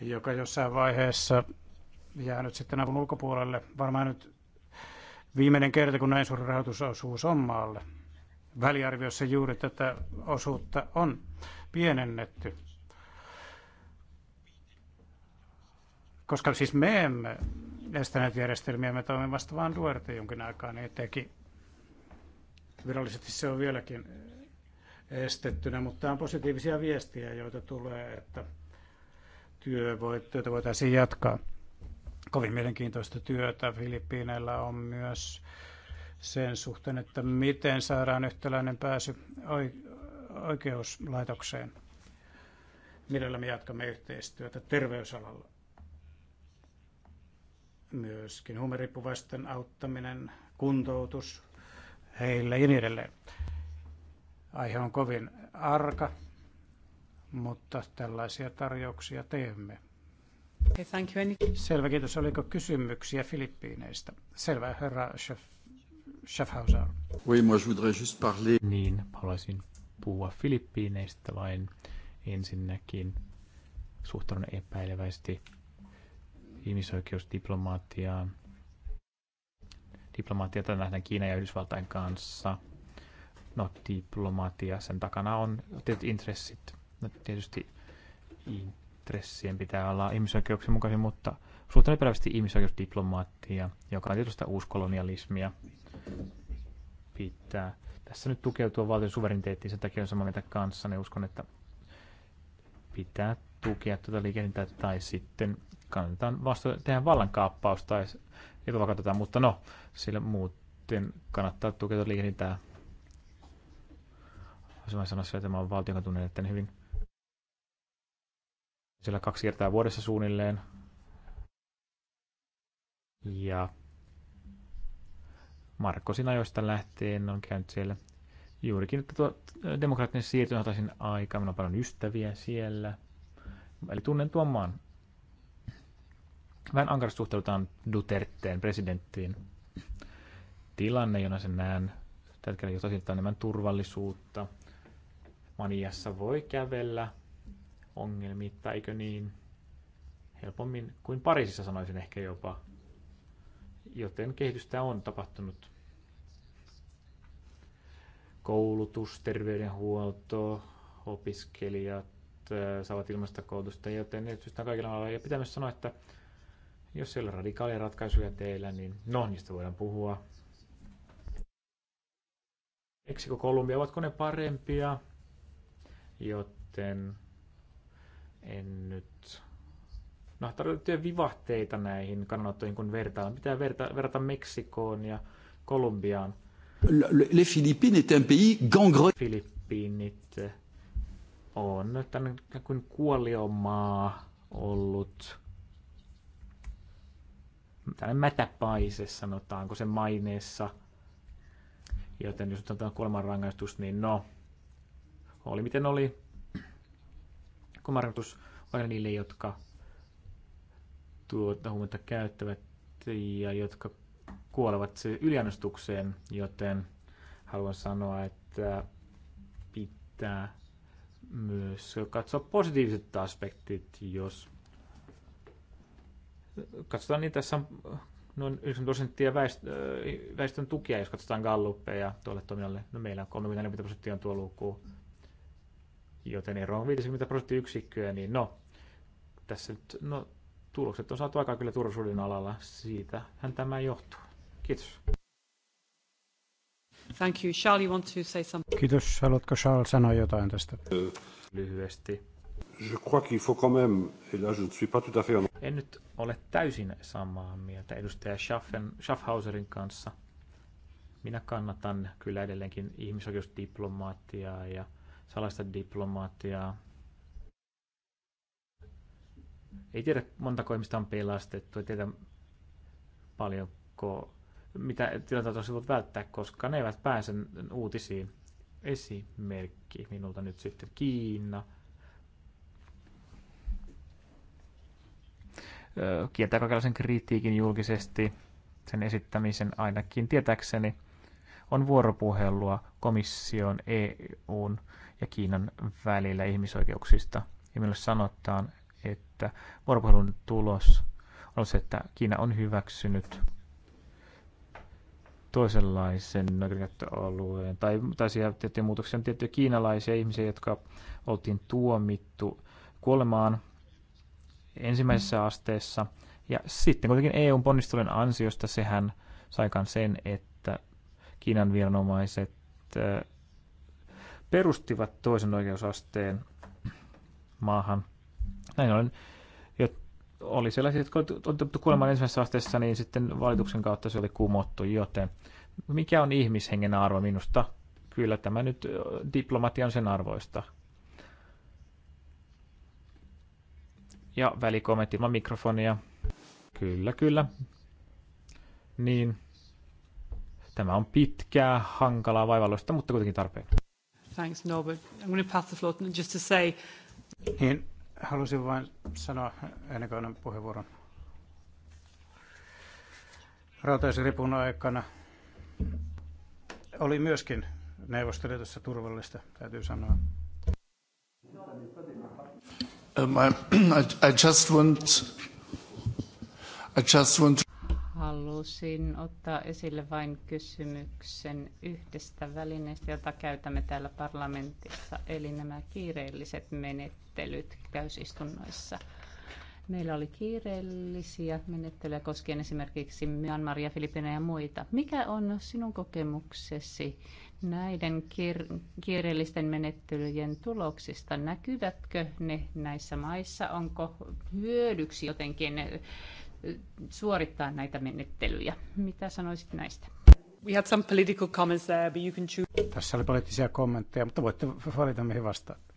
B: joka jossain vaiheessa jää nyt sitten avun ulkopuolelle. Varmaan nyt viimeinen kerta, kun näin suuri rahoitusosuus on maalle. Väliarviossa juuri tätä osuutta on pienennetty. Koska siis me emme estäneet järjestelmiä, me toimimme vasta vaan Duerte jonkin aikaa, niin teki Virallisesti se on vieläkin eh, estettynä, mutta on positiivisia viestiä, joita tulee, että työ voi, työtä voitaisiin jatkaa. Kovin mielenkiintoista työtä Filippiineillä on myös sen suhteen, että miten saadaan yhtäläinen pääsy oikeuslaitokseen. Millä me jatkamme yhteistyötä terveysalalla. Myöskin huumeriippuvaisten auttaminen, kuntoutus, heille ja niin edelleen. Aihe on kovin arka, mutta tällaisia tarjouksia teemme. Okay, thank you. Selvä, kiitos. Oliko kysymyksiä Filippiineistä? Selvä, herra Schaffhauser.
D: Oui, moi je voudrais juste parler. Niin, haluaisin puhua Filippiineistä vain ensinnäkin suhtaudun epäilevästi ihmisoikeusdiplomaatiaan diplomaatiota nähdään Kiinan ja Yhdysvaltain kanssa. No, diplomaatia, sen takana on tietyt intressit. No, tietysti intressien pitää olla ihmisoikeuksien mukaisia, mutta suhtaudun epäilevästi ihmisoikeusdiplomaattia, joka on tietysti uuskolonialismia. Pitää tässä nyt tukeutua valtion suvereniteettiin, sen takia on samaa mieltä kanssa, niin uskon, että pitää tukea tuota liikennettä tai sitten kannetaan vasta tehdä vallankaappaus tai joka vakautetaan, mutta no, sillä muuten kannattaa tukea tuota liikennintää. Voisin sanoa, että tämä on valtion tunnen hyvin siellä kaksi kertaa vuodessa suunnilleen. Ja sinä ajoista lähtien on käynyt siellä juurikin, että tuo äh, demokraattinen siirtymä taisin aika, minulla on paljon ystäviä siellä. Eli tunnen tuon maan vähän ankarasti suhtaudutaan Duterteen presidenttiin. Tilanne, jona sen näen, tällä jos johtaa enemmän turvallisuutta. Maniassa voi kävellä ongelmitta, eikö niin? Helpommin kuin Pariisissa sanoisin ehkä jopa. Joten kehitystä on tapahtunut. Koulutus, terveydenhuolto, opiskelijat äh, saavat ilmaista koulutusta, joten edistystä on kaikilla Ja pitää myös sanoa, että jos siellä on radikaaleja ratkaisuja teillä, niin no, niistä voidaan puhua. Meksiko, Kolumbia, ovatko ne parempia? Joten en nyt... No, tarvittuja vivahteita näihin kannanottoihin, kun vertaan. Pitää verta, verrata Meksikoon ja Kolumbiaan.
C: Le Philippines est un pays gangre...
D: Filippiinit on tämmöinen kuin kuoliomaa ollut tällainen mätäpaise, sanotaanko se maineessa. Joten jos otetaan rangaistus, niin no, oli miten oli. rangaistus on niille, jotka tuota huumetta käyttävät ja jotka kuolevat yliannostukseen, joten haluan sanoa, että pitää myös katsoa positiiviset aspektit, jos katsotaan niin, tässä on äh, noin 90 prosenttia väestön, äh, väestön tukia, jos katsotaan Galluppeja tuolle toiminnalle. No meillä on 30 prosenttia on tuo luku, joten ero on 50 yksikköä, niin no, tässä nyt, no, tulokset on saatu aika kyllä turvallisuuden alalla. Siitähän tämä johtuu. Kiitos. Thank you. Charles, you want to say something?
B: Kiitos. Haluatko Charles sanoa jotain tästä?
D: Lyhyesti. En nyt ole täysin samaa mieltä edustaja Schaffen, Schaffhauserin kanssa. Minä kannatan kyllä edelleenkin ihmisoikeusdiplomaattiaa ja salaista diplomaattiaa. Ei tiedä montako ihmistä on pelastettu, ei tiedä paljonko, mitä tilanteita olisi voinut välttää, koska ne eivät pääse uutisiin. Esimerkki minulta nyt sitten Kiina, kieltää kaikenlaisen kritiikin julkisesti, sen esittämisen ainakin tietäkseni, on vuoropuhelua komission, EUn ja Kiinan välillä ihmisoikeuksista. Ja meille sanotaan, että vuoropuhelun tulos on se, että Kiina on hyväksynyt toisenlaisen oikeudenkäyttöalueen tai, tai siellä tiettyjä muutoksia on tiettyjä kiinalaisia ihmisiä, jotka oltiin tuomittu kuolemaan ensimmäisessä asteessa. Ja sitten kuitenkin EUn ponnistelujen ansiosta sehän saikaan sen, että Kiinan viranomaiset äh, perustivat toisen oikeusasteen maahan. Näin ollen oli sellaisia, jotka oli tuttu kuolemaan ensimmäisessä asteessa, niin sitten valituksen kautta se oli kumottu, joten mikä on ihmishengen arvo minusta? Kyllä tämä nyt äh, diplomatian on sen arvoista. Ja välikommentti ilman mikrofonia. Kyllä, kyllä. Niin. Tämä on pitkää, hankalaa, vaivalloista, mutta kuitenkin tarpeen.
A: Thanks, Norbert. I'm going to pass the floor just to say... Niin, halusin vain sanoa
B: ennen kuin annan puheenvuoron. Rautaisripun aikana oli myöskin neuvostoliitossa turvallista, täytyy sanoa. Um, I, I just
F: want, I just want to...
C: Halusin ottaa esille vain kysymyksen yhdestä välineestä, jota käytämme täällä parlamentissa, eli nämä kiireelliset menettelyt täysistunnoissa. Meillä oli kiireellisiä menettelyjä koskien esimerkiksi Myanmaria, Filippinejä ja muita. Mikä on sinun kokemuksesi näiden kiir- kiireellisten menettelyjen tuloksista? Näkyvätkö ne näissä maissa? Onko hyödyksi jotenkin eh, suorittaa näitä menettelyjä? Mitä sanoisit näistä?
A: We had some political comments there, but you can choose. Tässä oli poliittisia kommentteja, mutta voitte
B: valita mihin vastaatte.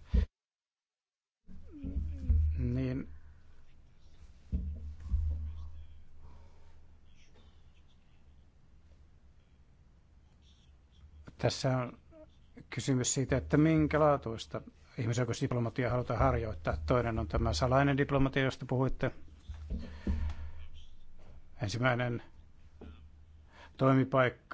B: Tässä on kysymys siitä, että minkälaatuista ihmisoikeusdiplomatiaa halutaan harjoittaa. Toinen on tämä salainen diplomatia, josta puhuitte. Ensimmäinen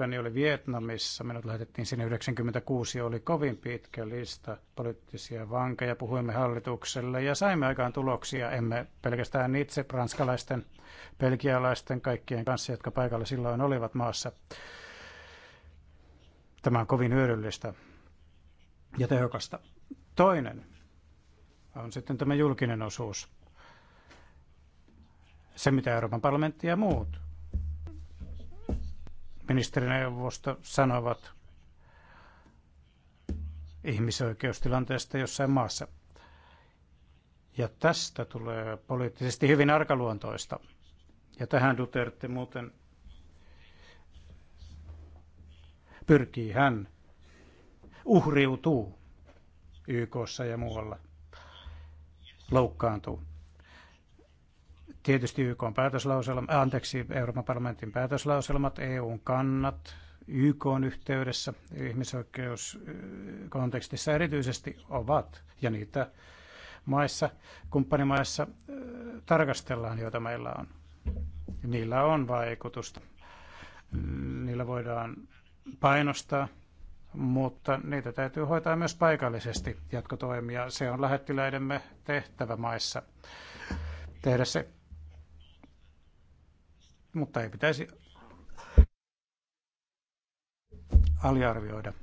B: niin oli Vietnamissa. Minut lähetettiin sinne 96 ja oli kovin pitkä lista poliittisia vankeja. Puhuimme hallitukselle ja saimme aikaan tuloksia. Emme pelkästään itse ranskalaisten, belgialaisten kaikkien kanssa, jotka paikalla silloin olivat maassa. Tämä on kovin hyödyllistä ja tehokasta. Toinen on sitten tämä julkinen osuus. Se, mitä Euroopan parlamentti ja muut ministerineuvosto sanovat ihmisoikeustilanteesta jossain maassa. Ja tästä tulee poliittisesti hyvin arkaluontoista. Ja tähän Duterte muuten pyrkii, hän uhriutuu YKssa ja muualla, loukkaantuu. Tietysti YK on päätöslauselma, äh, anteeksi, Euroopan parlamentin päätöslauselmat, EUn kannat, YK on yhteydessä ihmisoikeuskontekstissa äh, erityisesti ovat, ja niitä maissa, kumppanimaissa äh, tarkastellaan, joita meillä on. Niillä on vaikutusta. Mm, niillä voidaan painostaa, mutta niitä täytyy hoitaa myös paikallisesti jatkotoimia. Se on lähettiläidemme tehtävä maissa tehdä se. Mutta ei pitäisi aliarvioida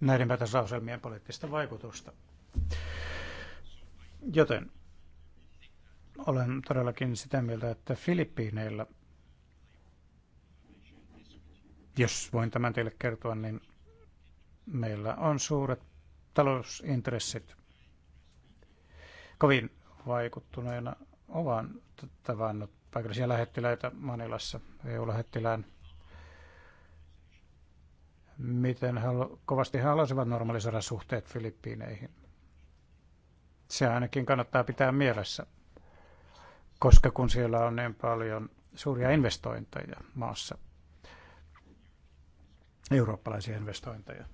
B: näiden päätösauselmien poliittista vaikutusta. Joten olen todellakin sitä mieltä, että Filippiineillä – jos voin tämän teille kertoa, niin meillä on suuret talousintressit. Kovin vaikuttuneena ovan tavannut paikallisia lähettiläitä Manilassa, EU-lähettilään, miten halu- kovasti he haluaisivat normalisoida suhteet Filippiineihin. Se ainakin kannattaa pitää mielessä, koska kun siellä on niin paljon suuria investointeja maassa – eurooppalaisia investointeja.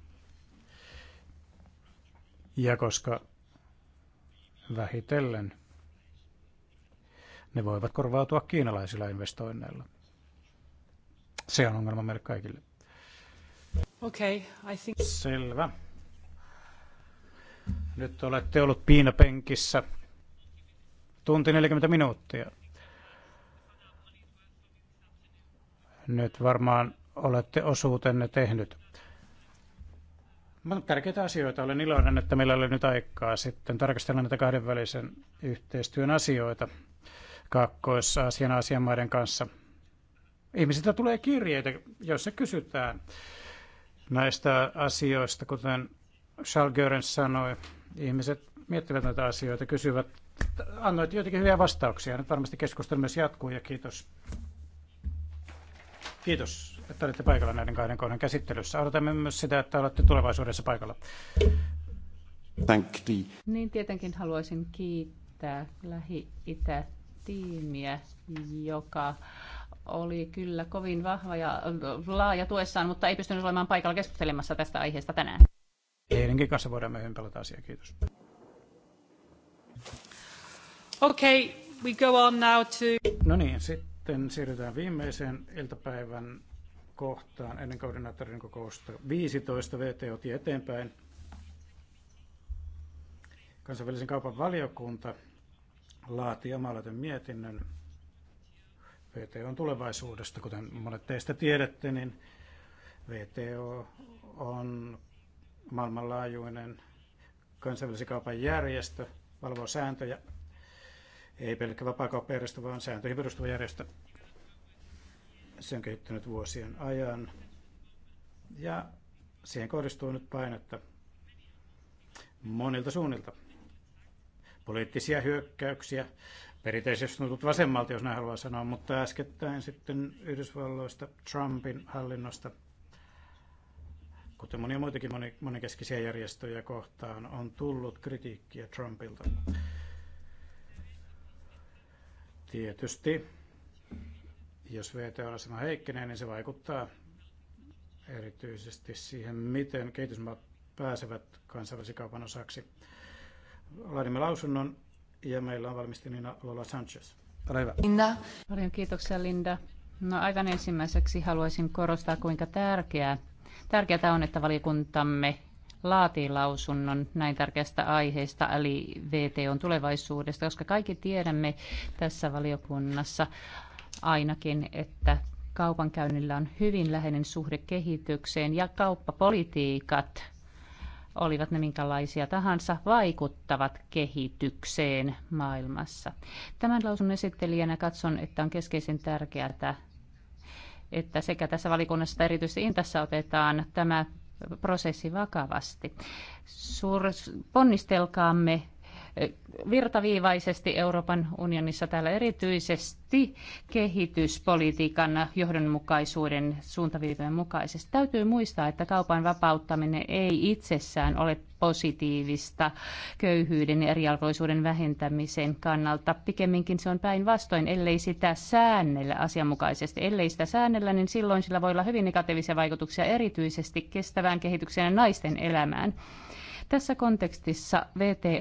B: Ja koska vähitellen ne voivat korvautua kiinalaisilla investoinneilla. Se on ongelma meille kaikille.
A: Okay, I think... Selvä.
B: Nyt olette ollut piinapenkissä tunti 40 minuuttia. Nyt varmaan olette osuutenne tehnyt. Tärkeitä asioita. Olen iloinen, että meillä oli nyt aikaa sitten tarkastella näitä kahdenvälisen yhteistyön asioita Kaakkois-Aasian asianmaiden kanssa. Ihmisiltä tulee kirjeitä, joissa kysytään näistä asioista, kuten Charles Görens sanoi. Ihmiset miettivät näitä asioita, kysyvät. Annoit joitakin hyviä vastauksia. Nyt varmasti keskustelu myös jatkuu ja kiitos Kiitos, että olette paikalla näiden kahden kohdan käsittelyssä. Odotamme myös sitä, että olette tulevaisuudessa paikalla. Thank you.
C: Niin tietenkin haluaisin kiittää Lähi-Itä-tiimiä, joka oli kyllä kovin vahva ja laaja tuessaan, mutta ei pystynyt olemaan paikalla keskustelemassa tästä aiheesta tänään.
B: Heidänkin kanssa voidaan myöhemmin palata asiaa. Kiitos. Okay, we go on now to... No niin, sitten sitten siirrytään viimeiseen iltapäivän kohtaan ennen koordinaattorin kokousta 15 vto eteenpäin. Kansainvälisen kaupan valiokunta laati omalaisen mietinnön VTOn tulevaisuudesta. Kuten monet teistä tiedätte, niin VTO on maailmanlaajuinen kansainvälisen kaupan järjestö, valvoo sääntöjä ei pelkkä vapaakauppajärjestö, vaan sääntöihin perustuva järjestö. Se on kehittynyt vuosien ajan ja siihen kohdistuu nyt painetta monilta suunnilta. Poliittisia hyökkäyksiä, perinteisesti tuntunut vasemmalta, jos näin haluaa sanoa, mutta äskettäin sitten Yhdysvalloista, Trumpin hallinnosta, kuten monia muitakin monikeskisiä järjestöjä kohtaan, on tullut kritiikkiä Trumpilta. Tietysti, jos VTO-asema heikkenee, niin se vaikuttaa erityisesti siihen, miten kehitysmaat pääsevät kansainvälisen kaupan osaksi. Laadimme lausunnon ja meillä on valmistelijana Lola Sanchez. Ole hyvä.
C: Linda. Paljon kiitoksia Linda. No aivan ensimmäiseksi haluaisin korostaa, kuinka tärkeää, tärkeää on, että valiokuntamme laatii lausunnon näin tärkeästä aiheesta, eli VTOn tulevaisuudesta, koska kaikki tiedämme tässä valiokunnassa ainakin, että kaupankäynnillä on hyvin läheinen suhde kehitykseen ja kauppapolitiikat olivat ne minkälaisia tahansa, vaikuttavat kehitykseen maailmassa. Tämän lausun esittelijänä katson, että on keskeisen tärkeää, että sekä tässä valikunnassa että erityisesti Intassa otetaan tämä prosessi vakavasti. Suur, ponnistelkaamme virtaviivaisesti Euroopan unionissa täällä erityisesti kehityspolitiikan johdonmukaisuuden suuntaviivojen mukaisesti. Täytyy muistaa, että kaupan vapauttaminen ei itsessään ole positiivista köyhyyden ja eriarvoisuuden vähentämisen kannalta. Pikemminkin se on päinvastoin, ellei sitä säännellä asianmukaisesti. Ellei sitä säännellä, niin silloin sillä voi olla hyvin negatiivisia vaikutuksia erityisesti kestävään kehitykseen ja naisten elämään. Tässä kontekstissa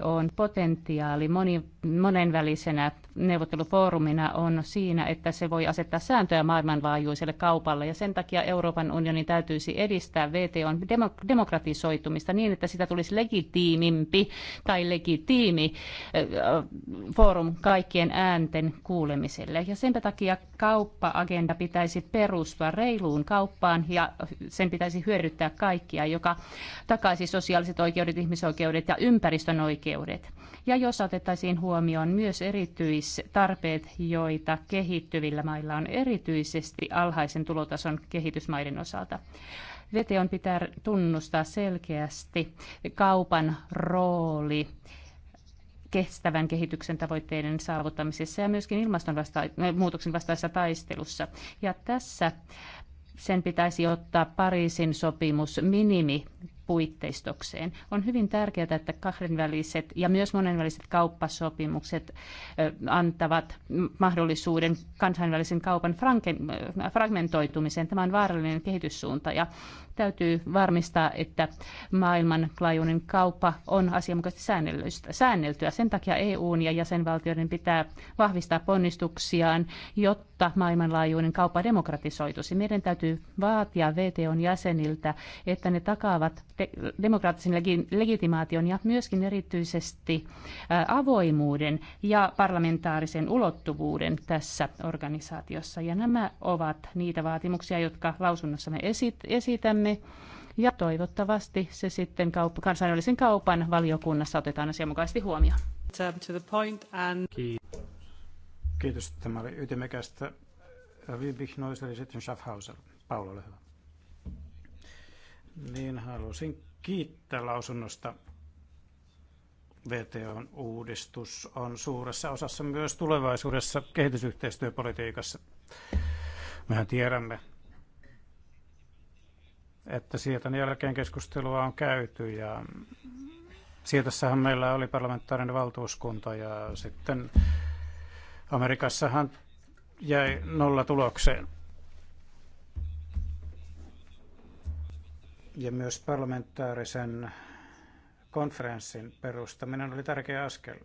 C: on potentiaali moni, monenvälisenä neuvottelufoorumina on siinä, että se voi asettaa sääntöjä maailmanlaajuiselle kaupalle ja sen takia Euroopan unionin täytyisi edistää VTOn demok- demokratisoitumista niin, että sitä tulisi legitiimimpi tai legitiimi foorum kaikkien äänten kuulemiselle. Ja sen takia kauppa-agenda pitäisi perustua reiluun kauppaan ja sen pitäisi hyödyttää kaikkia, joka takaisi sosiaaliset oikeudet oikeudet, ihmisoikeudet ja ympäristön oikeudet. Ja jos otettaisiin huomioon myös erityistarpeet, joita kehittyvillä mailla on erityisesti alhaisen tulotason kehitysmaiden osalta. VTOn pitää tunnustaa selkeästi kaupan rooli kestävän kehityksen tavoitteiden saavuttamisessa ja myöskin ilmastonmuutoksen äh, vastaisessa taistelussa. Ja tässä sen pitäisi ottaa Pariisin sopimus minimi puitteistokseen. On hyvin tärkeää, että kahdenväliset ja myös monenväliset kauppasopimukset antavat mahdollisuuden kansainvälisen kaupan fragmentoitumiseen. Tämä on vaarallinen kehityssuunta ja Täytyy varmistaa, että maailmanlaajuinen kauppa on asianmukaisesti säänneltyä. Sen takia EUn ja jäsenvaltioiden pitää vahvistaa ponnistuksiaan, jotta maailmanlaajuinen kauppa demokratisoituisi. Meidän täytyy vaatia VTOn jäseniltä, että ne takaavat demokraattisen legitimaation ja myöskin erityisesti avoimuuden ja parlamentaarisen ulottuvuuden tässä organisaatiossa. Ja nämä ovat niitä vaatimuksia, jotka lausunnossa me esitämme kanssamme. ja toivottavasti se sitten kaup- kansainvälisen kaupan valiokunnassa otetaan asianmukaisesti huomioon.
A: Kiitos.
B: Kiitos. Tämä oli ytimekästä. Wilbich Noiser ja sitten Schaffhauser. Paula, ole hyvä. Niin, halusin kiittää lausunnosta. VTOn uudistus on suuressa osassa myös tulevaisuudessa kehitysyhteistyöpolitiikassa. Mehän tiedämme, että sieltä jälkeen keskustelua on käyty ja sieltässähän meillä oli parlamentaarinen valtuuskunta ja sitten Amerikassahan jäi nolla tulokseen. Ja myös parlamentaarisen konferenssin perustaminen oli tärkeä askel.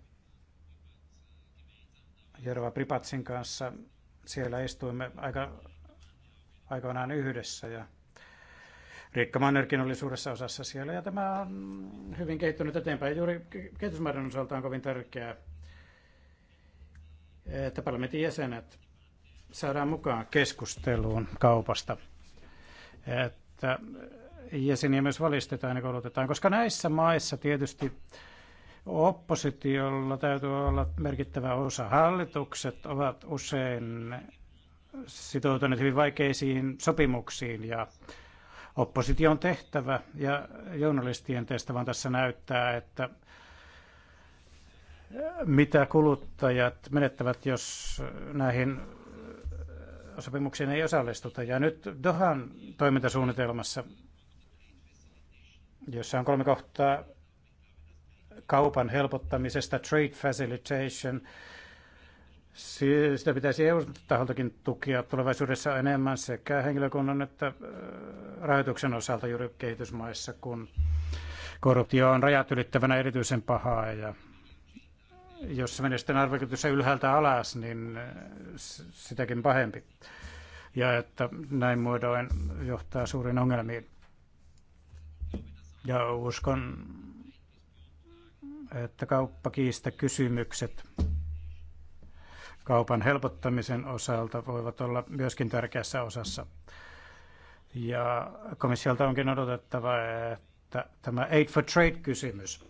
B: Jerva Pripatsin kanssa siellä istuimme aika, aikoinaan yhdessä ja Mannerkin oli suuressa osassa siellä ja tämä on hyvin kehittynyt eteenpäin. Juuri kehitysmaiden osalta on kovin tärkeää, että parlamentin jäsenet saadaan mukaan keskusteluun kaupasta. Että jäseniä myös valistetaan ja koulutetaan, koska näissä maissa tietysti oppositiolla täytyy olla merkittävä osa. Hallitukset ovat usein sitoutuneet hyvin vaikeisiin sopimuksiin ja opposition tehtävä ja journalistien tehtävä on tässä näyttää, että mitä kuluttajat menettävät, jos näihin sopimuksiin ei osallistuta. Ja nyt Dohan toimintasuunnitelmassa, jossa on kolme kohtaa kaupan helpottamisesta, trade facilitation, sitä pitäisi EU-taholtakin tukea tulevaisuudessa enemmän sekä henkilökunnan että rahoituksen osalta juuri kehitysmaissa, kun korruptio on rajat ylittävänä erityisen pahaa ja jos se menee sitten arvoketjussa ylhäältä alas, niin sitäkin pahempi. Ja että näin muodoin johtaa suuriin ongelmiin. Ja uskon, että kauppakiista kysymykset kaupan helpottamisen osalta voivat olla myöskin tärkeässä osassa. Ja komissiolta onkin odotettava, että tämä Aid for Trade-kysymys,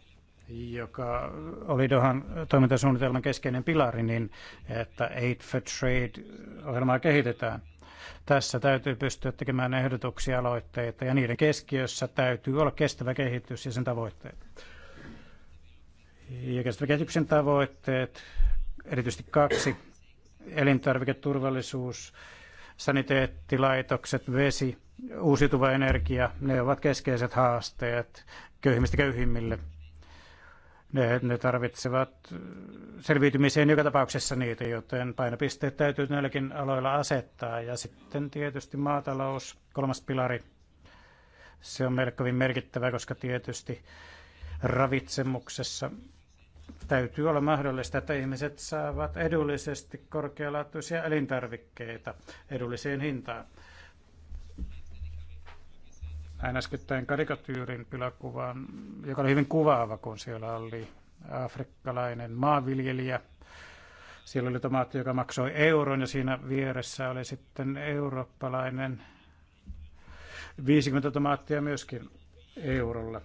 B: joka oli Dohan toimintasuunnitelman keskeinen pilari, niin että Aid for Trade-ohjelmaa kehitetään. Tässä täytyy pystyä tekemään ehdotuksia, aloitteita ja niiden keskiössä täytyy olla kestävä kehitys ja sen tavoitteet. Ja kestävän kehityksen tavoitteet, erityisesti kaksi, elintarviketurvallisuus, saniteettilaitokset, vesi, uusiutuva energia, ne ovat keskeiset haasteet köyhimmistä köyhimmille. Ne, ne tarvitsevat selviytymiseen joka tapauksessa niitä, joten painopisteet täytyy näilläkin aloilla asettaa. Ja sitten tietysti maatalous, kolmas pilari, se on meille kovin merkittävä, koska tietysti ravitsemuksessa täytyy olla mahdollista, että ihmiset saavat edullisesti korkealaatuisia elintarvikkeita edulliseen hintaan. Näin äskettäin karikatyyrin kyläkuvan, joka oli hyvin kuvaava, kun siellä oli afrikkalainen maanviljelijä. Siellä oli tomaatti, joka maksoi euron ja siinä vieressä oli sitten eurooppalainen 50 tomaattia myöskin eurolla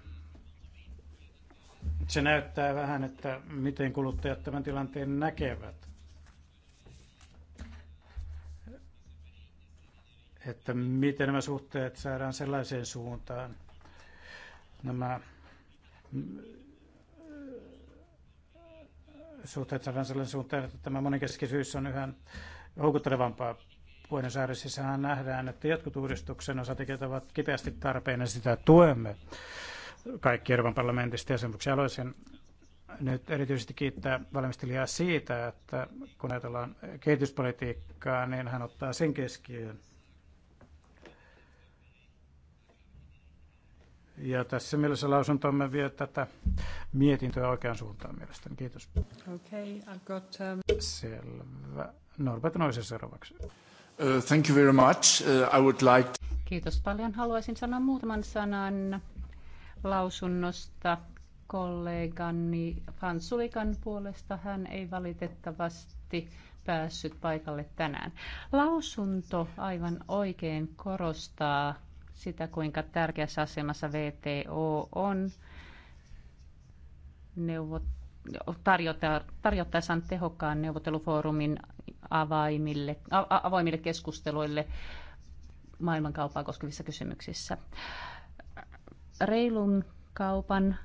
B: se näyttää vähän, että miten kuluttajat tämän tilanteen näkevät. Että miten nämä suhteet saadaan sellaiseen suuntaan. Nämä mm, suhteet saadaan sellaisen suuntaan, että tämä monikeskisyys on yhä houkuttelevampaa. Buenos Airesissahan nähdään, että jotkut uudistuksen osatekijät ovat kipeästi tarpeen ja sitä tuemme kaikki Euroopan parlamentista jäsenvuoksi. Haluaisin nyt erityisesti kiittää valmistelijaa siitä, että kun ajatellaan kehityspolitiikkaa, niin hän ottaa sen keskiöön. Ja tässä mielessä lausuntomme vie tätä mietintöä oikeaan suuntaan mielestäni. Kiitos.
A: Okay, I've got, um... Selvä.
B: Norbert Noisen seuraavaksi. Uh, thank you very much. Uh, I would
F: like to...
C: Kiitos paljon. Haluaisin sanoa muutaman sanan lausunnosta kollegani Fansulikan puolesta. Hän ei valitettavasti päässyt paikalle tänään. Lausunto aivan oikein korostaa sitä, kuinka tärkeässä asemassa VTO on neuvot, tarjota, tarjottaessaan tehokkaan neuvottelufoorumin avaimille, avoimille keskusteluille maailmankaupaa koskevissa kysymyksissä reilun kaupan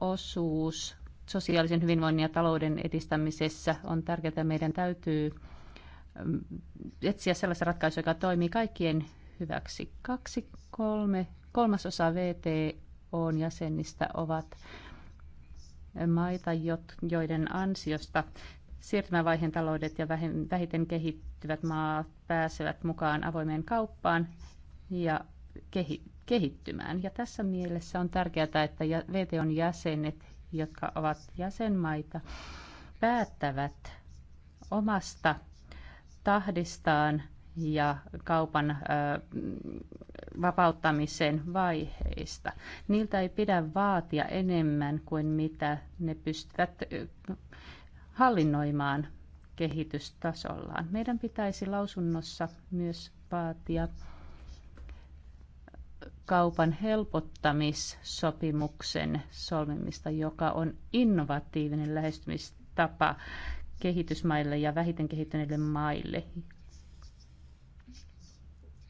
C: osuus sosiaalisen hyvinvoinnin ja talouden edistämisessä on tärkeää. Meidän täytyy mm, etsiä sellaista ratkaisua, joka toimii kaikkien hyväksi. Kaksi, kolme, kolmasosa VTOn jäsenistä ovat maita, joiden ansiosta siirtymävaiheen taloudet ja vähiten kehittyvät maat pääsevät mukaan avoimeen kauppaan ja kehi- kehittymään. Ja tässä mielessä on tärkeää, että VTOn jäsenet, jotka ovat jäsenmaita, päättävät omasta tahdistaan ja kaupan ö, vapauttamisen vaiheista. Niiltä ei pidä vaatia enemmän kuin mitä ne pystyvät hallinnoimaan kehitystasollaan. Meidän pitäisi lausunnossa myös vaatia kaupan helpottamissopimuksen solmimista, joka on innovatiivinen lähestymistapa kehitysmaille ja vähiten kehittyneille maille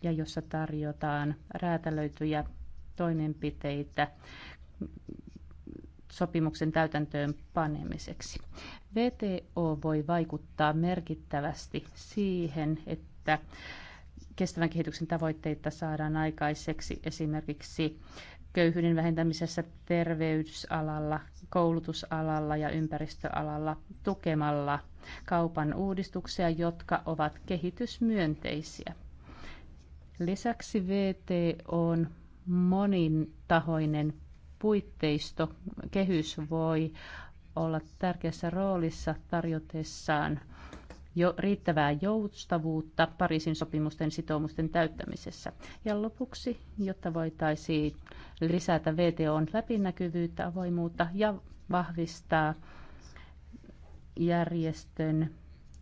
C: ja jossa tarjotaan räätälöityjä toimenpiteitä sopimuksen täytäntöön panemiseksi. VTO voi vaikuttaa merkittävästi siihen, että kestävän kehityksen tavoitteita saadaan aikaiseksi esimerkiksi köyhyyden vähentämisessä terveysalalla, koulutusalalla ja ympäristöalalla tukemalla kaupan uudistuksia, jotka ovat kehitysmyönteisiä. Lisäksi VTO on monitahoinen puitteisto, kehys voi olla tärkeässä roolissa tarjotessaan jo riittävää joustavuutta Pariisin sopimusten sitoumusten täyttämisessä. Ja lopuksi, jotta voitaisiin lisätä VTOn läpinäkyvyyttä, avoimuutta ja vahvistaa järjestön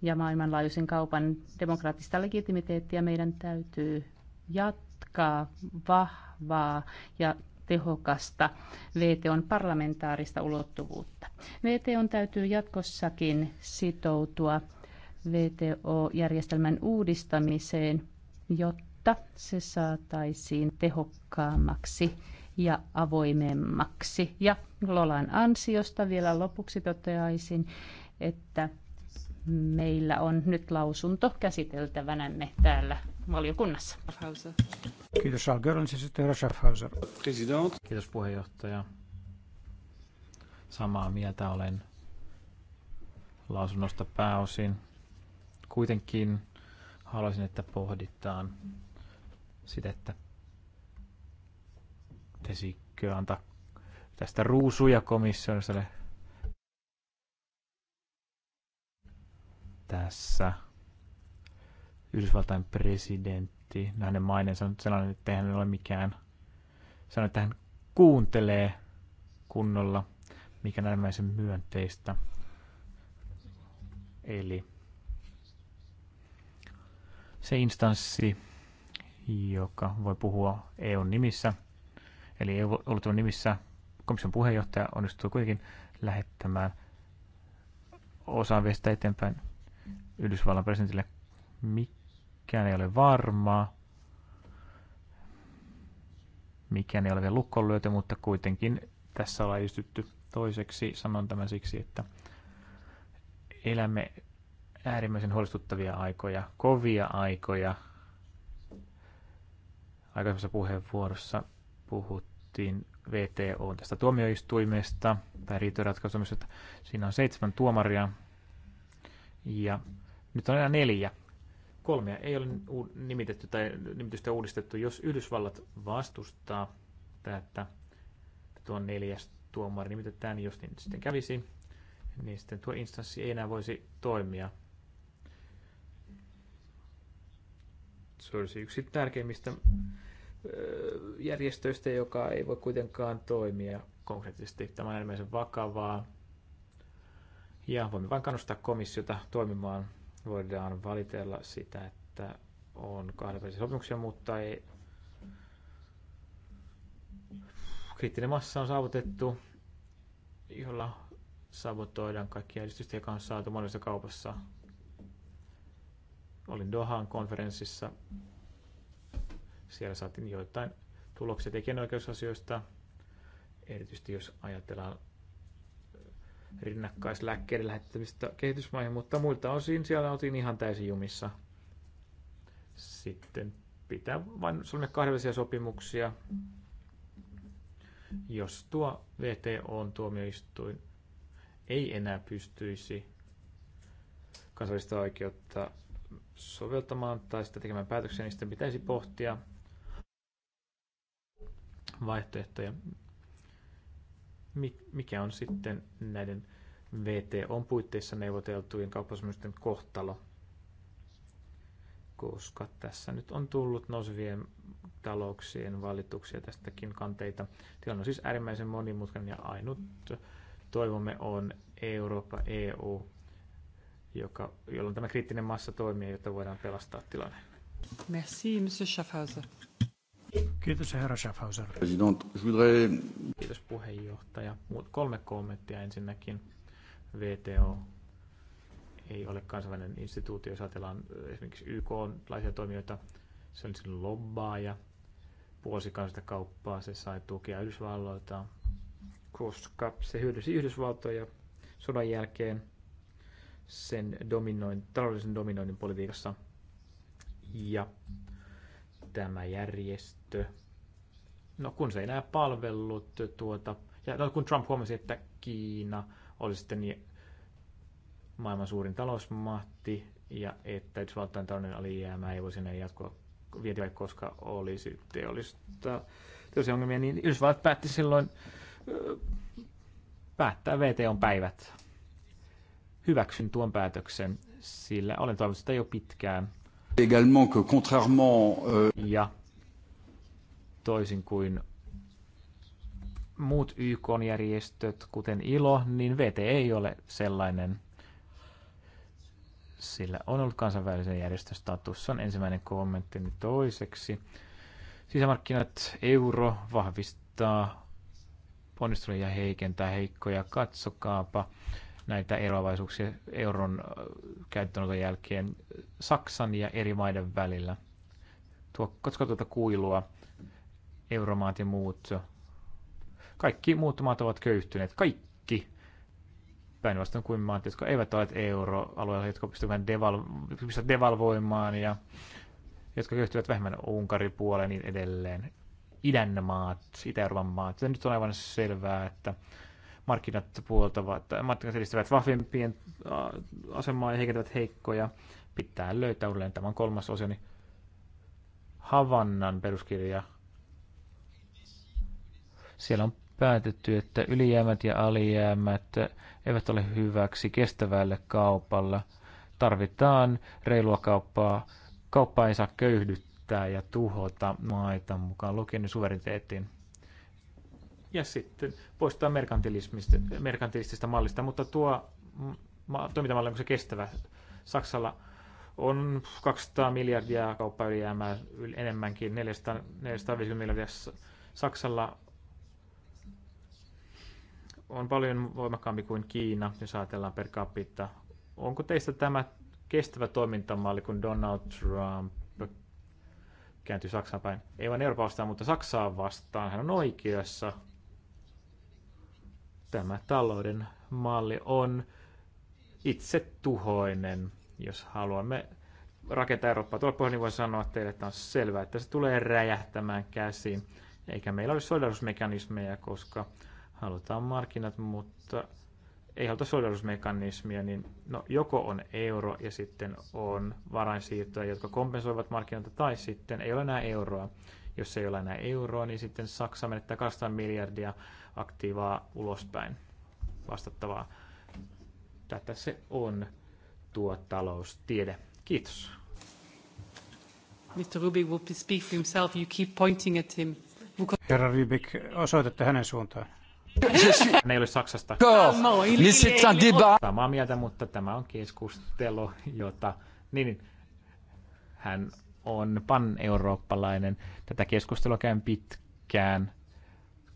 C: ja maailmanlaajuisen kaupan demokraattista legitimiteettiä, meidän täytyy jatkaa vahvaa ja tehokasta VTOn parlamentaarista ulottuvuutta. VTOn täytyy jatkossakin sitoutua VTO-järjestelmän uudistamiseen, jotta se saataisiin tehokkaammaksi ja avoimemmaksi. Ja Lolan ansiosta vielä lopuksi toteaisin, että meillä on nyt lausunto käsiteltävänämme täällä valiokunnassa.
B: Kiitos Schaffhauser.
D: President. Kiitos puheenjohtaja. Samaa mieltä olen lausunnosta pääosin kuitenkin haluaisin, että pohditaan sitä, että pitäisikö antaa tästä ruusuja komissiolle tässä Yhdysvaltain presidentti, no hänen maineensa on sellainen, että hän ei ole mikään, sanoi, että hän kuuntelee kunnolla, mikä näin myönteistä. Eli se instanssi, joka voi puhua EUn nimissä, eli eu ollut nimissä komission puheenjohtaja onnistuu kuitenkin lähettämään osan viestistä eteenpäin Yhdysvallan presidentille. Mikään ei ole varmaa. Mikään ei ole vielä lukkoon lyöty, mutta kuitenkin tässä ollaan istytty toiseksi. Sanon tämän siksi, että elämme äärimmäisen huolestuttavia aikoja, kovia aikoja. Aikaisemmassa puheenvuorossa puhuttiin VTO tästä tuomioistuimesta tai riitojenratkaisumisesta. Siinä on seitsemän tuomaria ja nyt on enää neljä. Kolmea ei ole nimitetty tai nimitystä uudistettu. Jos Yhdysvallat vastustaa tätä, tuo neljäs tuomari nimitetään, jos niin sitten kävisi, niin sitten tuo instanssi ei enää voisi toimia. Se olisi yksi tärkeimmistä järjestöistä, joka ei voi kuitenkaan toimia konkreettisesti. Tämä on ilmeisen vakavaa. Ja voimme vain kannustaa komissiota toimimaan. Voidaan valitella sitä, että on kahdenvälisiä sopimuksia, mutta ei. Kriittinen massa on saavutettu, jolla sabotoidaan kaikki järjestöistä, joka on saatu monessa kaupassa Olin Dohaan konferenssissa. Siellä saatiin joitain tuloksia tekijänoikeusasioista, erityisesti jos ajatellaan rinnakkaislääkkeiden lähettämistä kehitysmaihin, mutta muilta osin siellä oltiin ihan täysin jumissa. Sitten pitää vain solmia kahdellisia sopimuksia, jos tuo VTOn tuomioistuin ei enää pystyisi kansallista oikeutta soveltamaan tai sitä tekemään päätöksiä, niin sitten pitäisi pohtia vaihtoehtoja, mikä on sitten näiden VTOn puitteissa neuvoteltujen kauppasopimusten kohtalo, koska tässä nyt on tullut nousevien talouksien valituksia tästäkin kanteita. Tilanne on siis äärimmäisen monimutkainen ja ainut toivomme on Eurooppa, EU, joka, jolloin tämä kriittinen massa toimii, jotta voidaan pelastaa tilanne.
A: Merci, Monsieur Schaffhauser.
B: Kiitos, herra Schaffhauser. President, voudrais...
D: Kiitos, puheenjohtaja. Muut kolme kommenttia ensinnäkin. VTO ei ole kansainvälinen instituutio, jos ajatellaan äh, esimerkiksi YK-laisia toimijoita. Se on sen siis lobbaaja. Vuosikansista kauppaa se sai tukea Yhdysvalloilta, koska se hyödysi Yhdysvaltoja sodan jälkeen – sen dominoin, taloudellisen dominoinnin politiikassa. Ja tämä järjestö, no kun se ei enää palvellut tuota, ja no, kun Trump huomasi, että Kiina oli sitten niin maailman suurin talousmahti ja että Yhdysvaltain talouden alijäämä ei voisi enää jatkoa vietiä, koska olisi teollista, teollisia ongelmia, niin Yhdysvallat päätti silloin päättää VTOn päivät hyväksyn tuon päätöksen, sillä olen toivonut sitä jo pitkään.
C: Également que contrairement, euh, Ja
D: toisin kuin muut YK-järjestöt, kuten ILO, niin VT ei ole sellainen. Sillä on ollut kansainvälisen järjestön status, on ensimmäinen kommentti toiseksi. Sisämarkkinat euro vahvistaa ponnisteluja ja heikentää heikkoja. Katsokaapa näitä eroavaisuuksia euron äh, käyttöönoton jälkeen Saksan ja eri maiden välillä. Tuo, katsokaa tuota kuilua, euromaat ja muut. Kaikki muut maat ovat köyhtyneet, kaikki päinvastoin kuin maat, jotka eivät ole euroalueella, jotka pystyvät devalvo- pystyvät devalvoimaan ja jotka köyhtyvät vähemmän Unkarin puoleen niin edelleen. Idän maat, Itä-Euroopan maat. Ja nyt on aivan selvää, että markkinat puoltavat, markkinat edistävät vahvempien asemaa ja heikentävät heikkoja. Pitää löytää uudelleen tämän kolmas osioni niin Havannan peruskirja. Siellä on päätetty, että ylijäämät ja alijäämät eivät ole hyväksi kestävälle kaupalla. Tarvitaan reilua kauppaa. Kauppa ei saa köyhdyttää ja tuhota maita mukaan lukien suvereniteettiin ja sitten poistaa merkantilistista mallista, mutta tuo toimintamalli, onko se kestävä? Saksalla on 200 miljardia kauppaylijäämää enemmänkin, 400, 450 miljardia Saksalla on paljon voimakkaampi kuin Kiina, jos ajatellaan per capita. Onko teistä tämä kestävä toimintamalli, kun Donald Trump kääntyy Saksaan päin? Ei vain Euroopan vastaan, mutta Saksaa vastaan. Hän on oikeassa. Tämä talouden malli on itse tuhoinen. Jos haluamme rakentaa Eurooppaa tuolla pohjalla, niin voin sanoa teille, että on selvää, että se tulee räjähtämään käsiin. Eikä meillä ole solidarisuusmekanismeja, koska halutaan markkinat, mutta ei haluta solidarisuusmekanismia, niin no, joko on euro ja sitten on varainsiirtoja, jotka kompensoivat markkinoita, tai sitten ei ole enää euroa. Jos ei ole enää euroa, niin sitten Saksa menettää 200 miljardia aktiivaa ulospäin vastattavaa. Tätä se on tuo taloustiede. Kiitos.
A: Mr. Rubik will speak
D: for himself. You
A: keep pointing at him.
B: Herra Rubik, osoitatte hänen suuntaan. Hän ei
D: ole Saksasta. No, no, niin samaa mieltä, mutta tämä on keskustelu, jota... Niin, niin. hän on pan-eurooppalainen. Tätä keskustelua käyn pitkään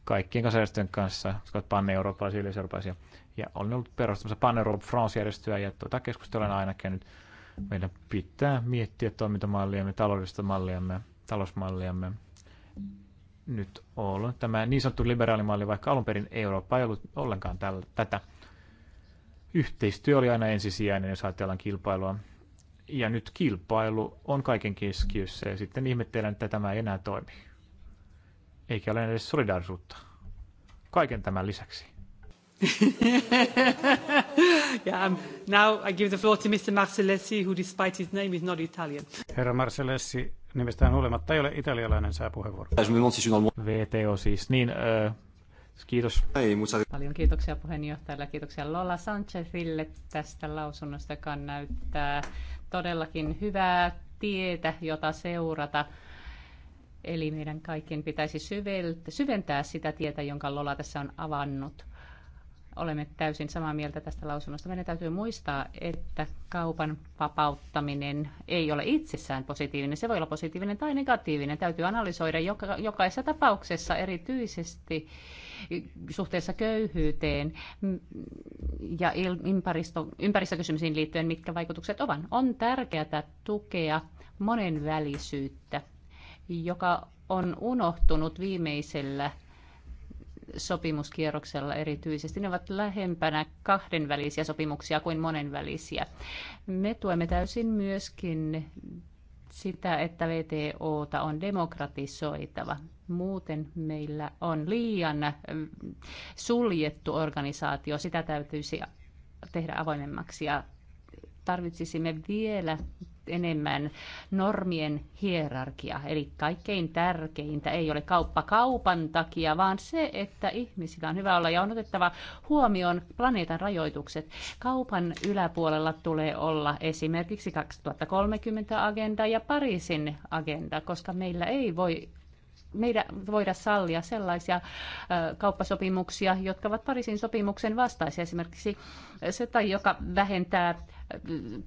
D: kaikkien kansanjärjestöjen kanssa, jotka ovat pan-eurooppalaisia, yleiseurooppalaisia. Ja olen ollut perustamassa pan europe france järjestöä ja tuota keskustelua aina käynyt. Meidän pitää miettiä toimintamalliamme, taloudellista malliamme, talousmalliamme. Nyt on tämä niin sanottu liberaalimalli, vaikka alun perin Eurooppa ei ollut ollenkaan tällä, tätä. Yhteistyö oli aina ensisijainen, jos ajatellaan kilpailua. Ja nyt kilpailu on kaiken keskiössä ja sitten ihmettelen, että tämä ei enää toimi eikä ole edes solidaarisuutta. Kaiken tämän lisäksi.
A: yeah, um, now I give the floor to Mr. Marcellesi, who despite his name is not Italian.
B: Herra Marcellesi, nimestään huolimatta ei ole italialainen sää puheenvuoro.
D: Siis VTO siis, niin äh, Kiitos.
C: Paljon kiitoksia puheenjohtajalle. Kiitoksia Lola Sanchezille tästä lausunnosta, joka näyttää todellakin hyvää tietä, jota seurata Eli meidän kaikkien pitäisi syventää sitä tietä, jonka Lola tässä on avannut. Olemme täysin samaa mieltä tästä lausunnosta. Meidän täytyy muistaa, että kaupan vapauttaminen ei ole itsessään positiivinen. Se voi olla positiivinen tai negatiivinen. Täytyy analysoida joka, jokaisessa tapauksessa erityisesti suhteessa köyhyyteen ja ympäristö, ympäristökysymyksiin liittyen, mitkä vaikutukset ovat. On tärkeää tukea monenvälisyyttä joka on unohtunut viimeisellä sopimuskierroksella erityisesti. Ne ovat lähempänä kahdenvälisiä sopimuksia kuin monenvälisiä. Me tuemme täysin myöskin sitä, että VTOta on demokratisoitava. Muuten meillä on liian äh, suljettu organisaatio. Sitä täytyisi tehdä avoimemmaksi ja tarvitsisimme vielä enemmän normien hierarkia. Eli kaikkein tärkeintä ei ole kauppa kaupan takia, vaan se, että ihmisillä on hyvä olla ja on otettava huomioon planeetan rajoitukset. Kaupan yläpuolella tulee olla esimerkiksi 2030-agenda ja Pariisin agenda, koska meillä ei voi meidän voida sallia sellaisia kauppasopimuksia, jotka ovat Pariisin sopimuksen vastaisia. Esimerkiksi se, tai joka vähentää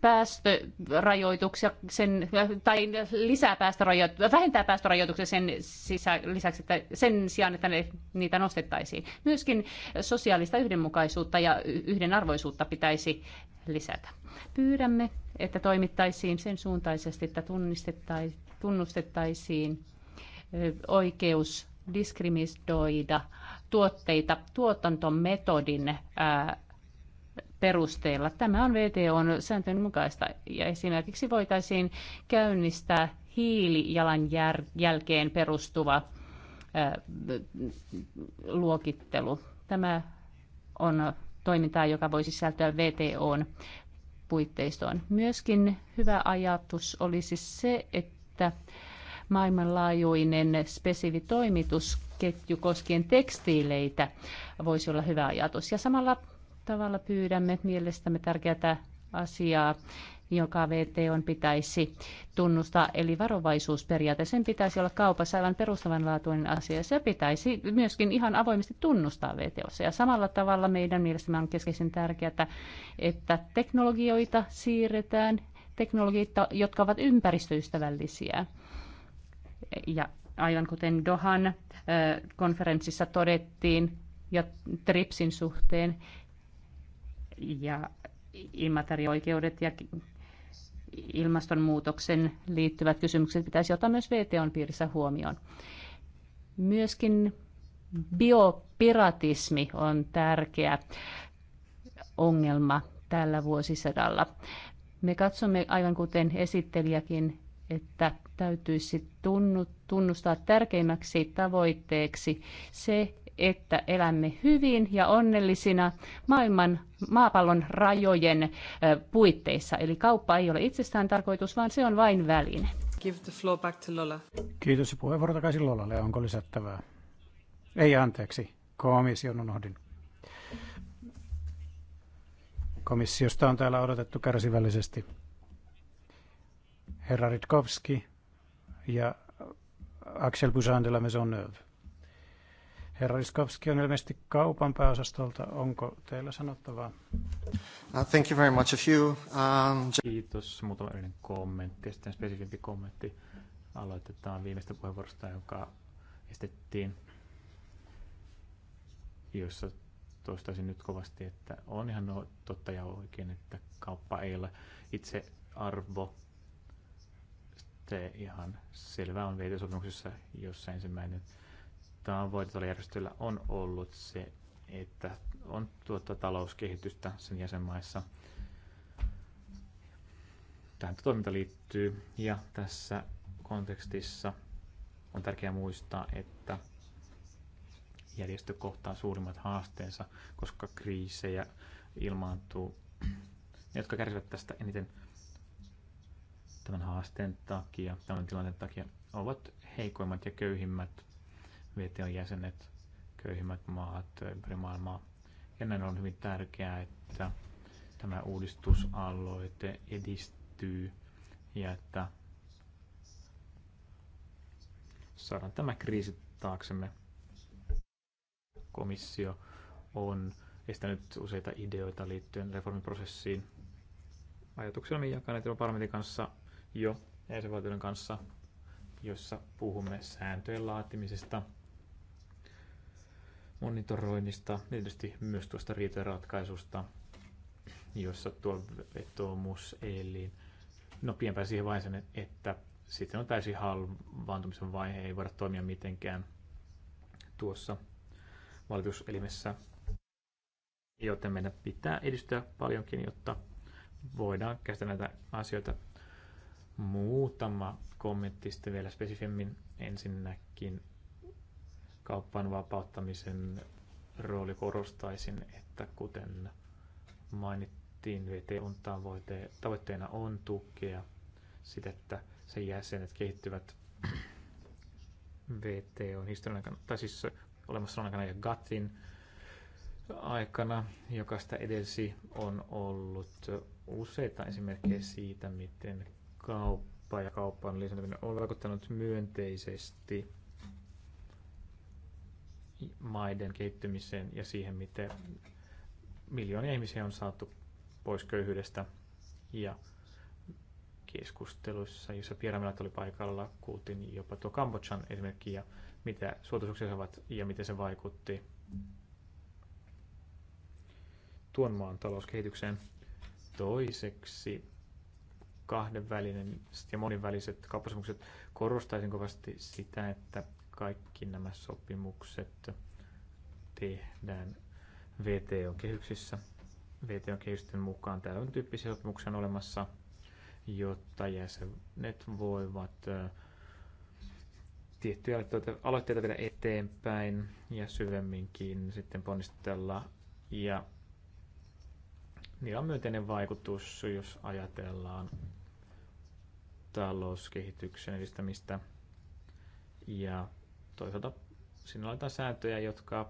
C: päästörajoituksia sen, tai lisää päästörajoituksia, vähentää päästörajoituksia sen sisä, lisäksi, että sen sijaan, että ne, niitä nostettaisiin. Myöskin sosiaalista yhdenmukaisuutta ja yhdenarvoisuutta pitäisi lisätä. Pyydämme, että toimittaisiin sen suuntaisesti, että tunnustettaisiin oikeus diskriminoida tuotteita tuotantometodin ää, perusteella. Tämä on VTOn sääntöjen mukaista ja esimerkiksi voitaisiin käynnistää hiilijalan jälkeen perustuva luokittelu. Tämä on toimintaa, joka voi sisältyä VTOn puitteistoon. Myöskin hyvä ajatus olisi se, että maailmanlaajuinen spesivitoimitusketju koskien tekstiileitä voisi olla hyvä ajatus. Ja samalla tavalla pyydämme mielestämme tärkeätä asiaa, joka VTOn pitäisi tunnustaa, eli varovaisuusperiaate. Sen pitäisi olla kaupassa aivan perustavanlaatuinen asia. Se pitäisi myöskin ihan avoimesti tunnustaa VTOssa. Ja samalla tavalla meidän mielestämme on keskeisen tärkeää, että teknologioita siirretään, teknologioita, jotka ovat ympäristöystävällisiä. Ja aivan kuten Dohan konferenssissa todettiin ja TRIPSin suhteen, ja immateriaalioikeudet ja ilmastonmuutoksen liittyvät kysymykset pitäisi ottaa myös VTOn piirissä huomioon. Myöskin biopiratismi on tärkeä ongelma tällä vuosisadalla. Me katsomme, aivan kuten esittelijäkin, että täytyisi tunnustaa tärkeimmäksi tavoitteeksi se, että elämme hyvin ja onnellisina maailman maapallon rajojen puitteissa. Eli kauppa ei ole itsestään tarkoitus, vaan se on vain väline. Give the floor back to Lola.
B: Kiitos ja puheenvuoro takaisin Lolalle. Onko lisättävää? Ei anteeksi, komission unohdin. Komissiosta on täällä odotettu kärsivällisesti. Herra Ritkovski ja Axel Busandela de Maison Neuve. Herra Riskovski on ilmeisesti kaupan pääosastolta. Onko teillä sanottavaa?
D: Uh, thank you very much. If you, um... Kiitos. Muutama yhden kommentti ja sitten spesifimpi kommentti. Aloitetaan viimeistä puheenvuorosta, joka estettiin, jossa toistaisin nyt kovasti, että on ihan no, totta ja oikein, että kauppa ei ole itse arvo. Se ihan selvä on VT-sopimuksessa, jossa ensimmäinen tavoite tällä järjestöllä on ollut se, että on tuottaa talouskehitystä sen jäsenmaissa. Tähän toiminta liittyy ja tässä kontekstissa on tärkeää muistaa, että järjestö kohtaa suurimmat haasteensa, koska kriisejä ilmaantuu. Ne, jotka kärsivät tästä eniten tämän haasteen takia, tämän tilanteen takia, ovat heikoimmat ja köyhimmät VTOn jäsenet, köyhimmät maat ympäri maailmaa. Ja näin on hyvin tärkeää, että tämä uudistusaloite edistyy ja että saadaan tämä kriisi taaksemme. Komissio on estänyt useita ideoita liittyen reformiprosessiin. Ajatuksia me jakaneet jo parlamentin kanssa jo jäsenvaltioiden kanssa, jossa puhumme sääntöjen laatimisesta – monitoroinnista, tietysti myös tuosta riitojenratkaisusta, jossa tuo vetomus, eli no pienpää siihen vain sen, että sitten on täysin halvaantumisen vaihe, ei voida toimia mitenkään tuossa valituselimessä, joten meidän pitää edistyä paljonkin, jotta voidaan käsitellä näitä asioita. Muutama kommentti sitten vielä spesifimmin ensinnäkin kaupan vapauttamisen rooli korostaisin, että kuten mainittiin, VTOn tavoite, tavoitteena on tukea sitä, että sen jäsenet kehittyvät VTOn historian tai siis olemassa aikana ja GATTin aikana, joka sitä edelsi, on ollut useita esimerkkejä siitä, miten kauppa ja kaupan lisääntyminen on vaikuttanut myönteisesti maiden kehittymiseen ja siihen, miten miljoonia ihmisiä on saatu pois köyhyydestä. Ja keskusteluissa, jossa Pieramilat oli paikalla, kuultiin jopa tuo Kambodjan esimerkki ja mitä suotuisuuksia se ovat ja miten se vaikutti tuon maan talouskehitykseen. Toiseksi kahdenvälinen ja monenväliset kauppasopimukset korostaisin kovasti sitä, että kaikki nämä sopimukset tehdään VTO-kehyksissä. VTO-kehysten mukaan täällä on tyyppisiä sopimuksia olemassa, jotta jäsenet voivat tiettyjä aloitteita, aloitteita viedä eteenpäin ja syvemminkin sitten ponnistella. Ja niillä on myönteinen vaikutus, jos ajatellaan talouskehityksen edistämistä ja toisaalta siinä on jotain sääntöjä, jotka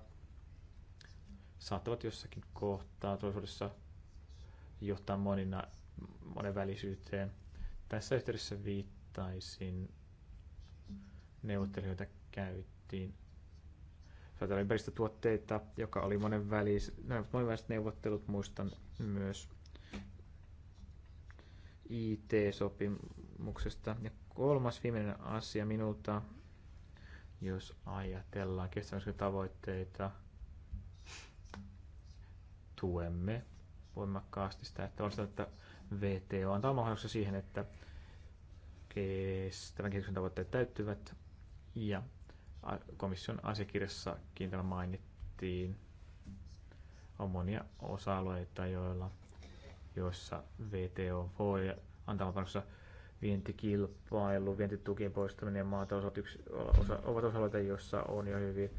D: saattavat jossakin kohtaa toisuudessa johtaa monina, monen välisyyteen. Tässä yhteydessä viittaisin neuvottelijoita käytiin. Saatellaan ympäristötuotteita, joka oli monen välis, monen no, monenväliset neuvottelut, muistan myös IT-sopimuksesta. Ja kolmas viimeinen asia minulta jos ajatellaan kestävyyden tavoitteita, tuemme voimakkaasti sitä, että on sitä, että VTO antaa mahdollisuuksia siihen, että kestävän kehityksen tavoitteet täyttyvät ja komission asiakirjassakin tämä mainittiin. On monia osa-alueita, joilla, joissa VTO voi antaa mahdollisuuksia vientikilpailu, vientitukien poistaminen ja maatalous ovat, yksi, osa, ovat osa-alueita, joissa on jo hyvin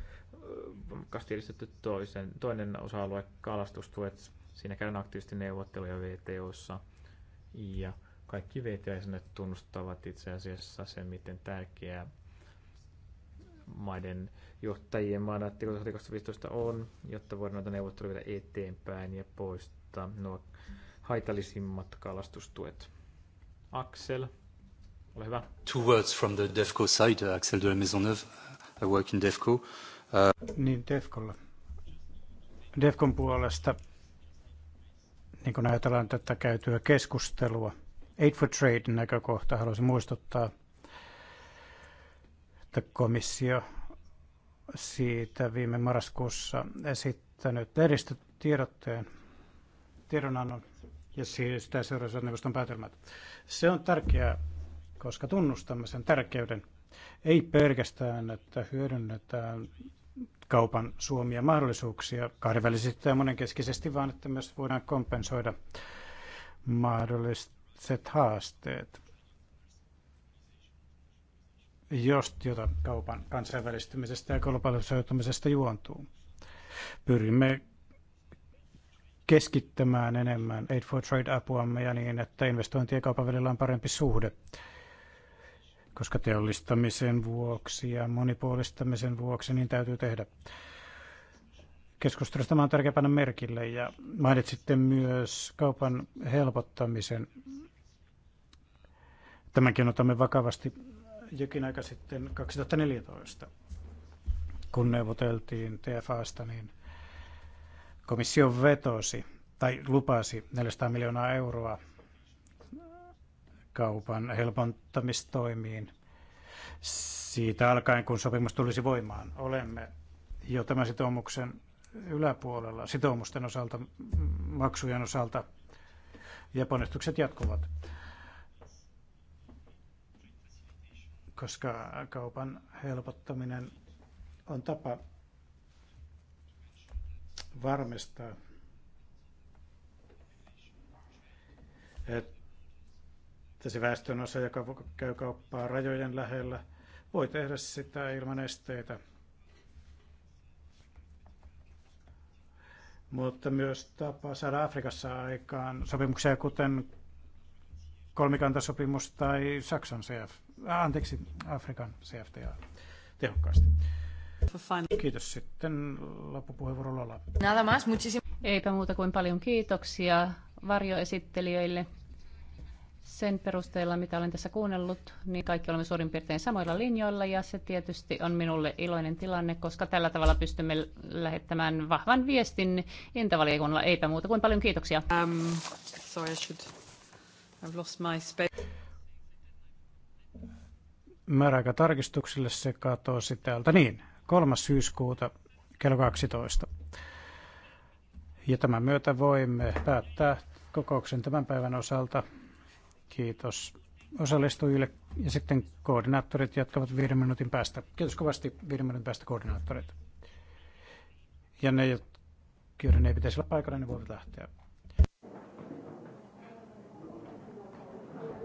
D: kastiristetty toisen, toinen osa-alue, kalastustuet. Siinä käydään aktiivisesti neuvotteluja VTOssa ja kaikki VTO-jäsenet tunnustavat itse asiassa sen, miten tärkeää maiden johtajien mandaatti 2015 on, jotta voidaan näitä neuvotteluja eteenpäin ja poistaa nuo haitallisimmat kalastustuet. Axel, ole hyvä.
A: Two words from the DEFCO side, uh, Axel de la Maisonneuve.
B: I work in DEFCO. Uh... Niin, DEFCOlla. DEFCOn puolesta, niin kun ajatellaan tätä käytyä keskustelua, Aid for Trade näkökohta haluaisin muistuttaa, että komissio siitä viime marraskuussa esittänyt edistetytiedotteen tiedonannon ja sitä seuraavan neuvoston päätelmät. Se on tärkeää, koska tunnustamme sen tärkeyden. Ei pelkästään, että hyödynnetään kaupan suomia mahdollisuuksia kahdenvälisesti ja monenkeskisesti, vaan että myös voidaan kompensoida mahdolliset haasteet, jost, jota kaupan kansainvälistymisestä ja globalisoitumisesta juontuu. Pyrimme keskittämään enemmän Aid for Trade-apuamme ja niin, että investointien ja kaupan välillä on parempi suhde, koska teollistamisen vuoksi ja monipuolistamisen vuoksi niin täytyy tehdä. Keskustelusta on tärkeä panna merkille ja mainitsitte myös kaupan helpottamisen. Tämänkin otamme vakavasti jokin aika sitten 2014, kun neuvoteltiin TFAsta, niin Komissio vetosi tai lupasi 400 miljoonaa euroa kaupan helpottamistoimiin siitä alkaen, kun sopimus tulisi voimaan. Olemme jo tämän sitoumuksen yläpuolella sitoumusten osalta, maksujen osalta ja ponnistukset jatkuvat. Koska kaupan helpottaminen on tapa varmistaa, että se väestön osa, joka käy kauppaa rajojen lähellä, voi tehdä sitä ilman esteitä. Mutta myös tapa saada Afrikassa aikaan sopimuksia, kuten kolmikantasopimus tai Saksan CF, äh, anteeksi, Afrikan CFTA tehokkaasti. Kiitos sitten loppupuheenvuorolla Lola. Nada
C: más, Eipä muuta kuin paljon kiitoksia varjoesittelijöille. Sen perusteella, mitä olen tässä kuunnellut, niin kaikki olemme suurin piirtein samoilla linjoilla ja se tietysti on minulle iloinen tilanne, koska tällä tavalla pystymme lähettämään vahvan viestin intavaliokunnalla. Eipä muuta kuin paljon kiitoksia. Um, sorry, I should... I've lost my space.
B: Määräaika tarkistuksille se katosi täältä. Niin, 3. syyskuuta kello 12. Ja tämän myötä voimme päättää kokouksen tämän päivän osalta. Kiitos osallistujille ja sitten koordinaattorit jatkavat viiden minuutin päästä. Kiitos kovasti viiden minuutin päästä koordinaattorit. Ja ne, joiden ei pitäisi
A: olla paikalla, ne voivat lähteä.